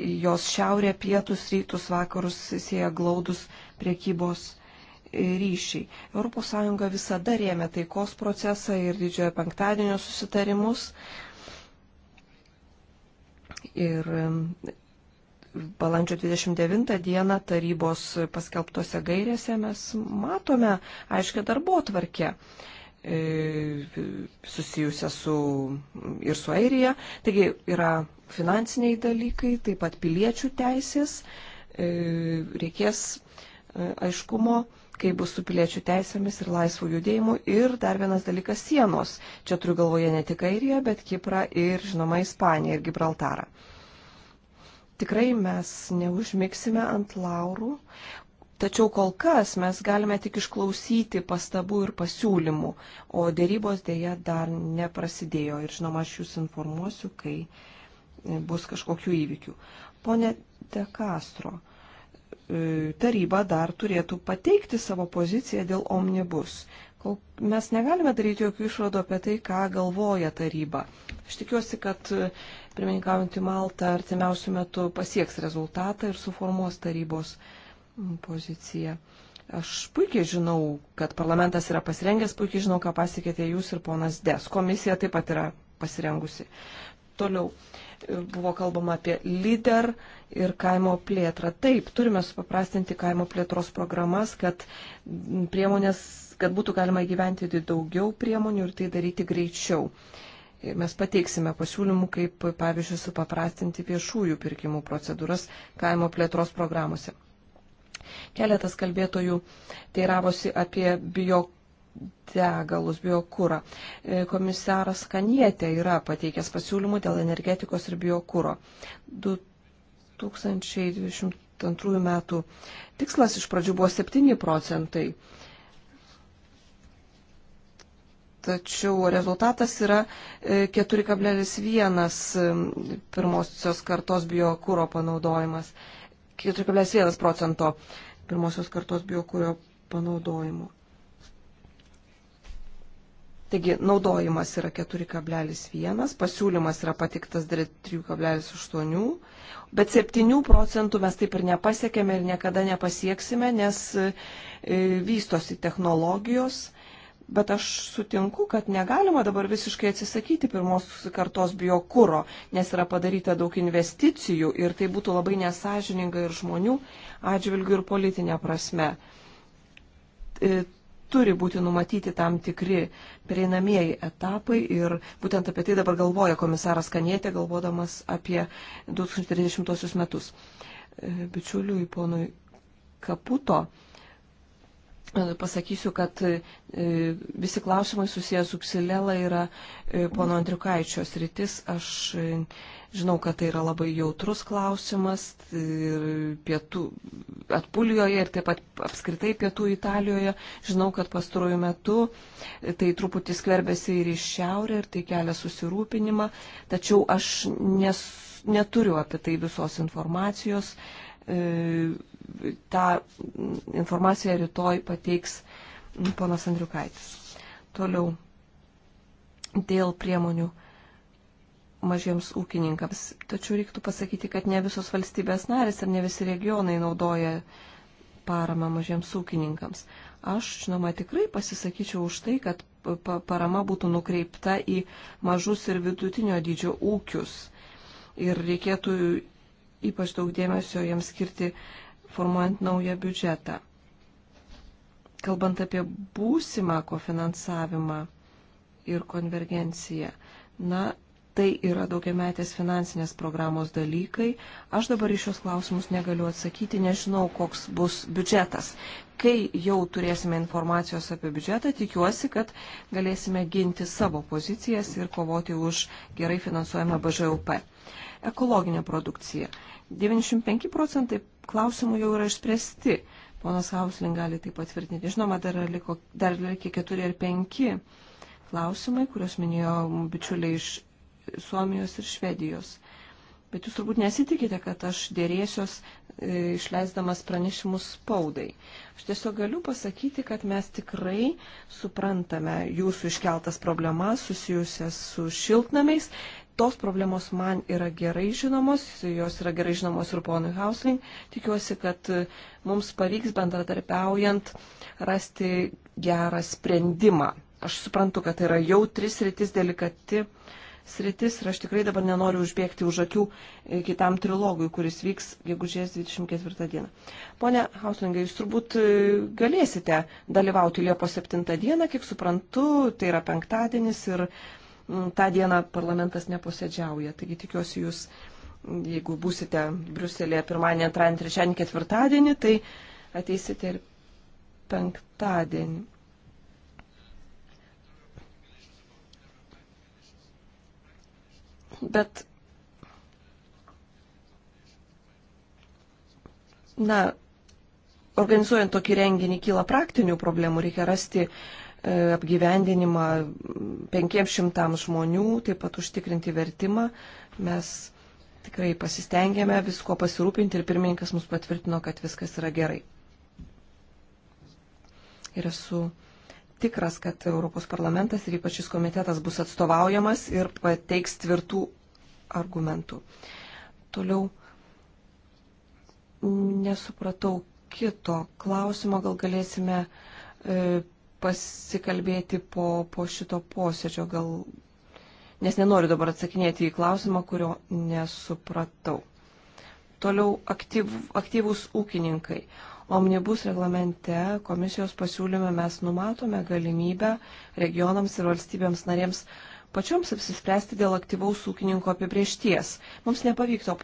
jos šiaurė, pietus, rytus, vakarus sieja glaudus priekybos ryšiai. ES visada rėmė taikos procesą ir didžiojo penktadienio susitarimus. Uh, Ir balandžio 29 dieną tarybos paskelbtose gairėse mes matome aiškę darbo tvarkę e, susijusią su ir su Airija. Taigi yra finansiniai dalykai, taip pat piliečių teisės, e, reikės e, aiškumo kaip bus su piliečių teisėmis ir laisvų judėjimų. Ir dar vienas dalykas - sienos. Čia turiu galvoje ne tik Airiją, bet Kiprą ir, žinoma, Ispaniją ir Gibraltarą. Tikrai mes neužmiksime ant laurų, tačiau kol kas mes galime tik išklausyti pastabų ir pasiūlymų, o dėrybos dėja dar neprasidėjo ir, žinoma, aš jūs informuosiu, kai bus kažkokių įvykių. Pone De Castro, E, taryba dar turėtų pateikti savo poziciją dėl omnibus. Kol mes negalime daryti jokių išvadų apie tai, ką galvoja taryba. Aš tikiuosi, kad e, pirmininkaujantį Maltą artimiausių metų pasieks rezultatą ir suformuos tarybos poziciją. Aš puikiai žinau, kad parlamentas yra pasirengęs, puikiai žinau, ką pasiekėte jūs ir ponas Des. Komisija taip pat yra pasirengusi. Toliau e, buvo kalbama apie lyder ir kaimo plėtrą. Taip, turime supaprastinti kaimo plėtros programas, kad priemonės, kad būtų galima įgyventyti daugiau priemonių ir tai daryti greičiau. Ir mes pateiksime pasiūlymų, kaip, pavyzdžiui, supaprastinti viešųjų pirkimų procedūras kaimo plėtros programuose. Keletas kalbėtojų teiravosi apie biokų degalus, biokūrą. E, komisaras Kanietė yra pateikęs pasiūlymų dėl energetikos ir biokūro. 2022 metų tikslas iš pradžių buvo 7 procentai. Tačiau rezultatas yra 4,1 e, e, pirmosios kartos biokūro panaudojimas. 4,1 procento pirmosios kartos biokūro panaudojimo. Taigi naudojimas yra 4,1, pasiūlymas yra patiktas dar 3,8, bet 7 procentų mes taip ir nepasiekėme ir niekada nepasieksime, nes e, vystosi technologijos. Bet aš sutinku, kad negalima dabar visiškai atsisakyti pirmos kartos biokūro, nes yra padaryta daug investicijų ir tai būtų labai nesažininga ir žmonių atžvilgių ir politinė prasme e, turi būti numatyti tam tikri prieinamieji etapai ir būtent apie tai dabar galvoja komisaras Kanietė, galvodamas apie 2030 metus. E, bičiuliui ponui Kaputo E, pasakysiu, kad e, visi klausimai susijęs su psilela yra e, pono Andriukaičio sritis. Aš žinau, kad tai yra labai jautrus klausimas ir pietų Atpulijoje ir taip pat apskritai pietų Italijoje. Žinau, kad pastaruoju metu tai truputį skverbėsi ir iš šiaurę ir tai kelia susirūpinimą. Tačiau aš nes, neturiu apie tai visos informacijos tą informaciją rytoj pateiks ponas Andriukaitis. Toliau dėl priemonių mažiems ūkininkams. Tačiau reiktų pasakyti, kad ne visos valstybės narės ir ne visi regionai naudoja paramą mažiems ūkininkams. Aš, žinoma, tikrai pasisakyčiau už tai, kad parama būtų nukreipta į mažus ir vidutinio dydžio ūkius. Ir reikėtų ypač daug dėmesio jiems skirti formuojant naują biudžetą. Kalbant apie būsimą kofinansavimą ir konvergenciją, na, tai yra daugiametės finansinės programos dalykai. Aš dabar iš šios klausimus negaliu atsakyti, nežinau, koks bus biudžetas. Kai jau turėsime informacijos apie biudžetą, tikiuosi, kad galėsime ginti savo pozicijas ir kovoti už gerai finansuojamą BŽUP. Ekologinė produkcija. 95 procentai klausimų jau yra išspręsti. Ponas Hausling gali tai patvirtinti. Žinoma, dar liko, dar liko 4 ar 5 klausimai, kuriuos minėjo bičiuliai iš Suomijos ir Švedijos. Bet jūs turbūt nesitikite, kad aš dėrėsios e, išleisdamas pranešimus spaudai. Aš tiesiog galiu pasakyti, kad mes tikrai suprantame jūsų iškeltas problemas susijusias su šiltnamiais Tos problemos man yra gerai žinomos, jos yra gerai žinomos ir ponui Hausling. Tikiuosi, kad mums pavyks bendradarbiaujant rasti gerą sprendimą. Aš suprantu, kad tai yra jautris rytis, delikati sritis ir aš tikrai dabar nenoriu užbėgti už akių kitam trilogui, kuris vyks gegužės 24 dieną. Pone Hauslingai, jūs turbūt galėsite dalyvauti Liepos 7 dieną, kiek suprantu, tai yra penktadienis ir Mm, tą dieną parlamentas neposėdžiauja. Taigi tikiuosi jūs, jeigu būsite Bruselėje pirmadienį, antradienį, trečiadienį, ketvirtadienį, tai ateisite ir penktadienį. Bet, na, organizuojant tokį renginį kyla praktinių problemų, reikia rasti uh, E, apgyvendinimą 500 žmonių, taip pat užtikrinti vertimą. Mes tikrai pasistengėme visko pasirūpinti ir pirmininkas mus patvirtino, kad viskas yra gerai. Ir esu tikras, kad Europos parlamentas ir ypač šis komitetas bus atstovaujamas ir pateiks tvirtų argumentų. Toliau nesupratau kito klausimo, gal galėsime e, pasikalbėti po, po šito posėdžio, gal, nes nenoriu dabar atsakinėti į klausimą, kurio nesupratau. Toliau aktyv, aktyvus ūkininkai. Omnibus reglamente komisijos pasiūlyme mes numatome galimybę regionams ir valstybėms narėms pačioms apsispręsti dėl aktyvaus ūkininko apibriešties. Mums nepavykto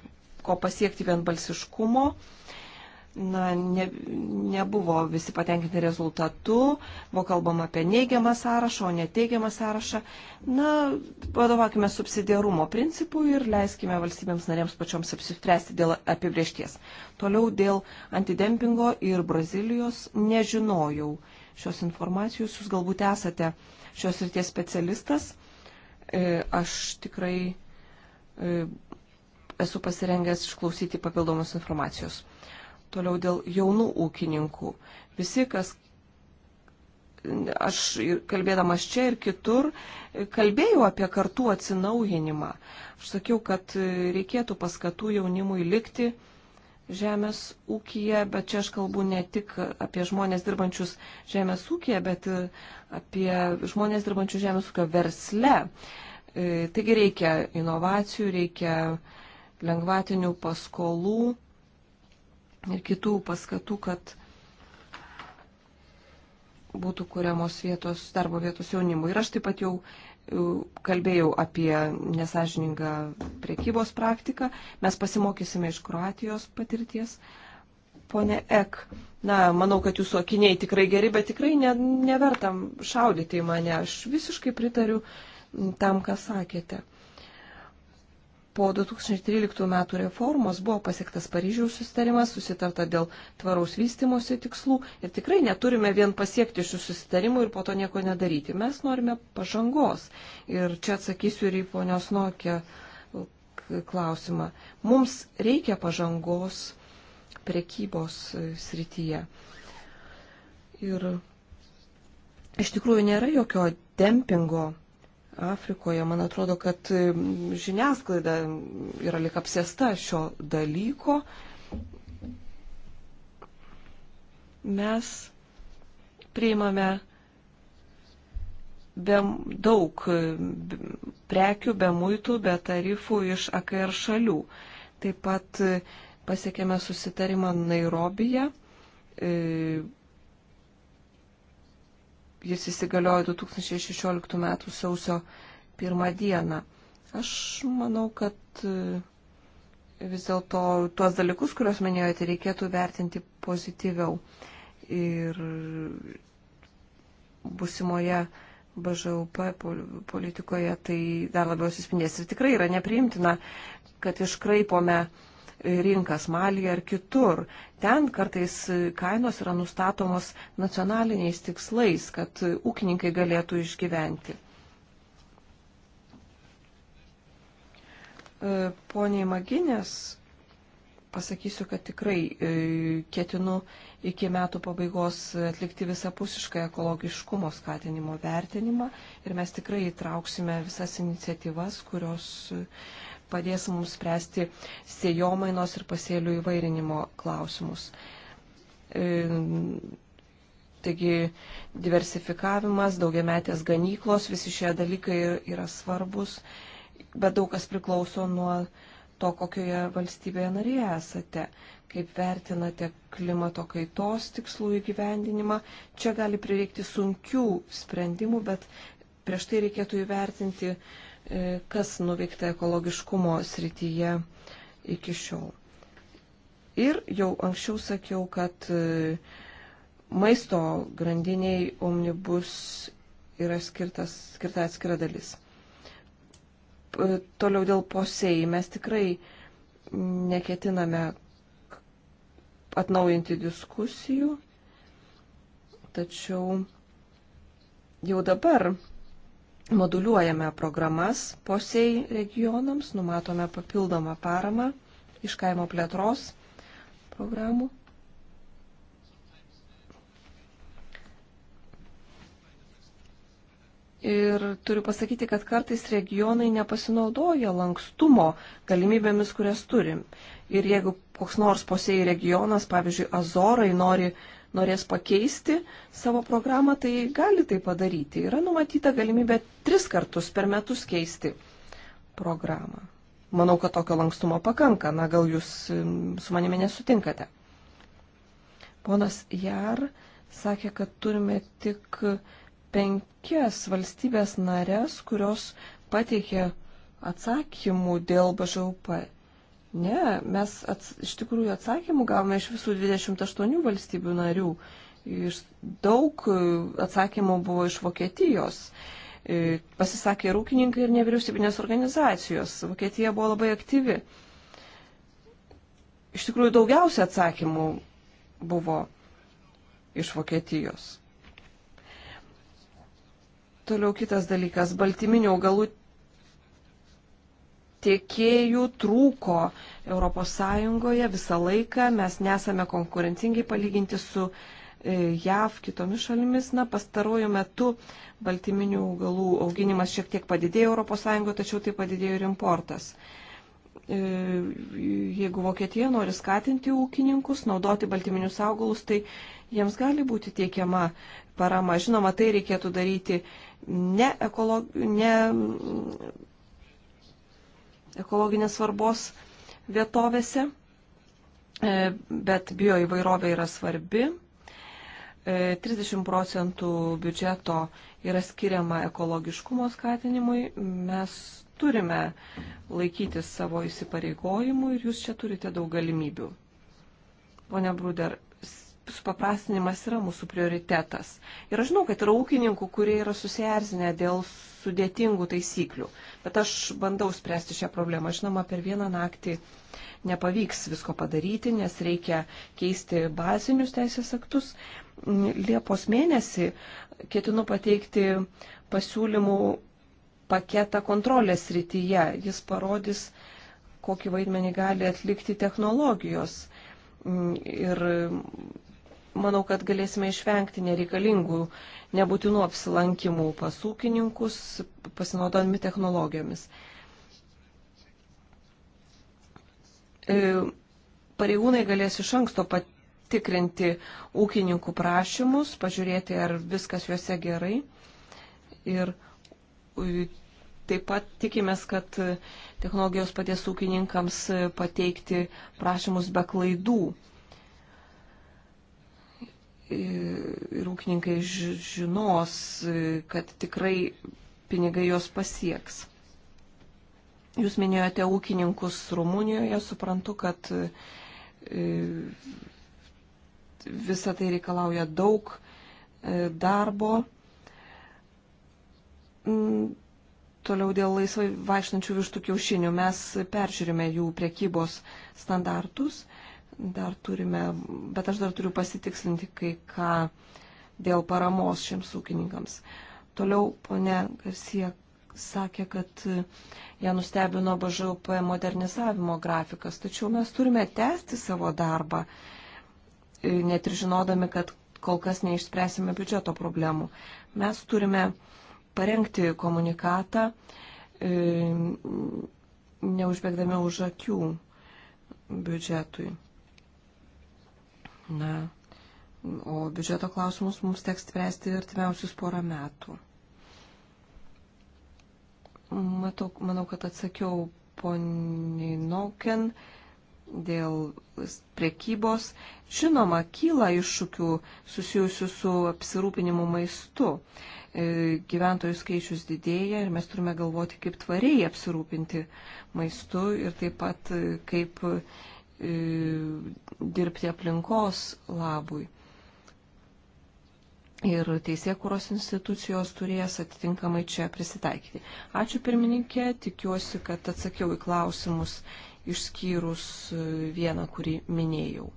ko pasiekti vienbalsiškumo, balsiškumo na, ne, nebuvo visi patenkinti rezultatu, buvo kalbama apie neigiamą sąrašą, o neteigiamą sąrašą. Na, vadovaukime subsidiarumo principų ir leiskime valstybėms narėms pačioms apsispręsti dėl apibriešties. Toliau dėl antidempingo ir Brazilijos nežinojau šios informacijos, jūs galbūt esate šios ir tie specialistas. E, aš tikrai e, esu pasirengęs išklausyti papildomos informacijos. Toliau dėl jaunų ūkininkų. Visi, kas aš kalbėdamas čia ir kitur, kalbėjau apie kartų atsinaujinimą. Aš sakiau, kad reikėtų paskatų jaunimui likti žemės ūkija, bet čia aš kalbu ne tik apie žmonės dirbančius žemės ūkija, bet apie žmonės dirbančius žemės ūkio versle. E, taigi reikia inovacijų, reikia lengvatinių paskolų ir kitų paskatų, kad būtų kuriamos vietos, darbo vietos jaunimui. Ir aš taip pat jau kalbėjau apie nesažiningą priekybos praktiką. Mes pasimokysime iš Kroatijos patirties. Pone Ek, na, manau, kad jūsų akiniai tikrai geri, bet tikrai ne, nevertam šaudyti į mane. Aš visiškai pritariu tam, ką sakėte. Po 2013 metų reformos buvo pasiektas Paryžiaus susitarimas, susitarta dėl tvaraus vystimosi tikslų ir tikrai neturime vien pasiekti šių susitarimų ir po to nieko nedaryti. Mes norime pažangos. Ir čia atsakysiu ir į ponios Nokia klausimą. Mums reikia pažangos prekybos srityje. Ir iš tikrųjų nėra jokio dempingo Afrikoje. Man atrodo, kad žiniasklaida yra lik apsėsta šio dalyko. Mes priimame be daug prekių, be muitų, be tarifų iš AKR šalių. Taip pat e, pasiekėme susitarimą Nairobije e, jis įsigaliojo 2016 m. sausio 1 dieną. Aš manau, kad e, vis dėlto tuos dalykus, kuriuos minėjote, reikėtų vertinti pozityviau. Ir busimoje BŽUP politikoje tai dar labiau suspindės. Ir tikrai yra nepriimtina, kad iškraipome uh, rinkas Malyje ar kitur. Ten kartais kainos yra nustatomos nacionaliniais tikslais, kad ūkininkai galėtų išgyventi. E, poniai Maginės, pasakysiu, kad tikrai e, ketinu iki metų pabaigos atlikti visapusišką ekologiškumo skatinimo vertinimą ir mes tikrai įtrauksime visas iniciatyvas, kurios padės mums spręsti sėjomainos ir pasėlių įvairinimo klausimus. E, taigi diversifikavimas, daugiametės ganyklos, visi šie dalykai yra svarbus, bet daug kas priklauso nuo to, kokioje valstybėje narėje esate, kaip vertinate klimato kaitos tikslų įgyvendinimą. Čia gali prireikti sunkių sprendimų, bet prieš tai reikėtų įvertinti uh, E, kas nuveikta ekologiškumo srityje iki šiol. Ir jau anksčiau sakiau, kad e, maisto grandiniai omnibus yra skirtas, skirta atskira dalis. Toliau dėl posėjai mes tikrai neketiname atnaujinti diskusijų, tačiau jau dabar moduliuojame programas posėjai regionams, numatome papildomą paramą iš kaimo plėtros programų. Ir turiu pasakyti, kad kartais regionai nepasinaudoja lankstumo galimybėmis, kurias turim. Ir jeigu koks nors posėjai regionas, pavyzdžiui, Azorai nori uh, norės pakeisti savo programą, tai gali tai padaryti. Yra numatyta galimybė tris kartus per metus keisti programą. Manau, kad tokio lankstumo pakanka. Na, gal jūs su manimi nesutinkate. Ponas Jar sakė, kad turime tik penkias valstybės narės, kurios pateikė atsakymų dėl BŽUP. Ne, mes ats, iš tikrųjų atsakymų gavome iš visų 28 valstybių narių. Iš daug e, atsakymų buvo iš Vokietijos. E, pasisakė ir ūkininkai, ir nevyriausybinės organizacijos. Vokietija buvo labai aktyvi. Iš tikrųjų daugiausia atsakymų buvo iš Vokietijos. Toliau kitas dalykas - baltyminių augalų tiekėjų trūko ES visą laiką, mes nesame konkurencingai palyginti su e, JAV kitomis šalimis. Na, pastaruoju metu baltyminių augalų auginimas šiek tiek padidėjo ES, tačiau tai padidėjo ir importas. E, jeigu Vokietija nori skatinti ūkininkus naudoti baltyminius augalus, tai jiems gali būti tiekiama parama. Žinoma, tai reikėtų daryti ne, ekolog... ne ekologinės svarbos vietovėse, e, bet bioįvairovė yra svarbi. 30 e, procentų biudžeto yra skiriama ekologiškumo skatinimui. Mes turime laikytis savo įsipareigojimų ir jūs čia turite daug galimybių. Pone Bruder, supaprastinimas yra mūsų prioritetas. Ir aš žinau, kad yra ūkininkų, kurie yra susierzinę dėl sudėtingų taisyklių. Bet aš bandau spręsti šią problemą. Žinoma, per vieną naktį nepavyks visko padaryti, nes reikia keisti bazinius teisės aktus. Liepos mėnesį ketinu pateikti pasiūlymų paketą kontrolės rytyje. Jis parodys, kokį vaidmenį gali atlikti technologijos. Ir manau, kad galėsime išvengti nereikalingų nebūtinų apsilankimų pas ūkininkus, pasinaudodami technologijomis. E, pareigūnai galės iš anksto patikrinti ūkininkų prašymus, pažiūrėti, ar viskas juose gerai. Ir taip pat tikimės, kad technologijos padės ūkininkams pateikti prašymus be klaidų ir ūkininkai žinos, kad tikrai pinigai jos pasieks. Jūs minėjote ūkininkus Rumunijoje, suprantu, kad e, visa tai reikalauja daug e, darbo. Mm, toliau dėl laisvai vaikštančių vištų kiaušinių mes peržiūrime jų priekybos standartus dar turime, bet aš dar turiu pasitikslinti kai ką dėl paramos šiems ūkininkams. Toliau ponė Garcija sakė, kad ją nustebino BŽUP modernizavimo grafikas, tačiau mes turime tęsti savo darbą, net ir žinodami, kad kol kas neišspręsime biudžeto problemų. Mes turime parengti komunikatą, e, neužbėgdami už akių biudžetui. Na, o biudžeto klausimus mums teks spręsti artimiausius porą metų. Matau, manau, kad atsakiau poniai Nauken dėl priekybos. Žinoma, kyla iššūkių susijusių su apsirūpinimu maistu. E, gyventojų skaičius didėja ir mes turime galvoti, kaip tvariai apsirūpinti maistu ir taip pat e, kaip E, dirbti aplinkos labui. Ir teisėkūros institucijos turės atitinkamai čia prisitaikyti. Ačiū pirmininkė, tikiuosi, kad atsakiau į klausimus išskyrus e, vieną, kurį minėjau.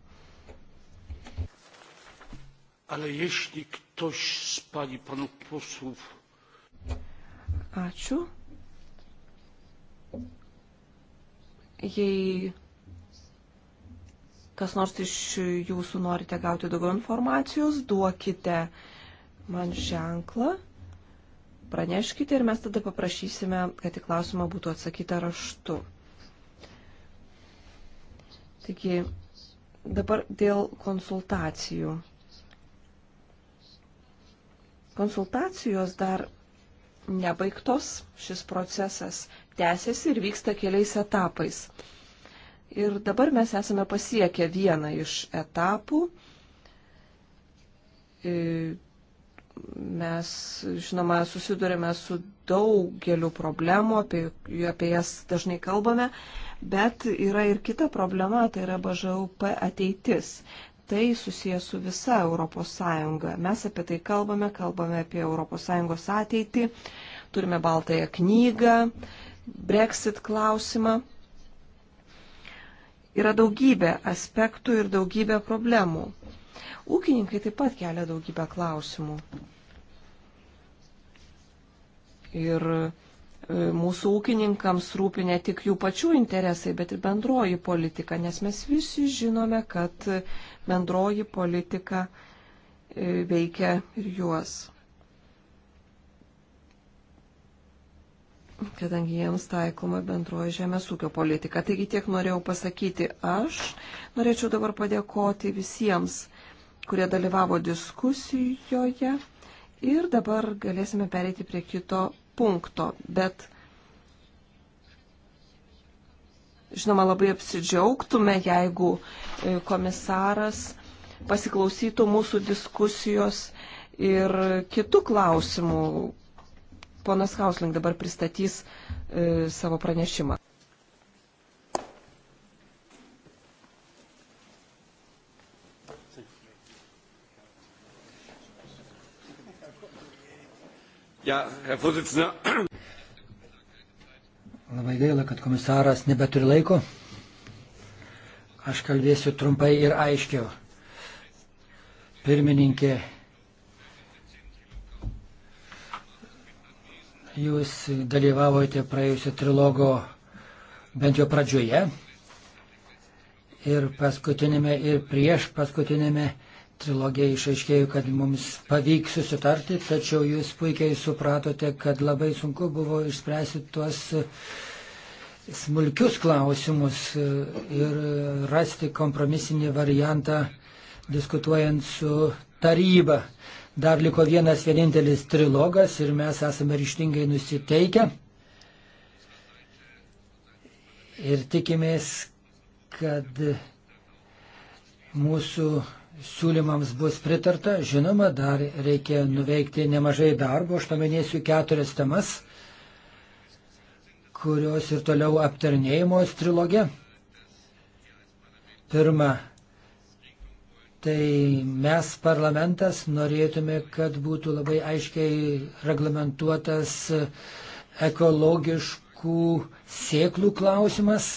Ale jeśli ktoś z pani panów posłów. Ačiū. Jei kas nors iš jūsų norite gauti daugiau informacijos, duokite man ženklą, praneškite ir mes tada paprašysime, kad į klausimą būtų atsakyta raštu. Taigi, dabar dėl konsultacijų. Konsultacijos dar nebaigtos, šis procesas tęsiasi ir vyksta keliais etapais. Ir dabar mes esame pasiekę vieną iš etapų. E, mes, žinoma, susidurėme su daugeliu problemų, apie, apie jas dažnai kalbame, bet yra ir kita problema, tai yra BŽUP ateitis. Tai susijęs su visa ES. Mes apie tai kalbame, kalbame apie ES ateitį, turime baltąją knygą, Brexit klausimą. Yra daugybė aspektų ir daugybė problemų. Ūkininkai taip pat kelia daugybę klausimų. Ir e, mūsų ūkininkams rūpi ne tik jų pačių interesai, bet ir bendroji politika, nes mes visi žinome, kad bendroji politika e, veikia ir juos. kadangi jiems taikoma bendroji žemės ūkio politika. Taigi tiek norėjau pasakyti aš. Norėčiau dabar padėkoti visiems, kurie dalyvavo diskusijoje. Ir dabar galėsime pereiti prie kito punkto. Bet, žinoma, labai apsidžiaugtume, jeigu e, komisaras pasiklausytų mūsų diskusijos ir kitų klausimų, Ponas Hausling dabar pristatys e, savo pranešimą. Ja, Labai gaila, kad komisaras nebeturi laiko. Aš kalbėsiu trumpai ir aiškiau. Pirmininkė Jūs dalyvavote praėjusio trilogo bent jau pradžioje ir paskutinėme ir prieš paskutinėme trilogija išaiškėjo, kad mums pavyks susitarti, tačiau jūs puikiai supratote, kad labai sunku buvo išspręsti tuos smulkius klausimus ir rasti kompromisinį variantą diskutuojant su taryba. Dar liko vienas vienintelis trilogas ir mes esame ryštingai nusiteikę. Ir tikimės, kad mūsų siūlymams bus pritarta. Žinoma, dar reikia nuveikti nemažai darbo. Aš paminėsiu keturias temas, kurios ir toliau aptarnėjimos trilogė. Pirma, tai mes parlamentas norėtume, kad būtų labai aiškiai reglamentuotas ekologiškų sėklų klausimas,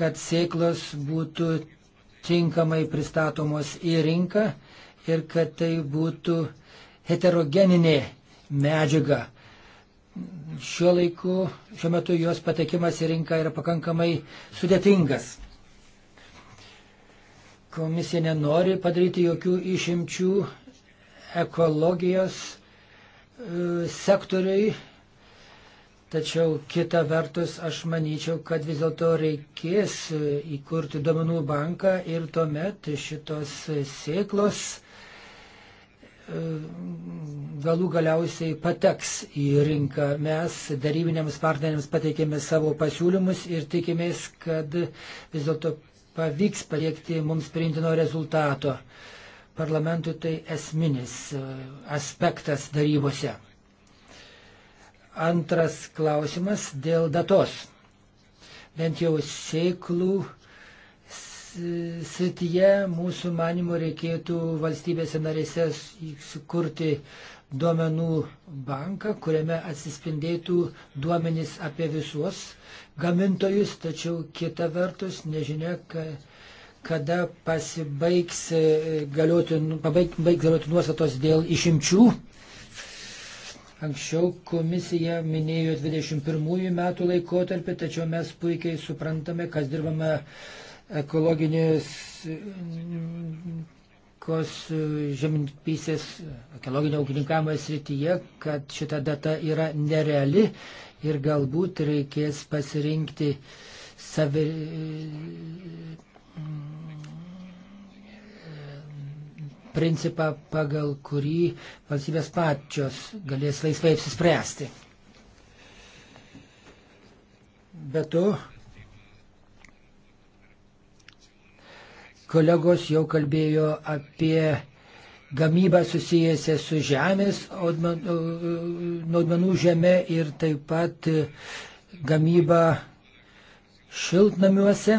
kad sėklos būtų tinkamai pristatomos į rinką ir kad tai būtų heterogeninė medžiaga. Šiuo laiku, šiuo metu jos patekimas į rinką yra pakankamai sudėtingas. Komisija nenori padaryti jokių išimčių ekologijos e, sektoriui, tačiau kita vertus aš manyčiau, kad vis dėlto reikės e, įkurti duomenų banką ir tuomet šitos sėklos e, galų galiausiai pateks į rinką. Mes darybiniams partneriams pateikėme savo pasiūlymus ir tikimės, kad vis dėlto pavyks pasiekti mums priimtino rezultato. Parlamentui tai esminis e, aspektas darybose. Antras klausimas dėl datos. Bent jau sėklų srityje mūsų manimo reikėtų valstybėse narėse sukurti duomenų banką, kuriame atsispindėtų duomenys apie visus gamintojus, tačiau kita vertus nežinia, kada pasibaigs e, galioti, nu, pabaig, galioti nuostatos dėl išimčių. Anksčiau komisija minėjo 21 metų laikotarpį, tačiau mes puikiai suprantame, kas dirbame ekologinės politikos e, žemintpysės ekologinio ūkininkavimo srityje, kad šita data yra nereali ir galbūt reikės pasirinkti savi, e, principą, pagal kurį valstybės pačios galės laisvai apsispręsti. Be to, Kolegos jau kalbėjo apie gamybą susijęsią su žemės, naudmenų e, žemė ir taip pat gamybą šiltnamiuose.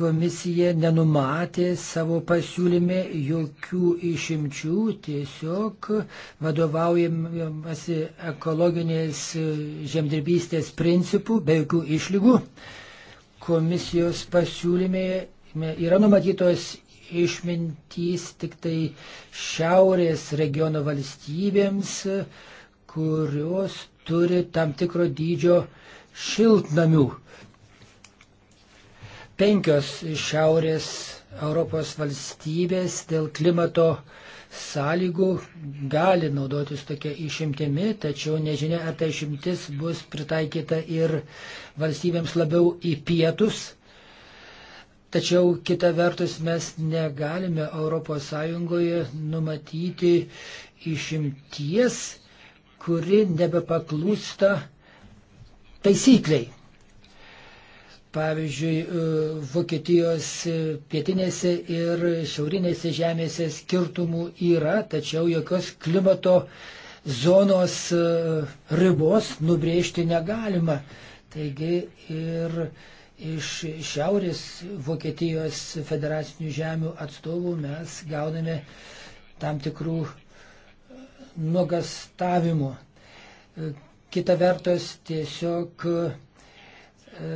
Komisija nenumatė savo pasiūlyme jokių išimčių, tiesiog vadovaujamasi ekologinės žemdirbystės principų be jokių išlygų. Komisijos pasiūlyme yra numatytos išmintys tik tai šiaurės regiono valstybėms, kurios turi tam tikro dydžio šiltnamių. Penkios šiaurės Europos valstybės dėl klimato sąlygų gali naudotis tokia išimtimi, tačiau nežinia, ar ta išimtis bus pritaikyta ir valstybėms labiau į pietus Tačiau kita vertus mes negalime ES numatyti išimties, kuri nebepaklūsta taisykliai. Pavyzdžiui, e, Vokietijos pietinėse ir šiaurinėse žemėse skirtumų yra, tačiau jokios klimato zonos e, ribos nubrėžti negalima. Taigi ir iš šiaurės Vokietijos federacinių žemių atstovų mes gauname tam tikrų e, nuogastavimų. E, kita vertus, tiesiog e,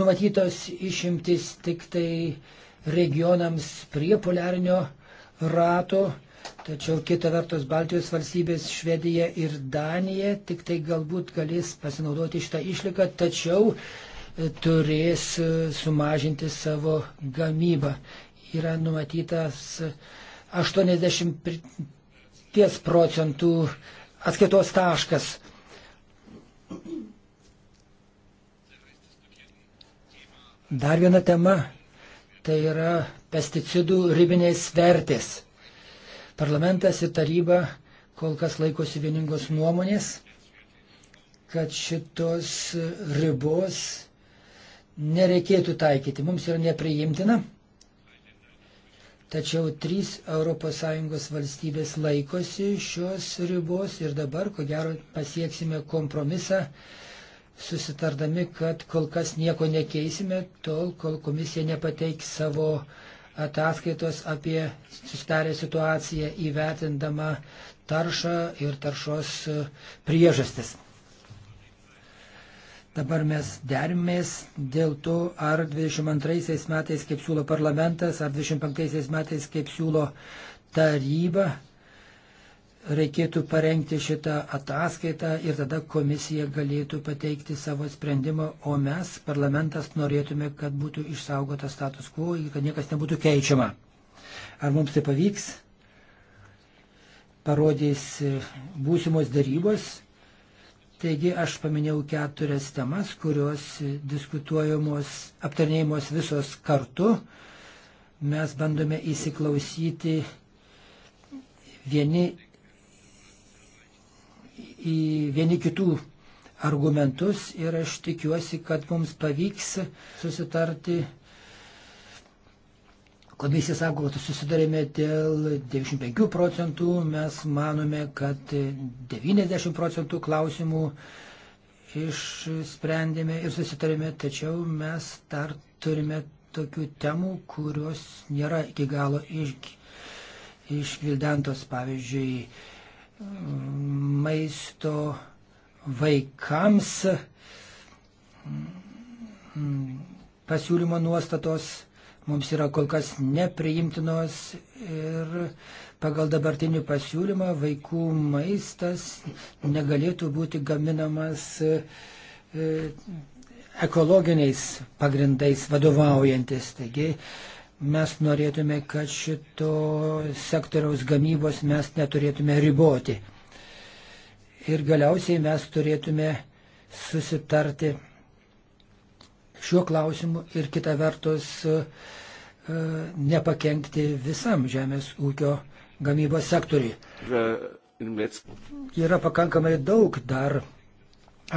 numatytos išimtis tik tai regionams prie poliarinio rato Tačiau kita vertus Baltijos valstybės Švedija ir Danija tik tai galbūt galės pasinaudoti šitą išlygą, tačiau e, turės e, sumažinti savo gamybą. Yra numatytas 80 e, procentų atskaitos taškas. Dar viena tema - tai yra pesticidų ribinės vertės. Parlamentas ir taryba kol kas laikosi vieningos nuomonės, kad šitos ribos nereikėtų taikyti. Mums yra nepriimtina. Tačiau trys ES valstybės laikosi šios ribos ir dabar, ko gero, pasieksime kompromisą, susitardami, kad kol kas nieko nekeisime, tol, kol komisija nepateiks savo uh, ataskaitos apie susitarę situaciją įvertindama taršą ir taršos e, priežastis. Dabar mes derimės dėl to, ar 22 metais, kaip siūlo parlamentas, ar 25 metais, kaip siūlo taryba, reikėtų parengti šitą ataskaitą ir tada komisija galėtų pateikti savo sprendimą, o mes, parlamentas, norėtume, kad būtų išsaugotas status quo ir kad niekas nebūtų keičiama. Ar mums tai pavyks? Parodys būsimos darybos. Taigi aš paminėjau keturias temas, kurios diskutuojamos, aptarnėjimos visos kartu. Mes bandome įsiklausyti vieni į vieni kitų argumentus ir aš tikiuosi, kad mums pavyks susitarti. Komisija sako, kad susidarėme dėl 95 procentų, mes manome, kad 90 procentų klausimų išsprendėme ir susitarėme, tačiau mes dar turime tokių temų, kurios nėra iki galo iš, išgvildentos, pavyzdžiui, maisto vaikams pasiūlymo nuostatos mums yra kol kas nepriimtinos ir pagal dabartinį pasiūlymą vaikų maistas negalėtų būti gaminamas e, ekologiniais pagrindais vadovaujantis. Taigi mes norėtume, kad šito sektoriaus gamybos mes neturėtume riboti. Ir galiausiai mes turėtume susitarti šiuo klausimu ir kita vertus e, nepakenkti visam žemės ūkio gamybos sektoriui. Yra pakankamai daug dar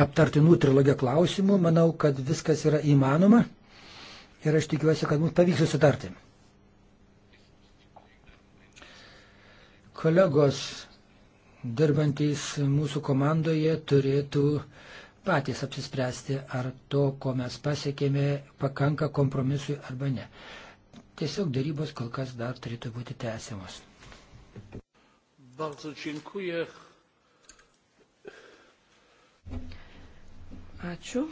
aptartinų trilogio klausimų, manau, kad viskas yra įmanoma ir aš tikiuosi, kad mums pavyks susitarti. Kolegos dirbantys mūsų komandoje turėtų patys apsispręsti, ar to, ko mes pasiekėme, pakanka kompromisui arba ne. Tiesiog darybos kol kas dar turėtų būti tęsiamos. Bardzo dziękuję. Ačiū.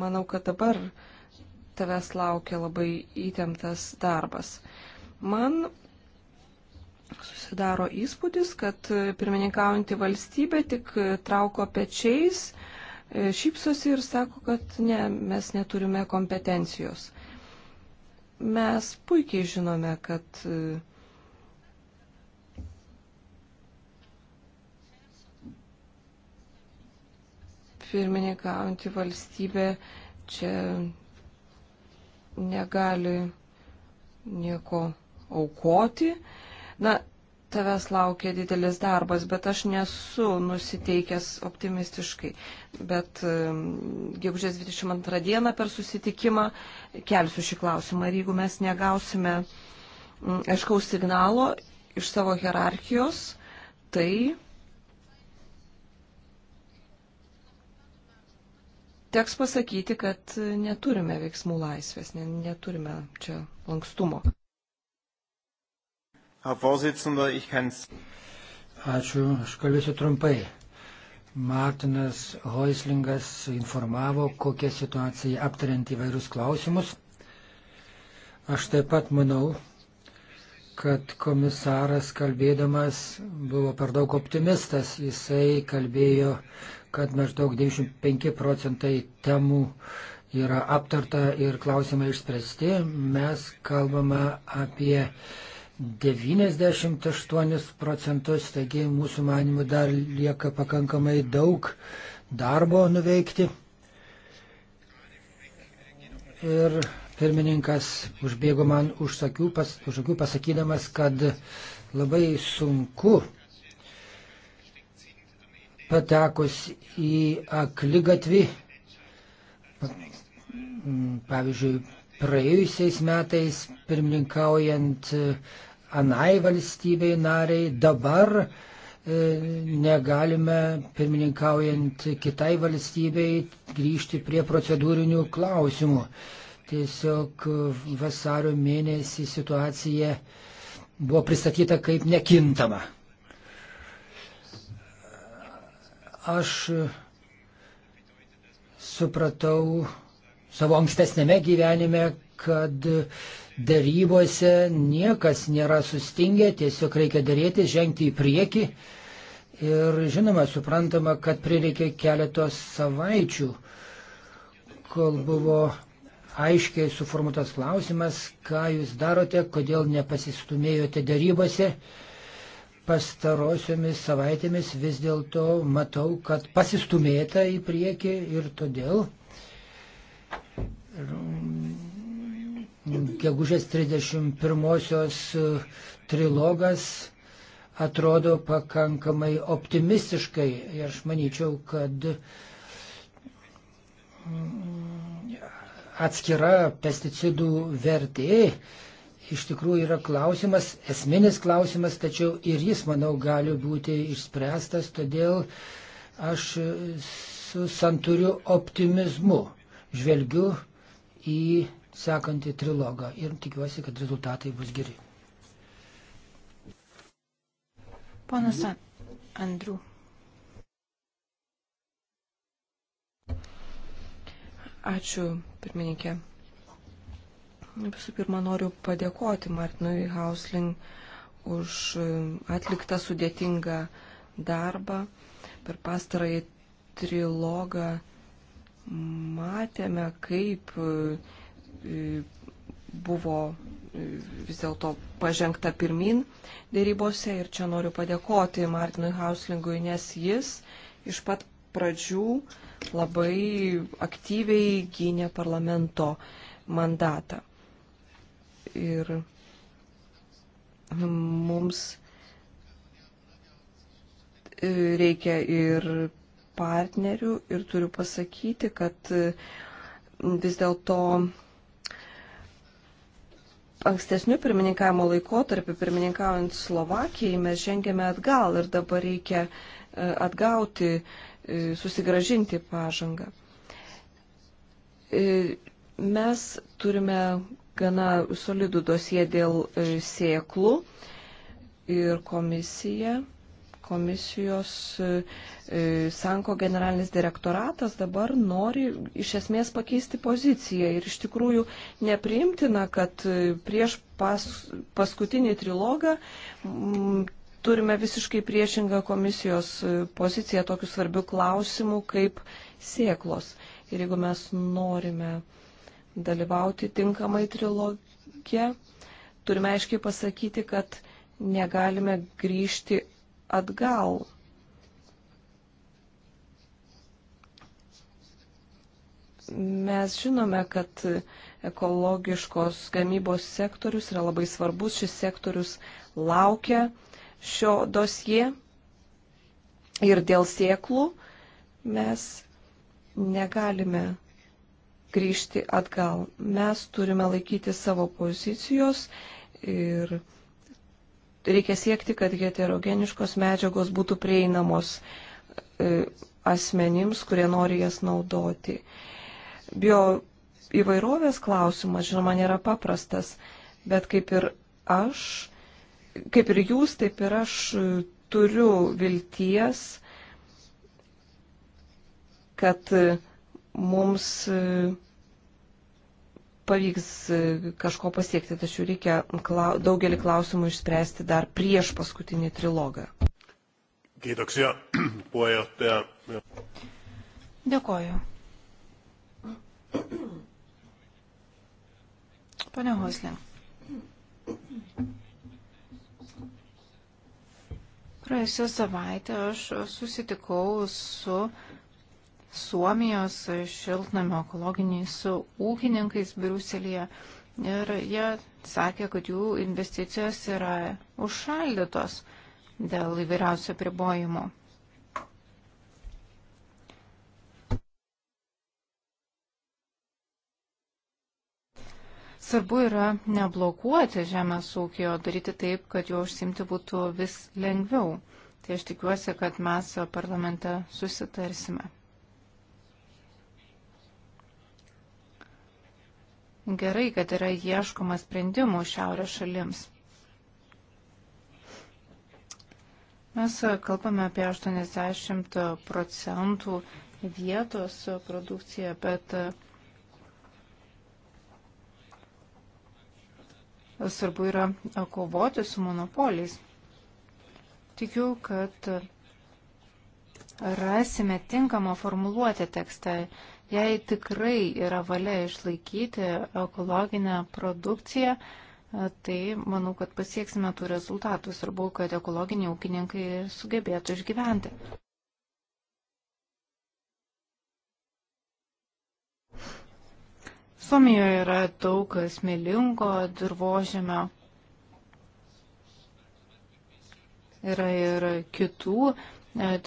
manau, kad dabar tavęs laukia labai įtemptas darbas. Man susidaro įspūdis, kad pirmininkaujantį valstybę tik trauko pečiais, e, šypsosi ir sako, kad ne, mes neturime kompetencijos. Mes puikiai žinome, kad e, pirmininkaujantį valstybę čia negali nieko aukoti. Na, tavęs laukia didelis darbas, bet aš nesu nusiteikęs optimistiškai. Bet gegužės 22 dieną per susitikimą kelsiu šį klausimą ir jeigu mes negausime mm, aiškaus signalo iš savo hierarchijos, tai teks pasakyti, kad neturime veiksmų laisvės, neturime čia lankstumo. Ačiū, aš kalbėsiu trumpai. Martinas Hoislingas informavo, kokia situacija aptariant įvairius klausimus. Aš taip pat manau, kad komisaras kalbėdamas buvo per daug optimistas. Jisai kalbėjo kad maždaug 95 procentai temų yra aptarta ir klausimai išspręsti. Mes kalbame apie 98 procentus, taigi mūsų manimų dar lieka pakankamai daug darbo nuveikti. Ir pirmininkas užbėgo man už akių, pas, už akių pasakydamas, kad labai sunku patekus į akligatvį, pavyzdžiui, praėjusiais metais pirmininkaujant e, anai valstybei nariai, dabar e, negalime pirmininkaujant kitai valstybei grįžti prie procedūrinių klausimų. Tiesiog vasario mėnesį situacija buvo pristatyta kaip nekintama. Aš supratau savo ankstesnėme gyvenime, kad darybose niekas nėra sustingę, tiesiog reikia dėrėti, žengti į priekį. Ir žinoma, suprantama, kad prireikė keletos savaičių, kol buvo aiškiai suformuotas klausimas, ką jūs darote, kodėl nepasistumėjote darybose pastarosiomis savaitėmis vis dėlto matau, kad pasistumėta į priekį ir todėl gegužės 31-osios e, trilogas atrodo pakankamai optimistiškai. Aš manyčiau, kad mm, atskira pesticidų vertė iš tikrųjų yra klausimas, esminis klausimas, tačiau ir jis, manau, gali būti išspręstas, todėl aš su santuriu optimizmu žvelgiu į sekantį trilogą ir tikiuosi, kad rezultatai bus geri. Ponas Andriu. Ačiū, pirmininkė. Visų pirma, noriu padėkoti Martinui Hausling už e, atliktą sudėtingą darbą. Per pastarąjį trilogą matėme, kaip e, e, buvo vis dėlto pažengta pirmin dėrybose ir čia noriu padėkoti Martinui Hauslingui, nes jis iš pat pradžių labai aktyviai gynė parlamento mandatą. Ir mums reikia ir partnerių ir turiu pasakyti, kad vis dėlto ankstesnių pirmininkavimo laikotarpių, pirmininkaujant Slovakijai, mes žengėme atgal ir dabar reikia e, atgauti, e, susigražinti pažangą. E, mes turime gana solidų dosie dėl e, sėklų ir komisija, komisijos e, e, Sanko generalinis direktoratas dabar nori iš esmės pakeisti poziciją ir iš tikrųjų nepriimtina, kad prieš pas, paskutinį trilogą m, turime visiškai priešingą komisijos poziciją tokiu svarbiu klausimu kaip sėklos. Ir jeigu mes norime dalyvauti tinkamai trilogija. Turime aiškiai pasakyti, kad negalime grįžti atgal. Mes žinome, kad ekologiškos gamybos sektorius yra labai svarbus, šis sektorius laukia šio dosie ir dėl sieklų mes negalime grįžti atgal. Mes turime laikyti savo pozicijos ir reikia siekti, kad heterogeniškos medžiagos būtų prieinamos e, asmenims, kurie nori jas naudoti. Bio įvairovės klausimas, žinoma, nėra paprastas, bet kaip ir aš, kaip ir jūs, taip ir aš turiu vilties, kad mums e, pavyks e, kažko pasiekti, tačiau reikia daugelį klausimų išspręsti dar prieš paskutinį trilogą. Kiitoksia, puheenjohtaja. Dėkoju. Pane Hoslė. Praėjusią savaitę aš susitikau su uh, Suomijos šiltnamio ekologiniais ūkininkais Briuselėje ir jie sakė, kad jų investicijos yra užšaldytos dėl įvairiausių pribojimų. Svarbu yra neblokuoti žemės ūkio, daryti taip, kad jo užsimti būtų vis lengviau. Tai aš tikiuosi, kad mes parlamente susitarsime. Gerai, kad yra ieškoma sprendimų šiaurės šalims. Mes kalbame apie 80 procentų vietos produkciją, bet svarbu yra kovoti su monopoliais. Tikiu, kad rasime tinkamą formuluotę tekstą, Jei tikrai yra valia išlaikyti ekologinę produkciją, tai manau, kad pasieksime tų rezultatų. Svarbu, kad ekologiniai ūkininkai sugebėtų išgyventi. Suomijoje yra daug smėlingo dirbožėmio. Yra ir kitų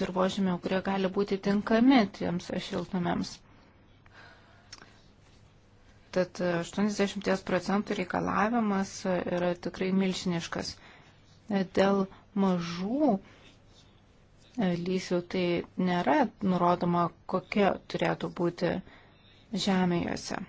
dirbožėmio, kurie gali būti tinkami tiems šiltnamiams. Tad 80 procentų reikalavimas yra tikrai milžiniškas. Dėl mažų lysių tai nėra nurodoma, kokia turėtų būti žemėjuose.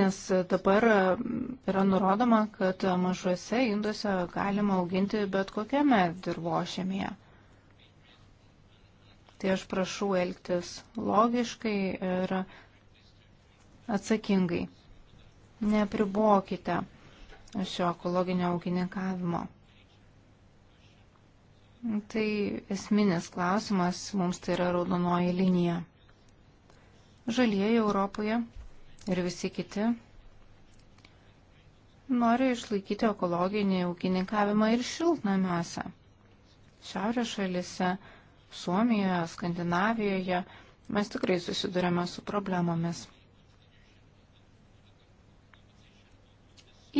Nes dabar yra nurodoma, kad mažuose induose galima auginti bet kokiame dirbošėmėje. Tai aš prašau elgtis logiškai ir atsakingai. Nepribokite šio ekologinio ūkininkavimo. Tai esminis klausimas, mums tai yra raudonoji linija. Žalieji Europoje ir visi kiti nori išlaikyti ekologinį ūkininkavimą ir šiltnamiuose. Šiaurės šalise Suomijoje, Skandinavijoje mes tikrai susidurėme su problemomis.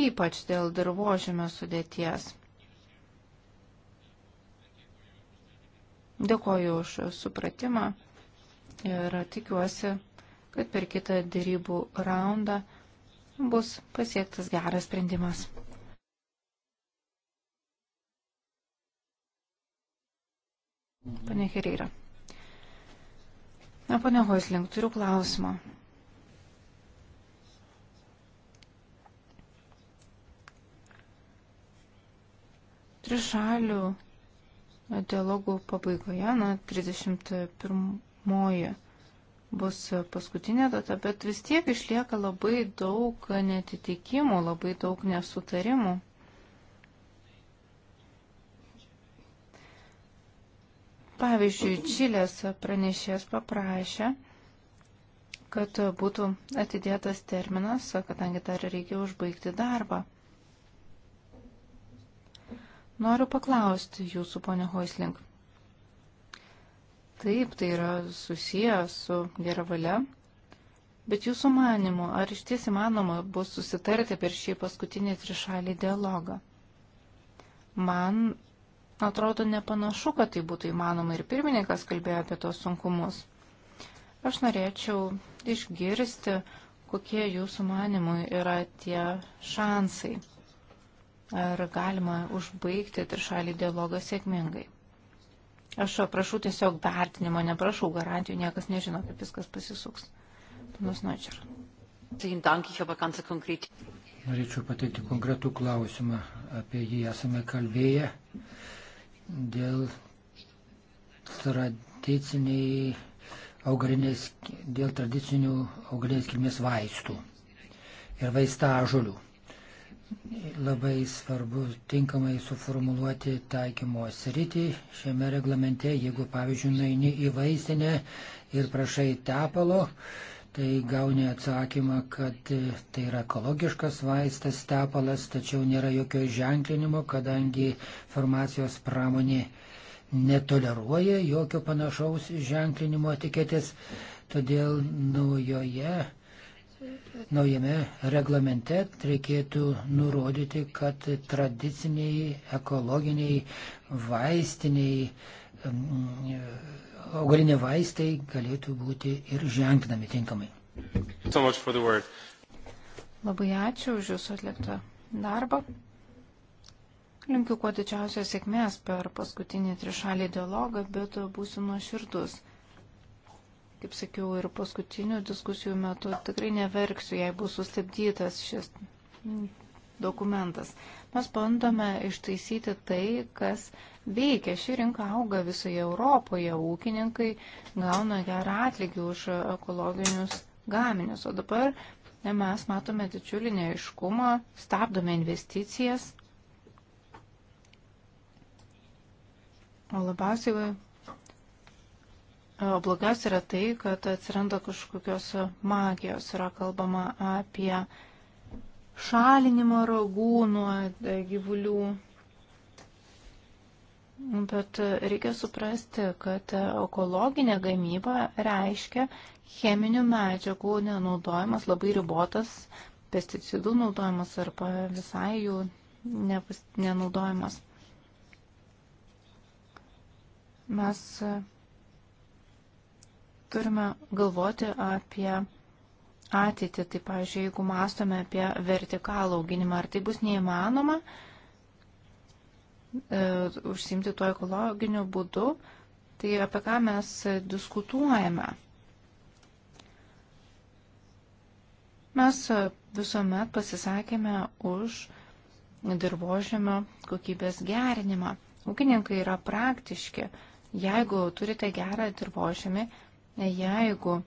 Ypač dėl dirbožėmio sudėties. Dėkoju už supratimą ir tikiuosi, kad per kitą dėrybų raundą bus pasiektas geras sprendimas. Pane Hereira. Na, pane Hoisling, turiu klausimą. Trišalių dialogų pabaigoje, na, 31 bus paskutinė data, bet vis tiek išlieka labai daug netitikimų, labai daug nesutarimų. Pavyzdžiui, Čilės pranešės paprašė, kad būtų atidėtas terminas, kadangi dar reikia užbaigti darbą. Noriu paklausti jūsų, ponė Hoisling. Taip, tai yra susiję su gera valia, bet jūsų manimu, ar iš ties įmanoma bus susitarti per šį paskutinį trišalį dialogą? Man Atrodo, nepanašu, kad tai būtų įmanoma ir pirmininkas kalbėjo apie tos sunkumus. Aš norėčiau išgirsti, kokie jūsų manimui yra tie šansai. Ar galima užbaigti trišalį dialogą sėkmingai? Aš prašau tiesiog vertinimo, neprašau garantijų, niekas nežino, kaip viskas pasisuks. Panas Nočer. Norėčiau pateikti konkretų klausimą, apie jį esame kalbėję dėl tradiciniai augalinės, dėl tradicinių augalinės kilmės vaistų ir vaistažolių. Labai svarbu tinkamai suformuluoti taikymo sritį šiame reglamente, jeigu, pavyzdžiui, nueini į vaistinę ir prašai tepalo, tai gauni atsakymą, kad tai yra ekologiškas vaistas, tepalas, tačiau nėra jokio ženklinimo, kadangi farmacijos pramonė netoleruoja jokio panašaus ženklinimo etiketės, todėl naujoje, naujame reglamente reikėtų nurodyti, kad tradiciniai ekologiniai vaistiniai mm, augaliniai vaistai galėtų būti ir ženklinami tinkamai. So Labai ačiū už Jūsų atliktą darbą. Linkiu kuo didžiausios sėkmės per paskutinį trišalį dialogą, bet būsiu nuoširdus. Kaip sakiau, ir paskutinių diskusijų metu tikrai neverksiu, jei bus sustabdytas šis dokumentas. Mes bandome ištaisyti tai, kas veikia. Ši rinka auga visoje Europoje, ūkininkai gauna gerą atlygį už ekologinius gaminius. O dabar ne, mes matome didžiulį neaiškumą, stabdome investicijas. O labiausiai blogiausia yra tai, kad atsiranda kažkokios magijos. Yra kalbama apie šalinimą ragų nuo gyvulių Bet reikia suprasti, kad ekologinė gamyba reiškia cheminių medžiagų nenaudojimas, labai ribotas pesticidų naudojimas arba visai jų nenaudojimas. Mes turime galvoti apie ateitį. Tai, pavyzdžiui, jeigu mastome apie vertikalų auginimą, ar tai bus neįmanoma, E, užsimti tuo ekologiniu būdu, tai apie ką mes diskutuojame. Mes visuomet pasisakėme už dirbožėmio kokybės gerinimą. Ūkininkai yra praktiški. Jeigu turite gerą dirbožėmį, jeigu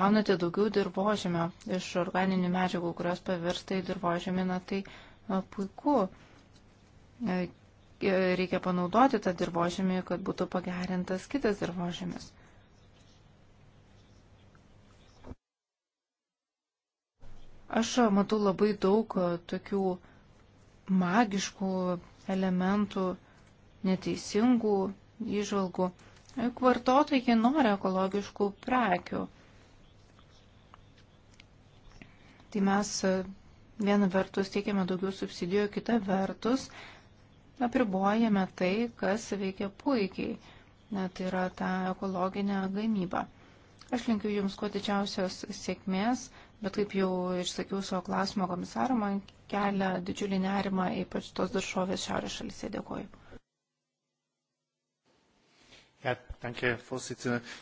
gaunate daugiau dirbožėmio iš organinių medžiagų, kurios pavirsta į dirbožėmį, na tai puiku reikia panaudoti tą dirbožėmį, kad būtų pagerintas kitas dirbožėmis. Aš matau labai daug tokių magiškų elementų, neteisingų įžvalgų. Juk vartotojai nori ekologiškų prekių. Tai mes viena vertus teikiame daugiau subsidijų, kita vertus uh, apribojame tai, kas veikia puikiai, net tai yra ta ekologinė gamyba. Aš linkiu Jums kuo didžiausios sėkmės, bet kaip jau išsakiau savo klausimo komisarą, man kelia didžiulį nerimą, ypač tos daržovės šiaurės šalyse. Dėkoju. Ja, danke,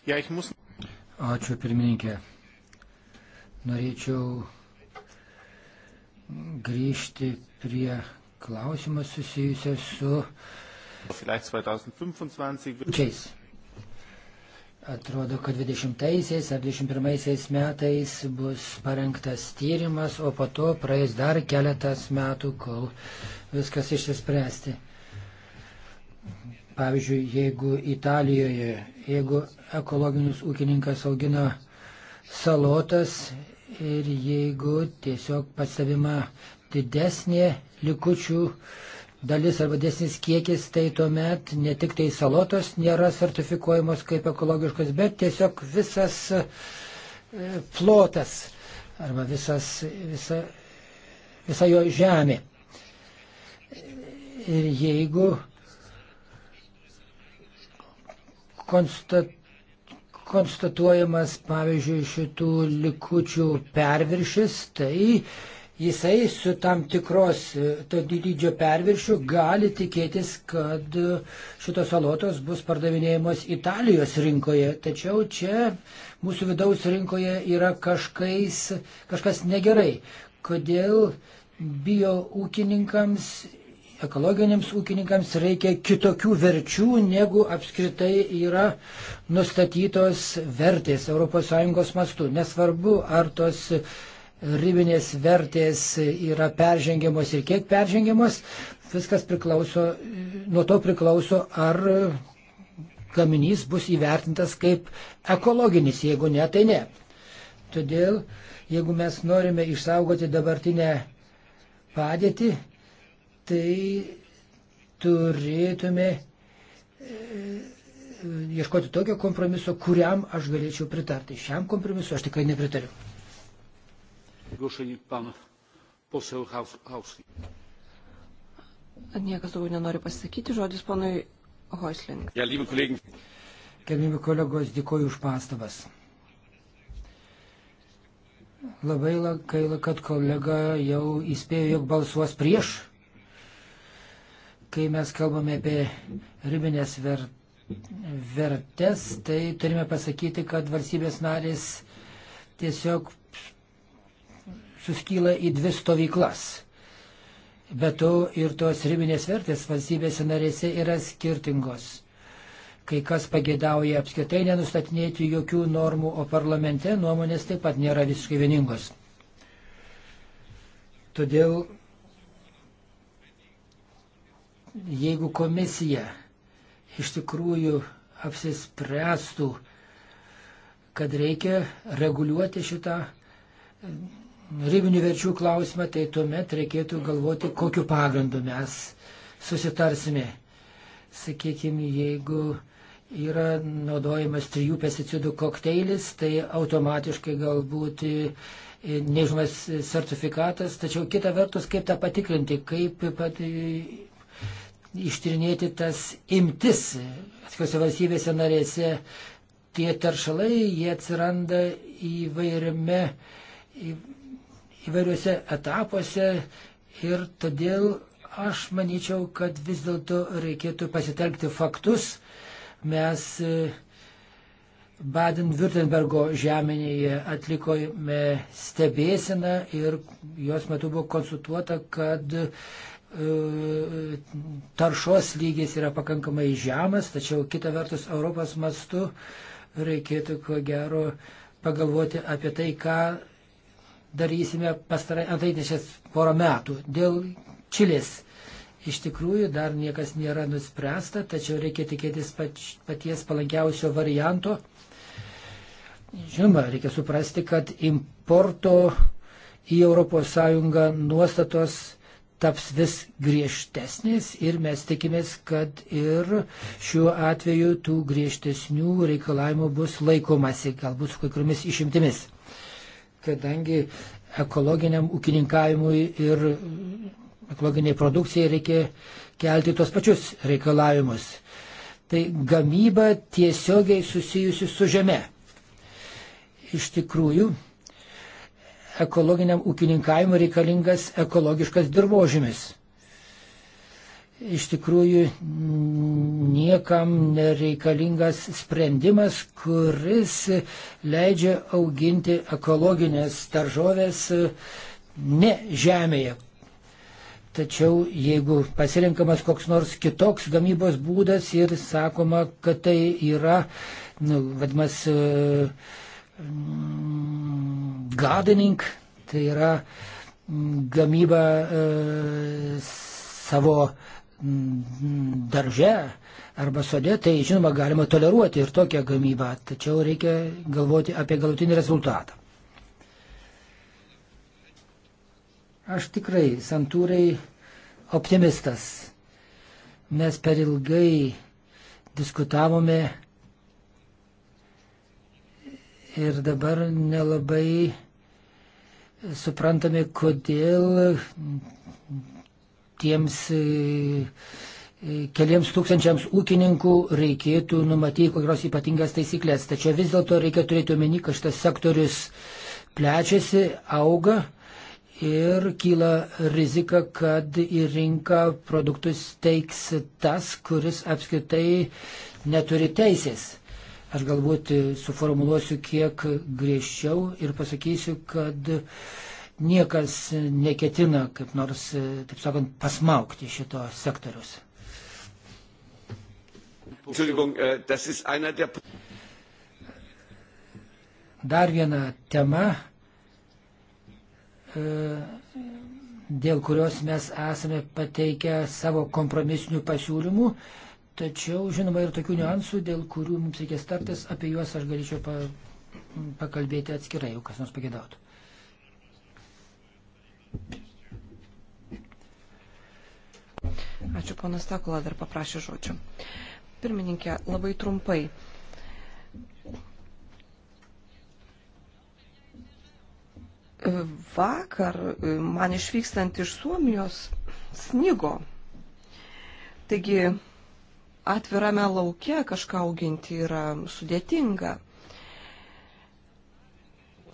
ja, ich muss... Ačiū pirmininkė. Norėčiau grįžti prie klausimą susijusią su. Čiais. Atrodo, kad 20-aisiais ar 21-aisiais metais bus parengtas tyrimas, o po to praeis dar keletas metų, kol viskas išsispręsti. Pavyzdžiui, jeigu Italijoje, jeigu ekologinis ūkininkas augina salotas ir jeigu tiesiog pastebima didesnė likučių dalis arba desnis kiekis, tai tuomet ne tik tai salotos nėra sertifikuojamos kaip ekologiškos, bet tiesiog visas e, plotas arba visas, visa, visa jo žemė. Ir jeigu konstat, konstatuojamas, pavyzdžiui, šitų likučių perviršis, tai jisai su tam tikros e, to dydžio perviršiu gali tikėtis, kad e, šitos salotos bus pardavinėjamos Italijos rinkoje. Tačiau čia mūsų vidaus rinkoje yra kažkais, kažkas negerai. Kodėl bio ūkininkams ekologiniams ūkininkams reikia kitokių verčių, negu apskritai yra nustatytos vertės ES mastu. Nesvarbu, ar tos ribinės vertės yra peržengiamos ir kiek peržengiamos, viskas priklauso, nuo to priklauso, ar gaminys bus įvertintas kaip ekologinis, jeigu ne, tai ne. Todėl, jeigu mes norime išsaugoti dabartinę padėtį, tai turėtume e, ieškoti tokio kompromiso, kuriam aš galėčiau pritarti. Šiam kompromisu aš tikrai nepritariu. Niekas daugiau nenori pasakyti, žodis ponui Hoisling. Ja, Gerbimi kolegos, dėkoju už pastabas. Labai gaila, kad kolega jau įspėjo, jog balsuos prieš. Kai mes kalbame apie ribinės ver, vertes, tai turime pasakyti, kad valstybės narės tiesiog suskyla į dvi stovyklas. Be to ir tos ribinės vertės valstybėse narėse yra skirtingos. Kai kas pagėdauja apskritai nenustatinėti jokių normų, o parlamente nuomonės taip pat nėra visiškai vieningos. Todėl jeigu komisija iš tikrųjų apsispręstų, kad reikia reguliuoti šitą ribinių verčių klausimą, tai tuomet reikėtų galvoti, kokiu pagrindu mes susitarsime. Sakykime, jeigu yra naudojamas trijų pesticidų kokteilis, tai automatiškai galbūt e, nežinomas sertifikatas, tačiau kita vertus, kaip tą patikrinti, kaip pat e, ištyrinėti tas imtis atskirose valstybėse narėse. Tie taršalai, jie atsiranda įvairiame įvairiuose etapuose ir todėl aš manyčiau, kad vis dėlto reikėtų pasitelkti faktus. Mes e, Baden-Württembergo žemėje atlikome stebėsiną ir jos metu buvo konsultuota, kad e, taršos lygis yra pakankamai žemas, tačiau kita vertus Europos mastu reikėtų ko gero pagalvoti apie tai, ką darysime antraitį šias porą metų dėl Čilės. Iš tikrųjų, dar niekas nėra nuspręsta, tačiau reikia tikėtis pač, paties palankiausio varianto. Žinoma, reikia suprasti, kad importo į ES nuostatos taps vis griežtesnės ir mes tikimės, kad ir šiuo atveju tų griežtesnių reikalavimų bus laikomasi, galbūt su kai kuriomis išimtimis kadangi ekologiniam ūkininkavimui ir ekologiniai produkcijai reikia kelti tos pačius reikalavimus. Tai gamyba tiesiogiai susijusi su žeme. Iš tikrųjų, ekologiniam ūkininkavimui reikalingas ekologiškas dirbožymis iš tikrųjų niekam nereikalingas sprendimas, kuris leidžia auginti ekologinės daržovės e, ne žemėje. Tačiau jeigu pasirinkamas koks nors kitoks gamybos būdas ir sakoma, kad tai yra, nu, vadimas, e, mm, gardening, tai yra mm, gamyba e, savo uh, Mm, darže arba sode, tai žinoma galima toleruoti ir tokią gamybą, tačiau reikia galvoti apie galutinį rezultatą. Aš tikrai santūrai optimistas. Mes per ilgai diskutavome ir dabar nelabai suprantame, kodėl tiems e, e, keliams tūkstančiams ūkininkų reikėtų numatyti kokios ypatingas taisyklės. Tačiau vis dėlto reikia turėti omeny, kad šitas sektorius plečiasi, auga ir kyla rizika, kad į rinką produktus teiks tas, kuris apskritai neturi teisės. Aš galbūt suformuluosiu kiek griežčiau ir pasakysiu, kad uh, niekas neketina, kaip nors, e, taip sakant, pasmaukti šito sektorius. Äh, Dar viena tema, e, dėl kurios mes esame pateikę savo kompromisinių pasiūlymų, tačiau žinoma ir tokių niuansų, dėl kurių mums reikės tartis, apie juos aš galėčiau pa, pakalbėti atskirai, jeigu kas nors pagėdautų. Ačiū, ponas Takula dar paprašė žodžių. Pirmininkė, labai trumpai. Vakar man išvykstant iš Suomijos snygo. Taigi atvirame laukia kažką auginti yra sudėtinga.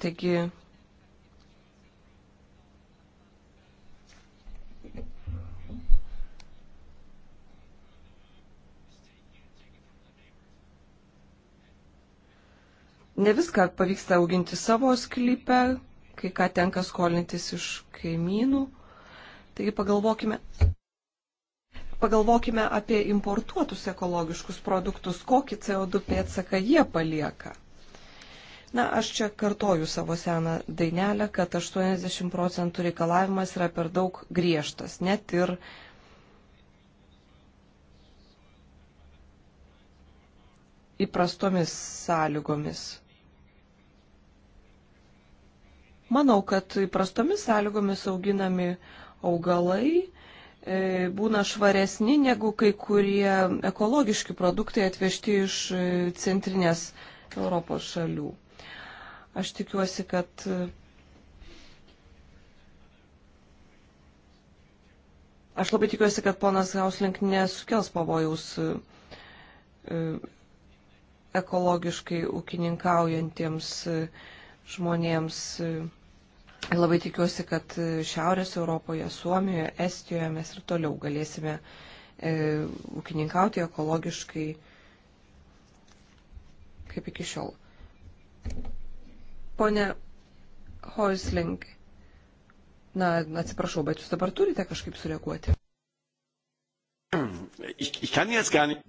Taigi Ne viską pavyksta auginti savo sklype, kai ką tenka skolintis iš kaimynų. Taigi pagalvokime, pagalvokime apie importuotus ekologiškus produktus, kokį CO2 pėdsaką jie palieka. Na, aš čia kartoju savo seną dainelę, kad 80 procentų reikalavimas yra per daug griežtas, net ir įprastomis sąlygomis. Manau, kad įprastomis sąlygomis auginami augalai e, būna švaresni negu kai kurie ekologiški produktai atvežti iš e, centrinės Europos šalių. Aš tikiuosi, kad e, Aš labai tikiuosi, kad ponas Hauslink nesukels pavojaus ekologiškai ūkininkaujantiems žmonėms Labai tikiuosi, kad Šiaurės Europoje, Suomijoje, Estijoje mes ir toliau galėsime e, ūkininkauti ekologiškai kaip iki šiol. Pone Hoisling, na, atsiprašau, bet jūs dabar turite kažkaip sureaguoti. Ich, ich kann jetzt gar nicht.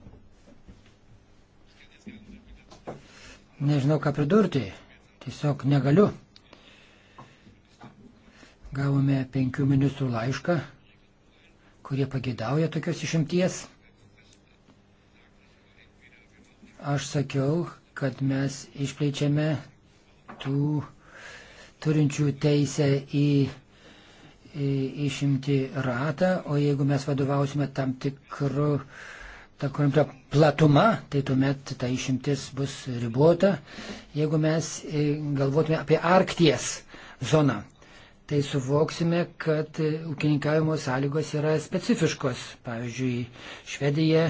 Nežinau, ką pridurti. Tiesiog negaliu Gavome penkių ministrų laišką, kurie pagėdauja tokios išimties. Aš sakiau, kad mes išpleičiame tų turinčių teisę į išimti ratą, o jeigu mes vadovausime tam tikru, ta kuriamta platuma, tai tuomet ta išimtis bus ribota. Jeigu mes e, galvotume apie Arkties zoną, tai suvoksime, kad ūkininkavimo sąlygos yra specifiškos. Pavyzdžiui, Švedija,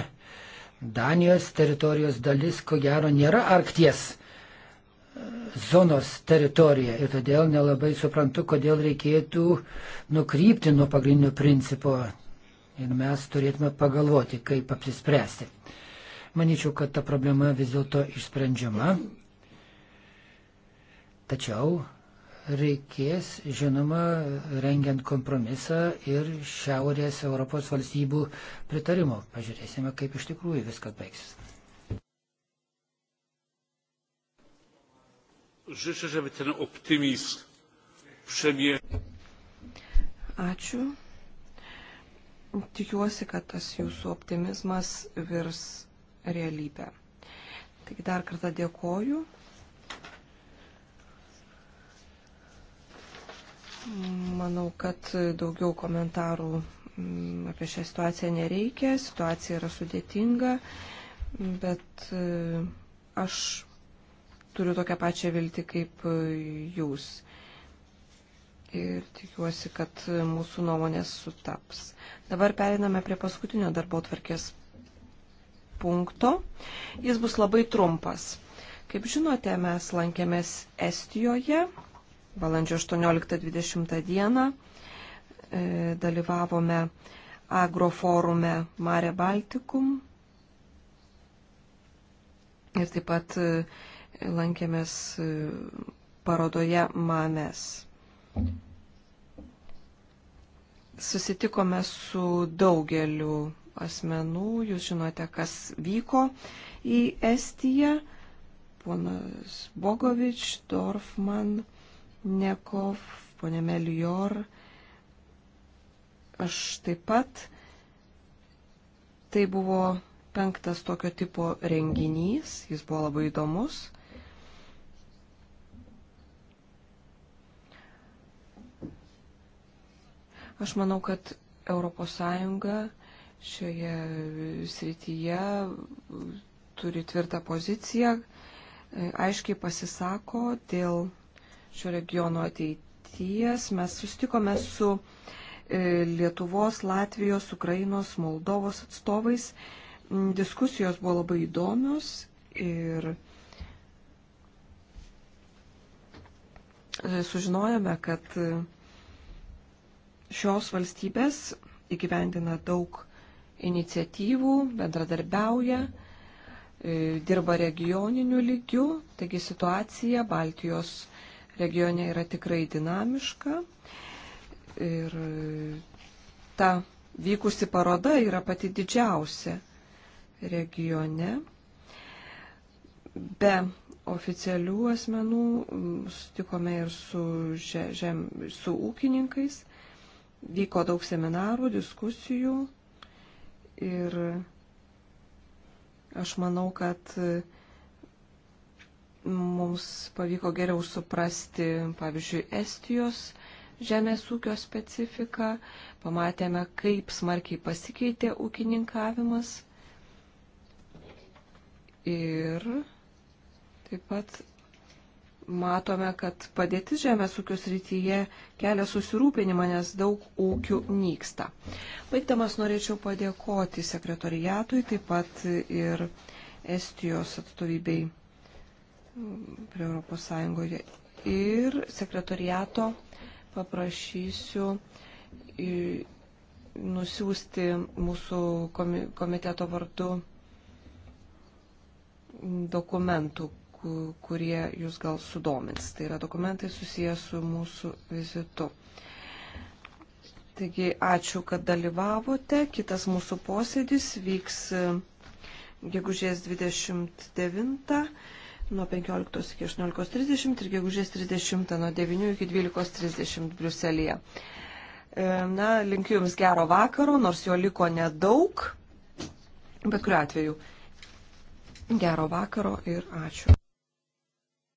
Danijos teritorijos dalis, ko gero, nėra Arkties e, zonos teritorija ir todėl nelabai suprantu, kodėl reikėtų nukrypti nuo pagrindinio principo ir mes turėtume pagalvoti, kaip apsispręsti. Maničiau, kad ta problema vis dėlto išsprendžiama. Tačiau reikės, žinoma, rengiant kompromisą ir Šiaurės Europos valstybių pritarimo. Pažiūrėsime, kaip iš tikrųjų viskas baigsis. Žyčiu, żeby ten optimizm przemie. Ačiū. Tikiuosi, kad tas jūsų optimizmas virs realybę. Taigi dar kartą dėkoju Manau, kad daugiau komentarų mm, apie šią situaciją nereikia. Situacija yra sudėtinga, bet e, aš turiu tokią pačią viltį kaip e, jūs. Ir tikiuosi, kad mūsų nuomonės sutaps. Dabar periname prie paskutinio darbo tvarkės punkto. Jis bus labai trumpas. Kaip žinote, mes lankėmės Estijoje, balandžio 18-20 dieną. E, dalyvavome agroforume Mare Baltikum ir taip pat e, lankėmės e, parodoje Mames. Susitikome su daugeliu asmenų, jūs žinote, kas vyko į Estiją, ponas Bogovič, Dorfman, Nekov, ponė Melior, aš taip pat. Tai buvo penktas tokio tipo renginys, jis buvo labai įdomus. Aš manau, kad ES šioje srityje turi tvirtą poziciją, aiškiai pasisako dėl šio regiono ateities. Mes sustikome su e, Lietuvos, Latvijos, Ukrainos, Moldovos atstovais. Mm, diskusijos buvo labai įdomios ir e, sužinojome, kad e, šios valstybės įgyvendina daug iniciatyvų, bendradarbiauja, dirba regioniniu lygiu, taigi situacija Baltijos regione yra tikrai dinamiška. Ir e, ta vykusi paroda yra pati didžiausia regione. Be oficialių asmenų sutikome ir su, žem, su ūkininkais. Vyko daug seminarų, diskusijų ir aš manau, kad mums pavyko geriau suprasti, pavyzdžiui, Estijos žemės ūkio specifiką, pamatėme, kaip smarkiai pasikeitė ūkininkavimas ir taip pat matome, kad padėtis žemės ūkio srityje kelia susirūpinimą, nes daug ūkių nyksta. Baigdamas norėčiau padėkoti sekretoriatui, taip pat ir Estijos atstovybei prie Europos Sąjungoje. Ir sekretoriato paprašysiu nusiųsti mūsų komiteto vardu dokumentų, kurie jūs gal sudomins. Tai yra dokumentai susijęs su mūsų vizitu. Taigi ačiū, kad dalyvavote. Kitas mūsų posėdis vyks e, gegužės 29 nuo 15 iki 18.30 ir gegužės 30 nuo 9 iki 12.30 Bruselėje. E, na, linkiu Jums gero vakaro, nors jo liko nedaug, bet kuriu atveju. Gero vakaro ir ačiū.